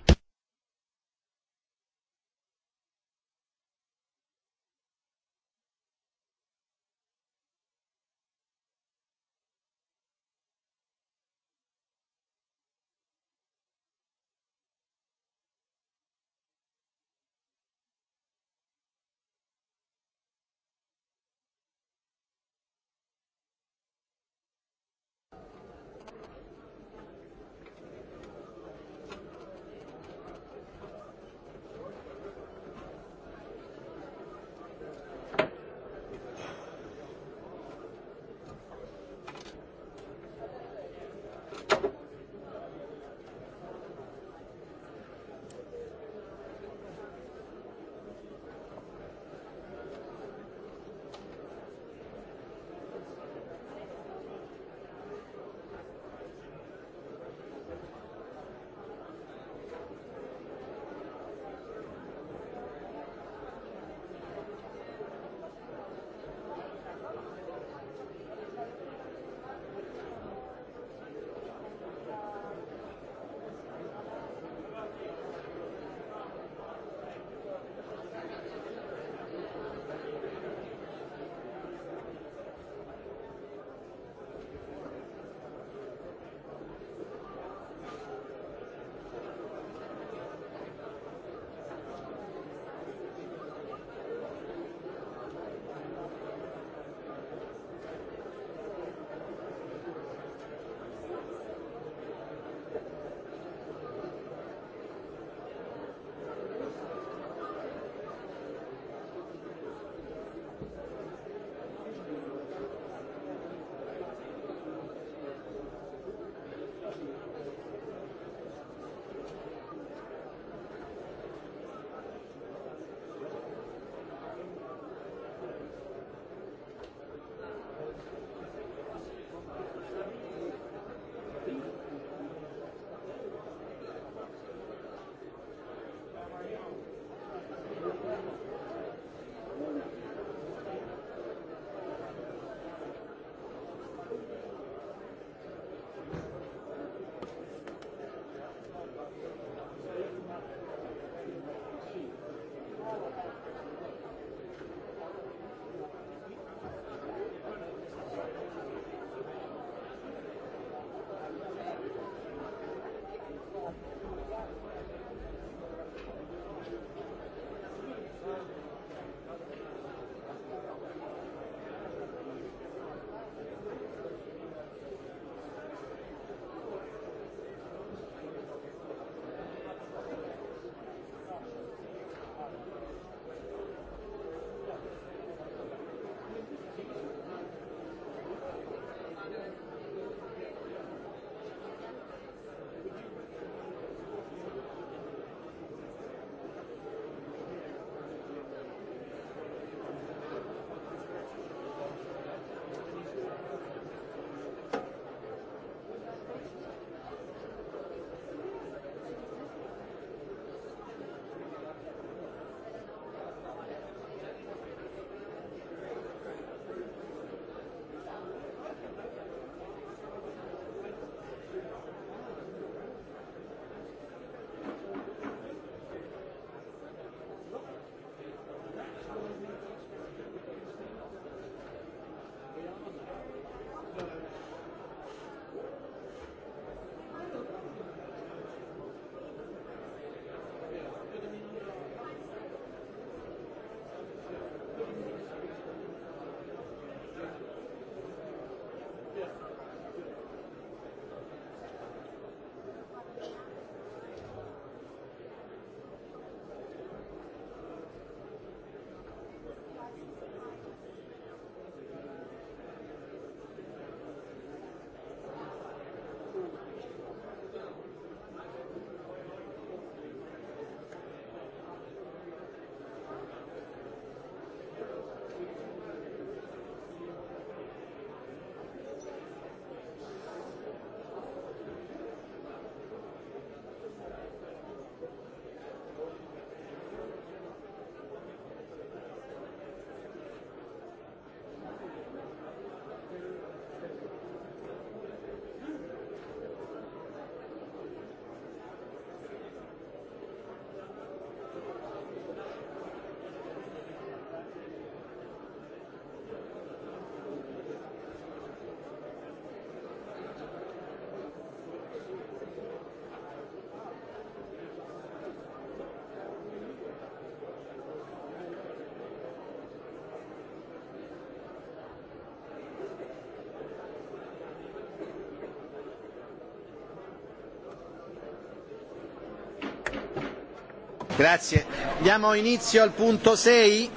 Grazie. Diamo inizio al punto 6.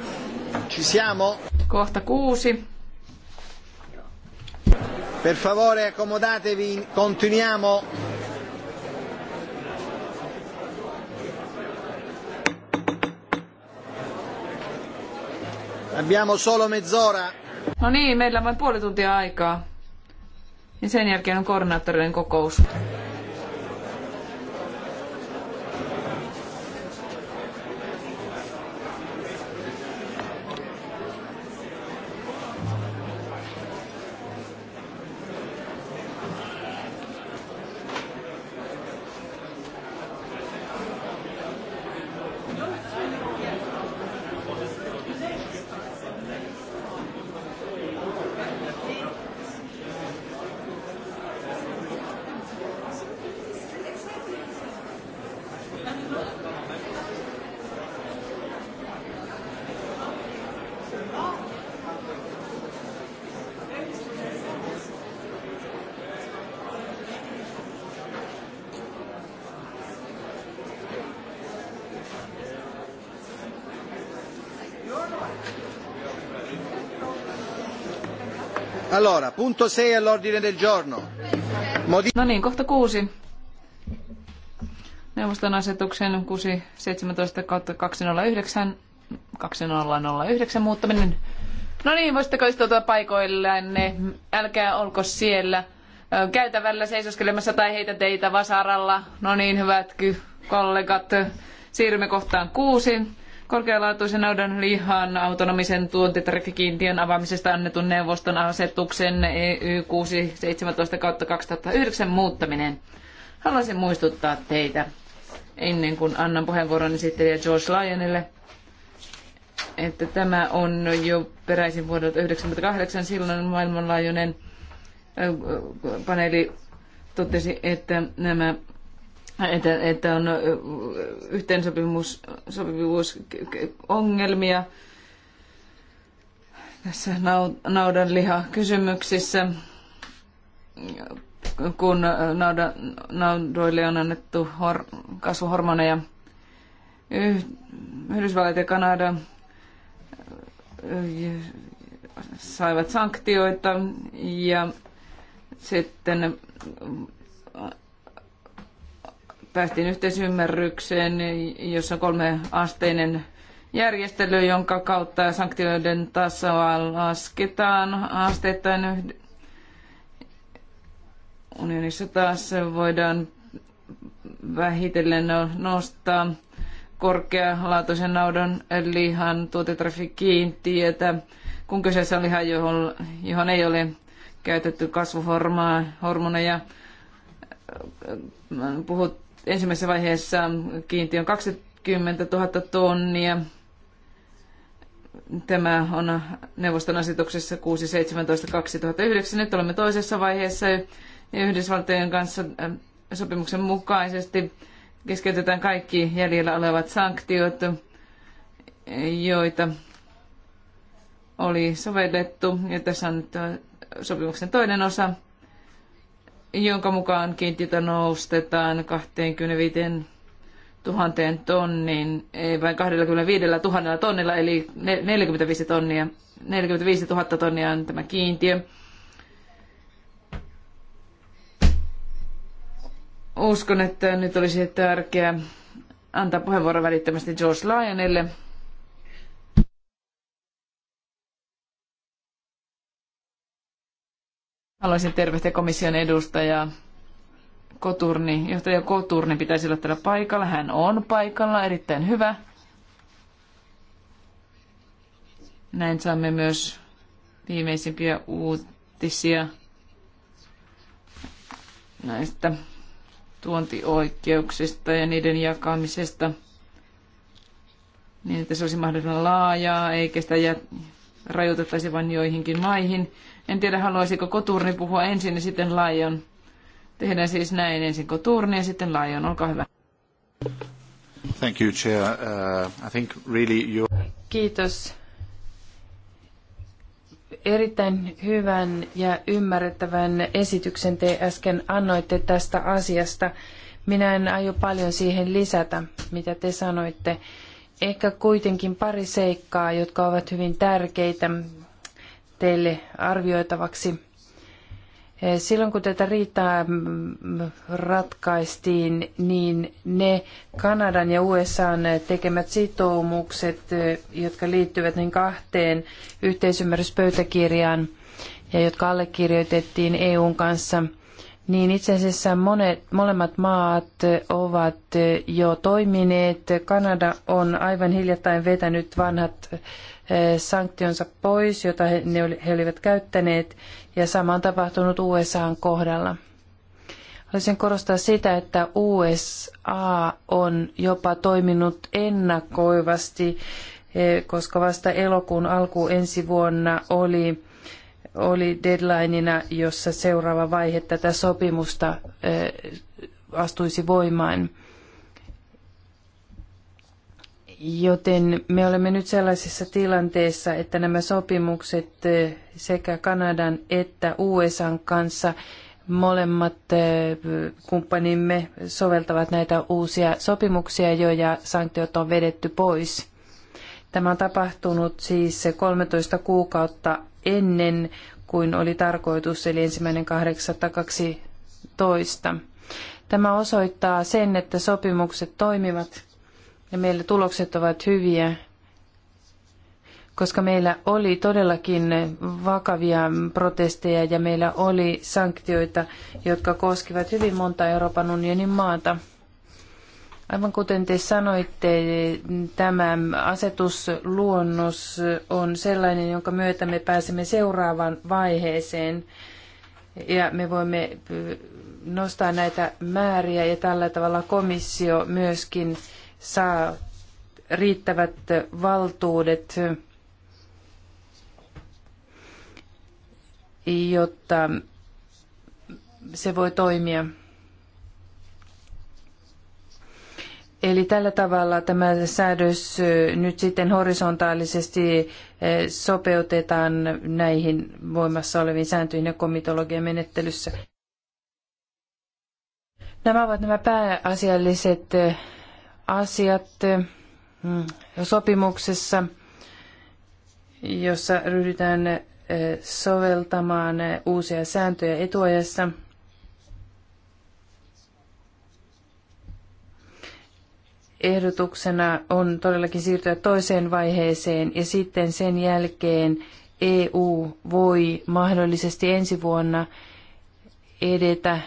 Ci siamo? Kohta kuusi. Per favore accomodatevi, continuiamo. Abbiamo solo mezz'ora. No niin, meillä on vain puoli tuntia aikaa. Ja sen jälkeen on koordinaattorinen kokous. Allora, punto 6 all'ordine del giorno. Modi- no niin, kohta nolla Neuvoston asetuksen 617 kautta 2009 muuttaminen. No niin, voisitteko istua paikoillenne? Älkää olko siellä käytävällä seisoskelemassa tai heitä teitä vasaralla. No niin, hyvät kollegat, siirrymme kohtaan kuusi korkealaatuisen naudan lihan autonomisen tuontitarkkikiintiön avaamisesta annetun neuvoston asetuksen EU 617 2009 muuttaminen. Haluaisin muistuttaa teitä ennen kuin annan puheenvuoron esittelijä George Lyonille, että tämä on jo peräisin vuodelta 1998 silloin maailmanlaajuinen äh, paneeli totesi, että nämä että, että on yhteensopivuusongelmia tässä naudanliha kysymyksissä, kun nauda, naudoille on annettu hor, kasvuhormoneja. Yhdysvallat ja Kanada saivat sanktioita ja sitten päästiin yhteisymmärrykseen, jossa on kolme asteinen järjestely, jonka kautta sanktioiden tasoa lasketaan asteittain. Unionissa taas voidaan vähitellen nostaa korkealaatuisen naudon lihan tuotetrafikiintiötä, kun kyseessä on liha, johon, johon ei ole käytetty kasvuhormoneja. Puhut, ensimmäisessä vaiheessa kiintiö on 20 000 tonnia. Tämä on neuvoston asetuksessa 6.17.2009. Nyt olemme toisessa vaiheessa Yhdysvaltojen kanssa äh, sopimuksen mukaisesti keskeytetään kaikki jäljellä olevat sanktiot, joita oli sovellettu. Ja tässä on nyt äh, sopimuksen toinen osa jonka mukaan kiintiötä noustetaan 25 000 tonnin, ei vain 25 000 tonnilla, eli 45, tonnia, 45 000 tonnia on tämä kiintiö. Uskon, että nyt olisi tärkeää antaa puheenvuoro välittömästi George Lyonille. Haluaisin tervehtiä komission edustajaa. Koturni, johtaja Koturni pitäisi olla täällä paikalla. Hän on paikalla, erittäin hyvä. Näin saamme myös viimeisimpiä uutisia näistä tuontioikeuksista ja niiden jakamisesta niin, että se olisi mahdollisimman laajaa, eikä sitä rajoitettaisiin vain joihinkin maihin. En tiedä, haluaisiko Koturni puhua ensin ja sitten laajon. Tehdään siis näin ensin Koturni ja sitten laajon. Olkaa hyvä. Thank you, Chair. Uh, I think really you... Kiitos erittäin hyvän ja ymmärrettävän esityksen te äsken annoitte tästä asiasta. Minä en aio paljon siihen lisätä, mitä te sanoitte ehkä kuitenkin pari seikkaa, jotka ovat hyvin tärkeitä teille arvioitavaksi. Eh, silloin kun tätä riitaa mm, ratkaistiin, niin ne Kanadan ja USAn tekemät sitoumukset, eh, jotka liittyvät niin kahteen yhteisymmärryspöytäkirjaan ja jotka allekirjoitettiin EUn kanssa – niin itse asiassa monet, molemmat maat ovat jo toimineet. Kanada on aivan hiljattain vetänyt vanhat eh, sanktionsa pois, jota he, ne, he olivat käyttäneet, ja sama on tapahtunut USAn kohdalla. Haluaisin korostaa sitä, että USA on jopa toiminut ennakoivasti, eh, koska vasta elokuun alku ensi vuonna oli oli deadlineina, jossa seuraava vaihe tätä sopimusta astuisi voimaan. Joten me olemme nyt sellaisessa tilanteessa, että nämä sopimukset sekä Kanadan että USAn kanssa molemmat kumppanimme soveltavat näitä uusia sopimuksia jo ja sanktiot on vedetty pois. Tämä on tapahtunut siis 13 kuukautta ennen kuin oli tarkoitus, eli ensimmäinen 8.12. Tämä osoittaa sen, että sopimukset toimivat ja meillä tulokset ovat hyviä, koska meillä oli todellakin vakavia protesteja ja meillä oli sanktioita, jotka koskivat hyvin monta Euroopan unionin maata. Aivan kuten te sanoitte, tämä asetusluonnos on sellainen, jonka myötä me pääsemme seuraavaan vaiheeseen ja me voimme nostaa näitä määriä ja tällä tavalla komissio myöskin saa riittävät valtuudet, jotta se voi toimia. Eli tällä tavalla tämä säädös nyt sitten horisontaalisesti sopeutetaan näihin voimassa oleviin sääntöihin ja komitologian menettelyssä. Nämä ovat nämä pääasialliset asiat mm, sopimuksessa, jossa ryhdytään soveltamaan uusia sääntöjä etuajassa – ehdotuksena on todellakin siirtyä toiseen vaiheeseen ja sitten sen jälkeen EU voi mahdollisesti ensi vuonna edetä,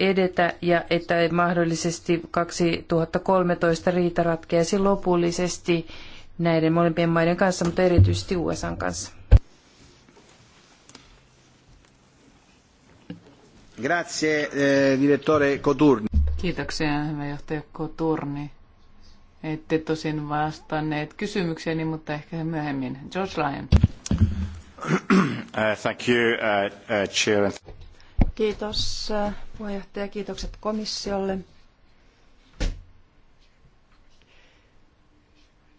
edetä ja että mahdollisesti 2013 riita ratkeaisi lopullisesti näiden molempien maiden kanssa, mutta erityisesti USA kanssa. Grazie, eh, direttore Coturni. Kiitoksia, hyvä johtaja Koturni. Ette tosin vastanneet kysymykseeni, mutta ehkä myöhemmin. George Lyon. Uh, thank you, uh, uh, Chair. Kiitos uh, puheenjohtaja, kiitokset komissiolle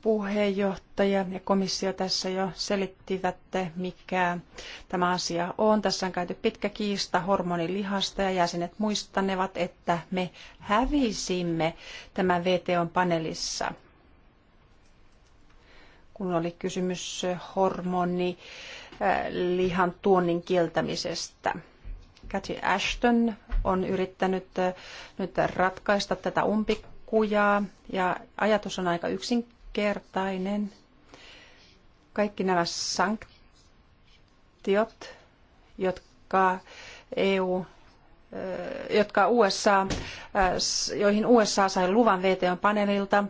puheenjohtaja ja komissio tässä jo selittivät, mikä tämä asia on. Tässä on käyty pitkä kiista hormonilihasta ja jäsenet muistanevat, että me hävisimme tämän VTOn panelissa, kun oli kysymys hormonilihan äh, tuonnin kieltämisestä. Cathy Ashton on yrittänyt äh, nyt ratkaista tätä umpikujaa ja ajatus on aika yksinkertainen kertainen. Kaikki nämä sanktiot, jotka EU jotka USA, joihin USA sai luvan vto paneelilta.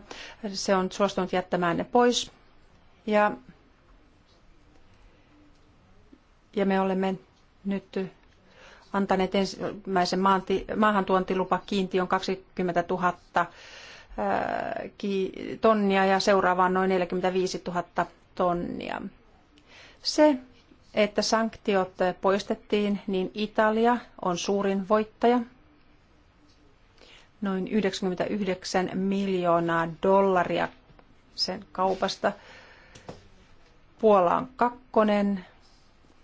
Se on suostunut jättämään ne pois. Ja, ja me olemme nyt antaneet ensimmäisen maahantuontilupa kiintiön 20 000 tonnia ja seuraavaan noin 45 000 tonnia. Se, että sanktiot poistettiin, niin Italia on suurin voittaja. Noin 99 miljoonaa dollaria sen kaupasta. Puola on kakkonen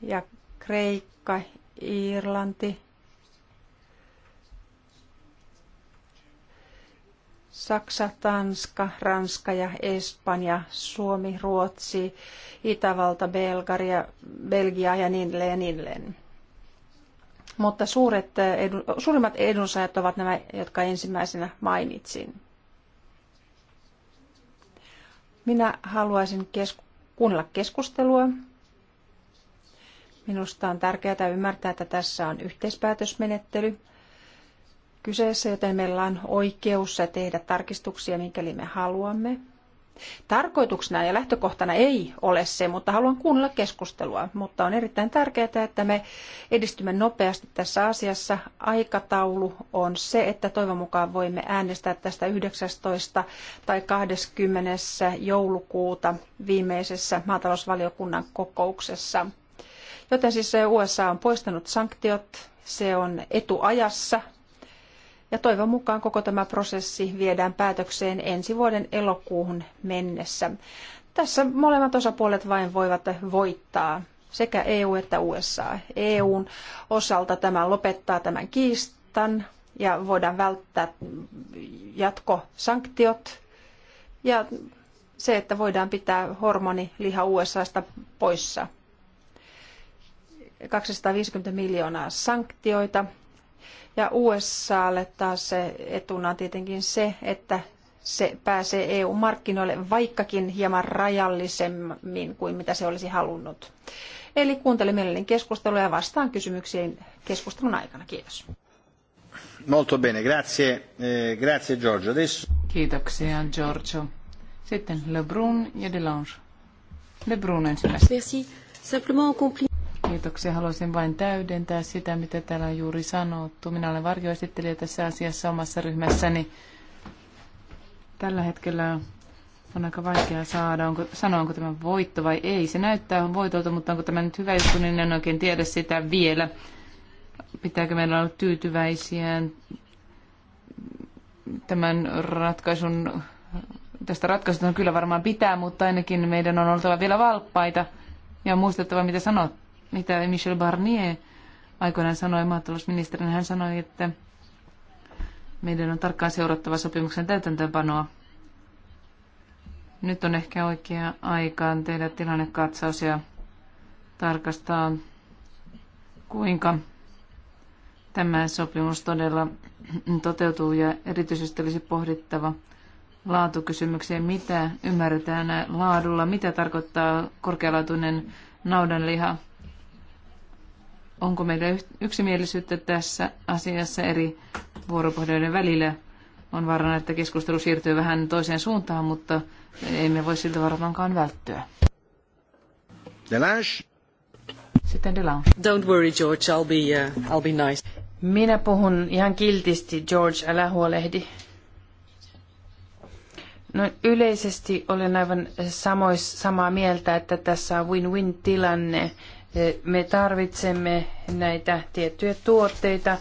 ja Kreikka, Irlanti, Saksa, Tanska, Ranska ja Espanja, Suomi, Ruotsi, Itävalta, Belgaria, Belgia ja niin edelleen ja niin edelleen. Mutta suuret eh, edun, suurimmat edunsaajat ovat nämä, jotka ensimmäisenä mainitsin. Minä haluaisin kesku- kuunnella keskustelua. Minusta on tärkeää ymmärtää, että tässä on yhteispäätösmenettely kyseessä, joten meillä on oikeus tehdä tarkistuksia, mikäli me haluamme. Tarkoituksena ja lähtökohtana ei ole se, mutta haluan kuunnella keskustelua. Mutta on erittäin tärkeää, että me edistymme nopeasti tässä asiassa. Aikataulu on se, että toivon mukaan voimme äänestää tästä 19. tai 20. joulukuuta viimeisessä maatalousvaliokunnan kokouksessa. Joten siis USA on poistanut sanktiot, se on etuajassa ja toivon mukaan koko tämä prosessi viedään päätökseen ensi vuoden elokuuhun mennessä. Tässä molemmat osapuolet vain voivat voittaa sekä EU että USA. EUn osalta tämä lopettaa tämän kiistan ja voidaan välttää jatkosanktiot ja se, että voidaan pitää hormoniliha USAsta poissa. 250 miljoonaa sanktioita ja USAlle taas se etuna on tietenkin se, että se pääsee EU-markkinoille, vaikkakin hieman rajallisemmin kuin mitä se olisi halunnut. Eli kuuntele mielelläni keskustelua ja vastaan kysymyksiin keskustelun aikana. Kiitos. Molto bene, grazie, eh, grazie Giorgio. Adesso... Kiitoksia Giorgio. Sitten Lebrun ja Delange. Lebrun ensimmäisenä. Merci. Simplement Kiitoksia. Haluaisin vain täydentää sitä, mitä täällä on juuri sanottu. Minä olen varjoesittelijä tässä asiassa omassa ryhmässäni. Tällä hetkellä on aika vaikea saada, onko, sanoa, onko tämä voitto vai ei. Se näyttää voitolta, mutta onko tämä nyt hyvä juttu, niin en oikein tiedä sitä vielä. Pitääkö meillä olla tyytyväisiä tämän ratkaisun, tästä ratkaisusta on no, kyllä varmaan pitää, mutta ainakin meidän on oltava vielä valppaita ja muistettava, mitä sanottu mitä Michel Barnier aikoinaan sanoi maatalousministerinä. Hän sanoi, että meidän on tarkkaan seurattava sopimuksen täytäntöönpanoa. Nyt on ehkä oikea aika tehdä tilannekatsaus ja tarkastaa, kuinka tämä sopimus todella toteutuu ja erityisesti olisi pohdittava laatukysymykseen, mitä ymmärretään laadulla, mitä tarkoittaa korkealaatuinen naudanliha onko meillä yksimielisyyttä tässä asiassa eri vuoropuheluiden välillä. On varana, että keskustelu siirtyy vähän toiseen suuntaan, mutta emme voi siltä varmaankaan välttyä. Delange. Sitten Delange. Don't worry, George, I'll be, uh, I'll be nice. Minä puhun ihan kiltisti, George, älä huolehdi. No, yleisesti olen aivan samois, samaa mieltä, että tässä on win-win tilanne Eh, me tarvitsemme näitä tiettyjä tuotteita,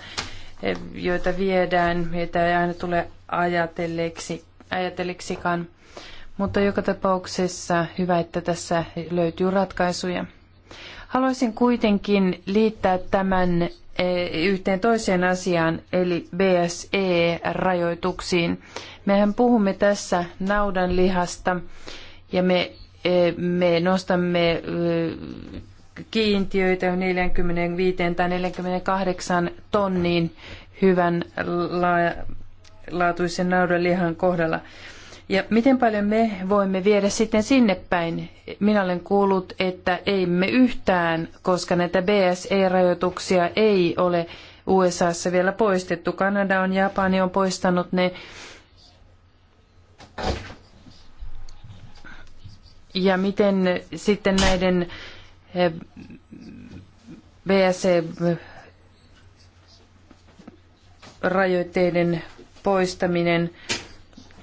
eh, joita viedään, joita ei aina tule ajatelleeksi, ajatelleeksikaan. Mutta joka tapauksessa hyvä, että tässä löytyy ratkaisuja. Haluaisin kuitenkin liittää tämän eh, yhteen toiseen asiaan, eli BSE-rajoituksiin. Mehän puhumme tässä naudanlihasta ja me, me nostamme kiintiöitä 45 tai 48 tonniin hyvän la- laatuisen naudanlihan kohdalla. Ja miten paljon me voimme viedä sitten sinne päin? Minä olen kuullut, että emme yhtään, koska näitä BSE-rajoituksia ei ole USAssa vielä poistettu. Kanada on, Japani on poistanut ne. Ja miten sitten näiden BSE-rajoitteiden poistaminen,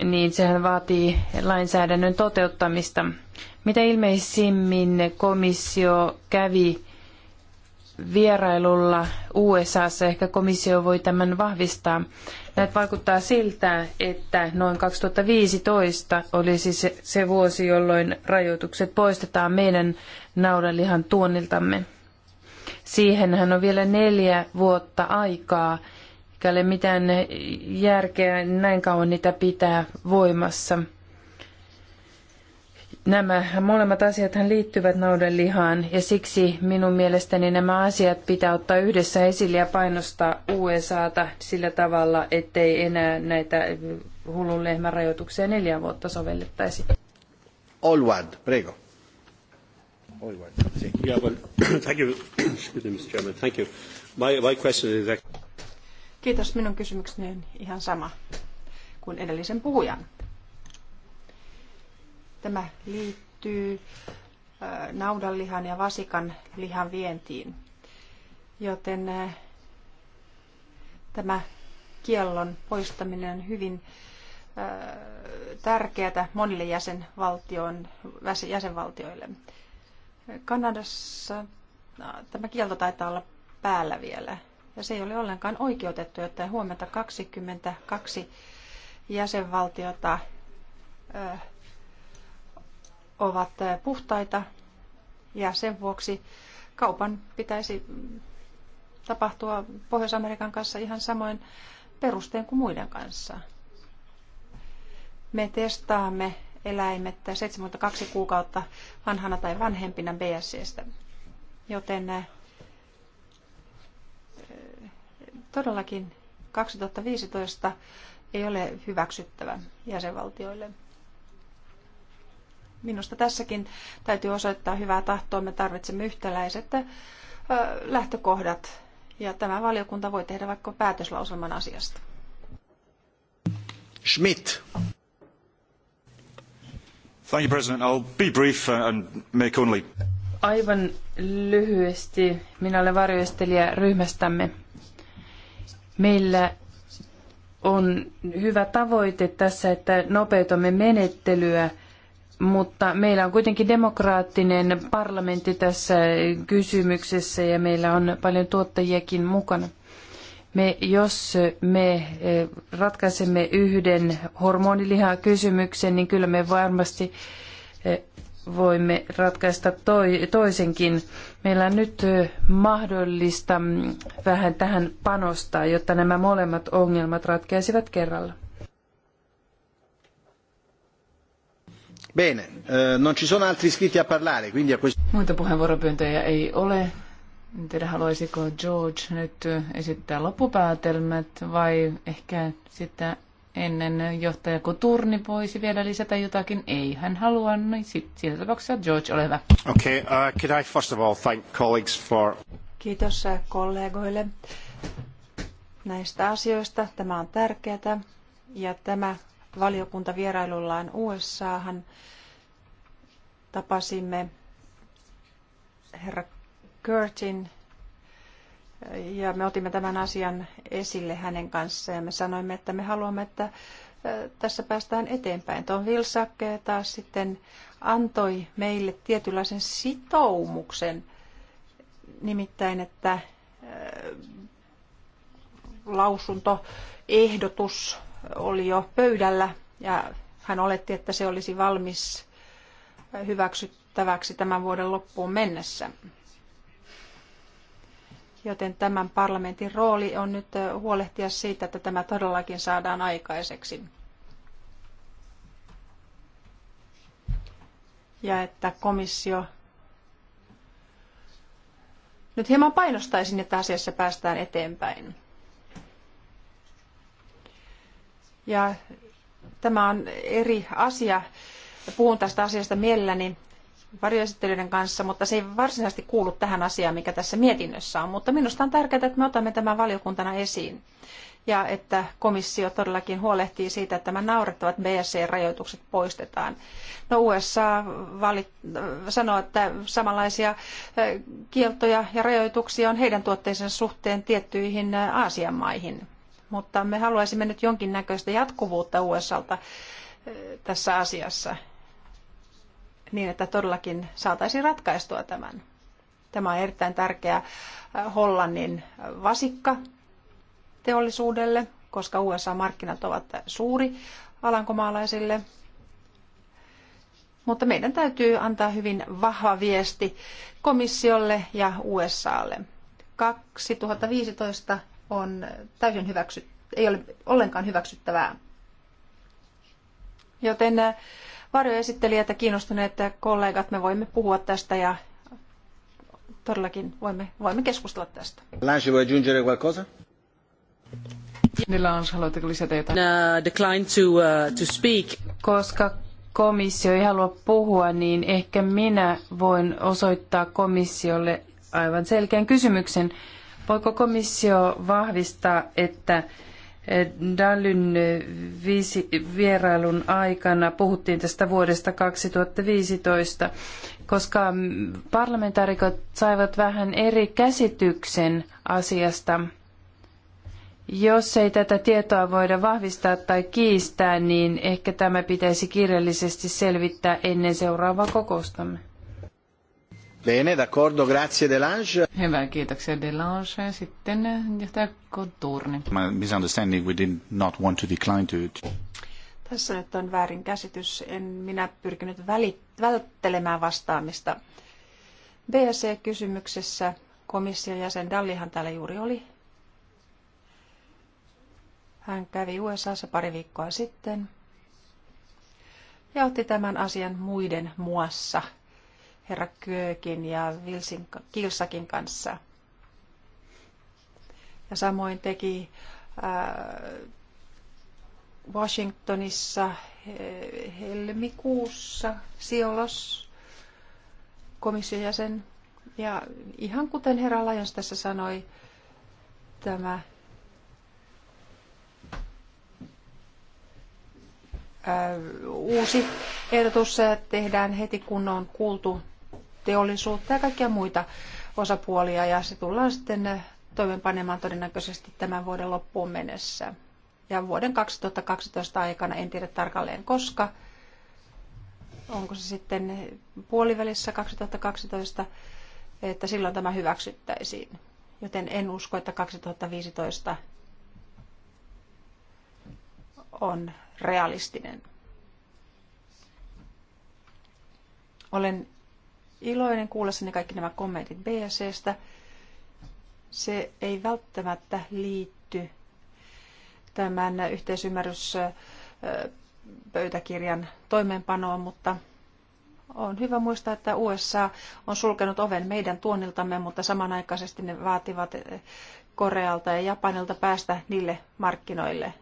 niin sehän vaatii lainsäädännön toteuttamista. Mitä ilmeisimmin komissio kävi vierailulla USAssa, ehkä komissio voi tämän vahvistaa. Näitä vaikuttaa siltä, että noin 2015 olisi se, se vuosi, jolloin rajoitukset poistetaan meidän naudanlihan tuonniltamme. Siihenhän on vielä neljä vuotta aikaa, eikä ole mitään järkeä näin kauan niitä pitää voimassa – Nämä molemmat asiat liittyvät naudanlihaan ja siksi minun mielestäni nämä asiat pitää ottaa yhdessä esille ja painostaa USAta sillä tavalla, ettei enää näitä hullun lehmän rajoituksia neljä vuotta sovellettaisi. Olward, prego. Olward, si. yeah, well, thank you. Excuse me, Mr. Chairman. Thank you. My, my question is... Kiitos. Minun kysymykseni on ihan sama kuin edellisen puhujan. Tämä liittyy naudanlihan ja vasikan lihan vientiin. Joten tämä kiellon poistaminen on hyvin tärkeää monille jäsenvaltion, jäsenvaltioille. Kanadassa no, tämä kielto taitaa olla päällä vielä. Ja se ei ole ollenkaan oikeutettu, jotta huomenta 22 jäsenvaltiota ovat eh, puhtaita ja sen vuoksi kaupan pitäisi tapahtua Pohjois-Amerikan kanssa ihan samoin perusteen kuin muiden kanssa. Me testaamme eläimet 72 kuukautta vanhana tai vanhempina BSCstä, joten eh, todellakin 2015 ei ole hyväksyttävä jäsenvaltioille. Minusta tässäkin täytyy osoittaa hyvää tahtoa. Me tarvitsemme yhtäläiset lähtökohdat ja tämä valiokunta voi tehdä vaikka päätöslauselman asiasta. Schmidt. Thank you, President. I'll be brief uh, and make only... Aivan lyhyesti. Minä olen varjoistelija ryhmästämme. Meillä on hyvä tavoite tässä, että nopeutamme menettelyä – mutta meillä on kuitenkin demokraattinen parlamentti tässä kysymyksessä ja meillä on paljon tuottajiakin mukana. Me, jos me eh, ratkaisemme yhden hormonilihakysymyksen, niin kyllä me varmasti eh, voimme ratkaista toi, toisenkin. Meillä on nyt eh, mahdollista mm, vähän tähän panostaa, jotta nämä molemmat ongelmat ratkeaisivat kerralla. Bene, eh, non ci sono altri iscritti a parlare, quindi a questo... Muita puheenvuoropyyntöjä ei ole. En tiedä, haluaisiko George nyt esittää loppupäätelmät vai ehkä sitä ennen johtaja Koturni voisi vielä lisätä jotakin. Ei hän halua, niin sit, siinä tapauksessa George, ole hyvä. Okay, uh, could I first of all thank colleagues for... Kiitos uh, kollegoille näistä asioista. Tämä on tärkeää ja tämä valiokuntavierailullaan USAhan tapasimme herra Curtin ja me otimme tämän asian esille hänen kanssaan ja me sanoimme, että me haluamme, että tässä päästään eteenpäin. Tom Vilsack taas sitten antoi meille tietynlaisen sitoumuksen, nimittäin, että lausunto, ehdotus oli jo pöydällä ja hän oletti, että se olisi valmis hyväksyttäväksi tämän vuoden loppuun mennessä. Joten tämän parlamentin rooli on nyt huolehtia siitä, että tämä todellakin saadaan aikaiseksi. Ja että komissio nyt hieman painostaisin, että asiassa päästään eteenpäin. Ja tämä on eri asia. Puhun tästä asiasta mielelläni varjoesittelyiden kanssa, mutta se ei varsinaisesti kuulu tähän asiaan, mikä tässä mietinnössä on. Mutta minusta on tärkeää, että me otamme tämän valiokuntana esiin ja että komissio todellakin huolehtii siitä, että nämä naurettavat BSC-rajoitukset poistetaan. No USA valit- sanoo, että samanlaisia kieltoja ja rajoituksia on heidän tuotteisensa suhteen tiettyihin Aasian maihin mutta me haluaisimme nyt jonkinnäköistä jatkuvuutta USAlta tässä asiassa niin, että todellakin saataisiin ratkaistua tämän. Tämä on erittäin tärkeä Hollannin vasikka teollisuudelle, koska USA-markkinat ovat suuri alankomaalaisille. Mutta meidän täytyy antaa hyvin vahva viesti komissiolle ja USAlle. 2015 on täysin hyväksy, ei ole ollenkaan hyväksyttävää. Joten äh, varjoesittelijät ja kiinnostuneet kollegat, me voimme puhua tästä ja todellakin voimme, voimme keskustella tästä. Lansi voi aggiungere qualcosa? Lange, haluatteko lisätä jotain? Uh, decline to, uh, to speak. Koska komissio ei halua puhua, niin ehkä minä voin osoittaa komissiolle aivan selkeän kysymyksen. Uh, Voiko komissio vahvistaa, että eh, Dallyn viisi vierailun aikana puhuttiin tästä vuodesta 2015, koska parlamentaarikot saivat vähän eri käsityksen asiasta. Jos ei tätä tietoa voida vahvistaa tai kiistää, niin ehkä tämä pitäisi kirjallisesti selvittää ennen seuraavaa kokoustamme. Bene, d'accordo, grazie Delange. Hyvä, kiitoksia Delange. Sitten eh, johtaja Koturni. My misunderstanding, we did not want to decline to it. Tässä nyt on väärin käsitys. En minä pyrkinyt väli, välttelemään vastaamista. BSE-kysymyksessä komission jäsen Dallihan täällä juuri oli. Hän kävi USAssa pari viikkoa sitten ja otti tämän asian muiden muassa – herra Kyökin ja Vilsin Kilsakin kanssa. Ja samoin teki äh, Washingtonissa helmikuussa Siolos komission jäsen. Ja ihan kuten herra Lajons tässä sanoi, tämä äh, uusi ehdotus äh, tehdään heti kun on kuultu teollisuutta ja kaikkia muita osapuolia ja se tullaan sitten toimenpanemaan todennäköisesti tämän vuoden loppuun mennessä. Ja vuoden 2012 aikana, en tiedä tarkalleen koska, onko se sitten puolivälissä 2012, että silloin tämä hyväksyttäisiin. Joten en usko, että 2015 on realistinen. Olen iloinen kuullessani kaikki nämä kommentit BSCstä. Se ei välttämättä liitty tämän yhteisymmärryspöytäkirjan toimeenpanoon, mutta on hyvä muistaa, että USA on sulkenut oven meidän tuonniltamme, mutta samanaikaisesti ne vaativat Korealta ja Japanilta päästä niille markkinoille,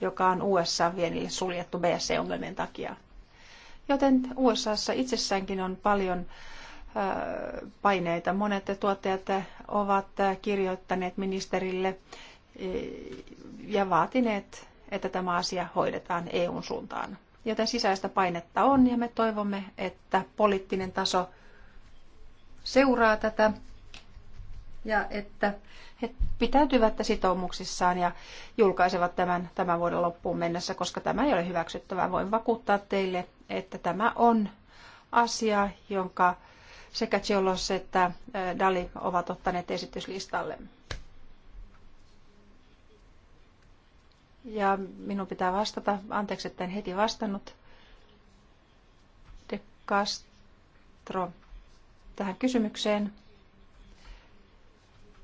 joka on USA-vienille suljettu BSC-ongelmien e takia. Joten USAssa itsessäänkin on paljon paineita. Monet tuottajat ovat kirjoittaneet ministerille e, ja vaatineet, että tämä asia hoidetaan EUn suuntaan. Joten sisäistä painetta on ja me toivomme, että poliittinen taso seuraa tätä ja että he pitäytyvät sitoumuksissaan ja julkaisevat tämän tämän vuoden loppuun mennessä, koska tämä ei ole hyväksyttävää. Voin vakuuttaa teille, että tämä on asia, jonka sekä Cholos että Dali ovat ottaneet esityslistalle. Ja minun pitää vastata, anteeksi, että en heti vastannut, De Castro tähän kysymykseen.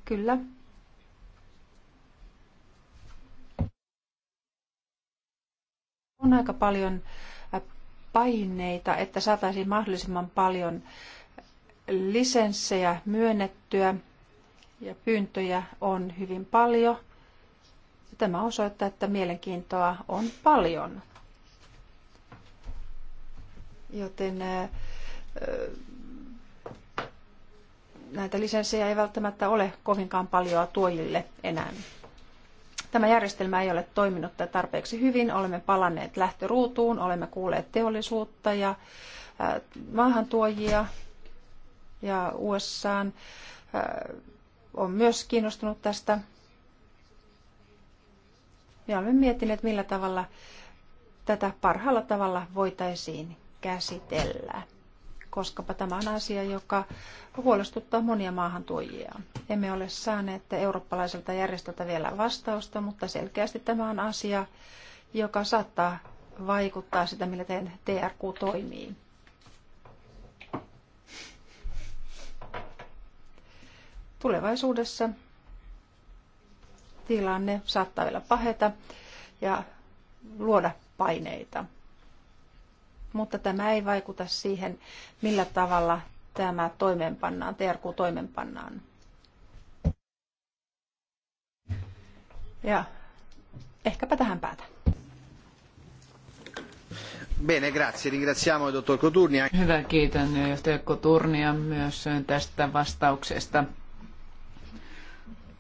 Kyllä. On aika paljon äh, paineita, että saataisiin mahdollisimman paljon lisenssejä myönnettyä ja pyyntöjä on hyvin paljon. Tämä osoittaa, että mielenkiintoa on paljon. Joten näitä lisenssejä ei välttämättä ole kovinkaan paljon tuojille enää. Tämä järjestelmä ei ole toiminut tarpeeksi hyvin. Olemme palanneet lähtöruutuun, olemme kuulleet teollisuutta ja maahantuojia ja USA on myös kiinnostunut tästä. Ja olemme miettineet, millä tavalla tätä parhaalla tavalla voitaisiin käsitellä koskapa tämä on asia, joka huolestuttaa monia maahantuojia. Emme ole saaneet eurooppalaiselta järjestöltä vielä vastausta, mutta selkeästi tämä on asia, joka saattaa vaikuttaa sitä, millä TRQ toimii. Tulevaisuudessa tilanne saattaa vielä paheta ja luoda paineita mutta tämä ei vaikuta siihen, millä tavalla tämä toimeenpannaan, TRQ toimeenpannaan. Ja ehkäpä tähän päätä. Bene, grazie. Ringraziamo dottor Coturnia. Hyvä, kiitän johtaja Coturnia myös tästä vastauksesta.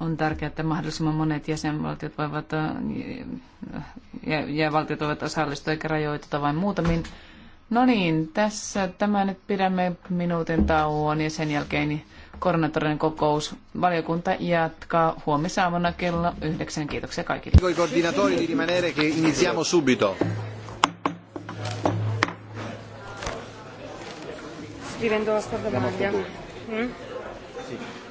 On tärkeää, että mahdollisimman monet jäsenvaltiot voivat, ja, ja valtiot voivat osallistua eikä rajoituta vain muutamiin No niin, tässä tämä nyt pidämme minuutin tauon ja sen jälkeen koronatorin kokous. Valiokunta jatkaa huomisaamuna kello yhdeksän. Kiitoksia kaikille. Dico coordinatori di rimanere che iniziamo subito. Scrivendo la scorta Mm? Sì.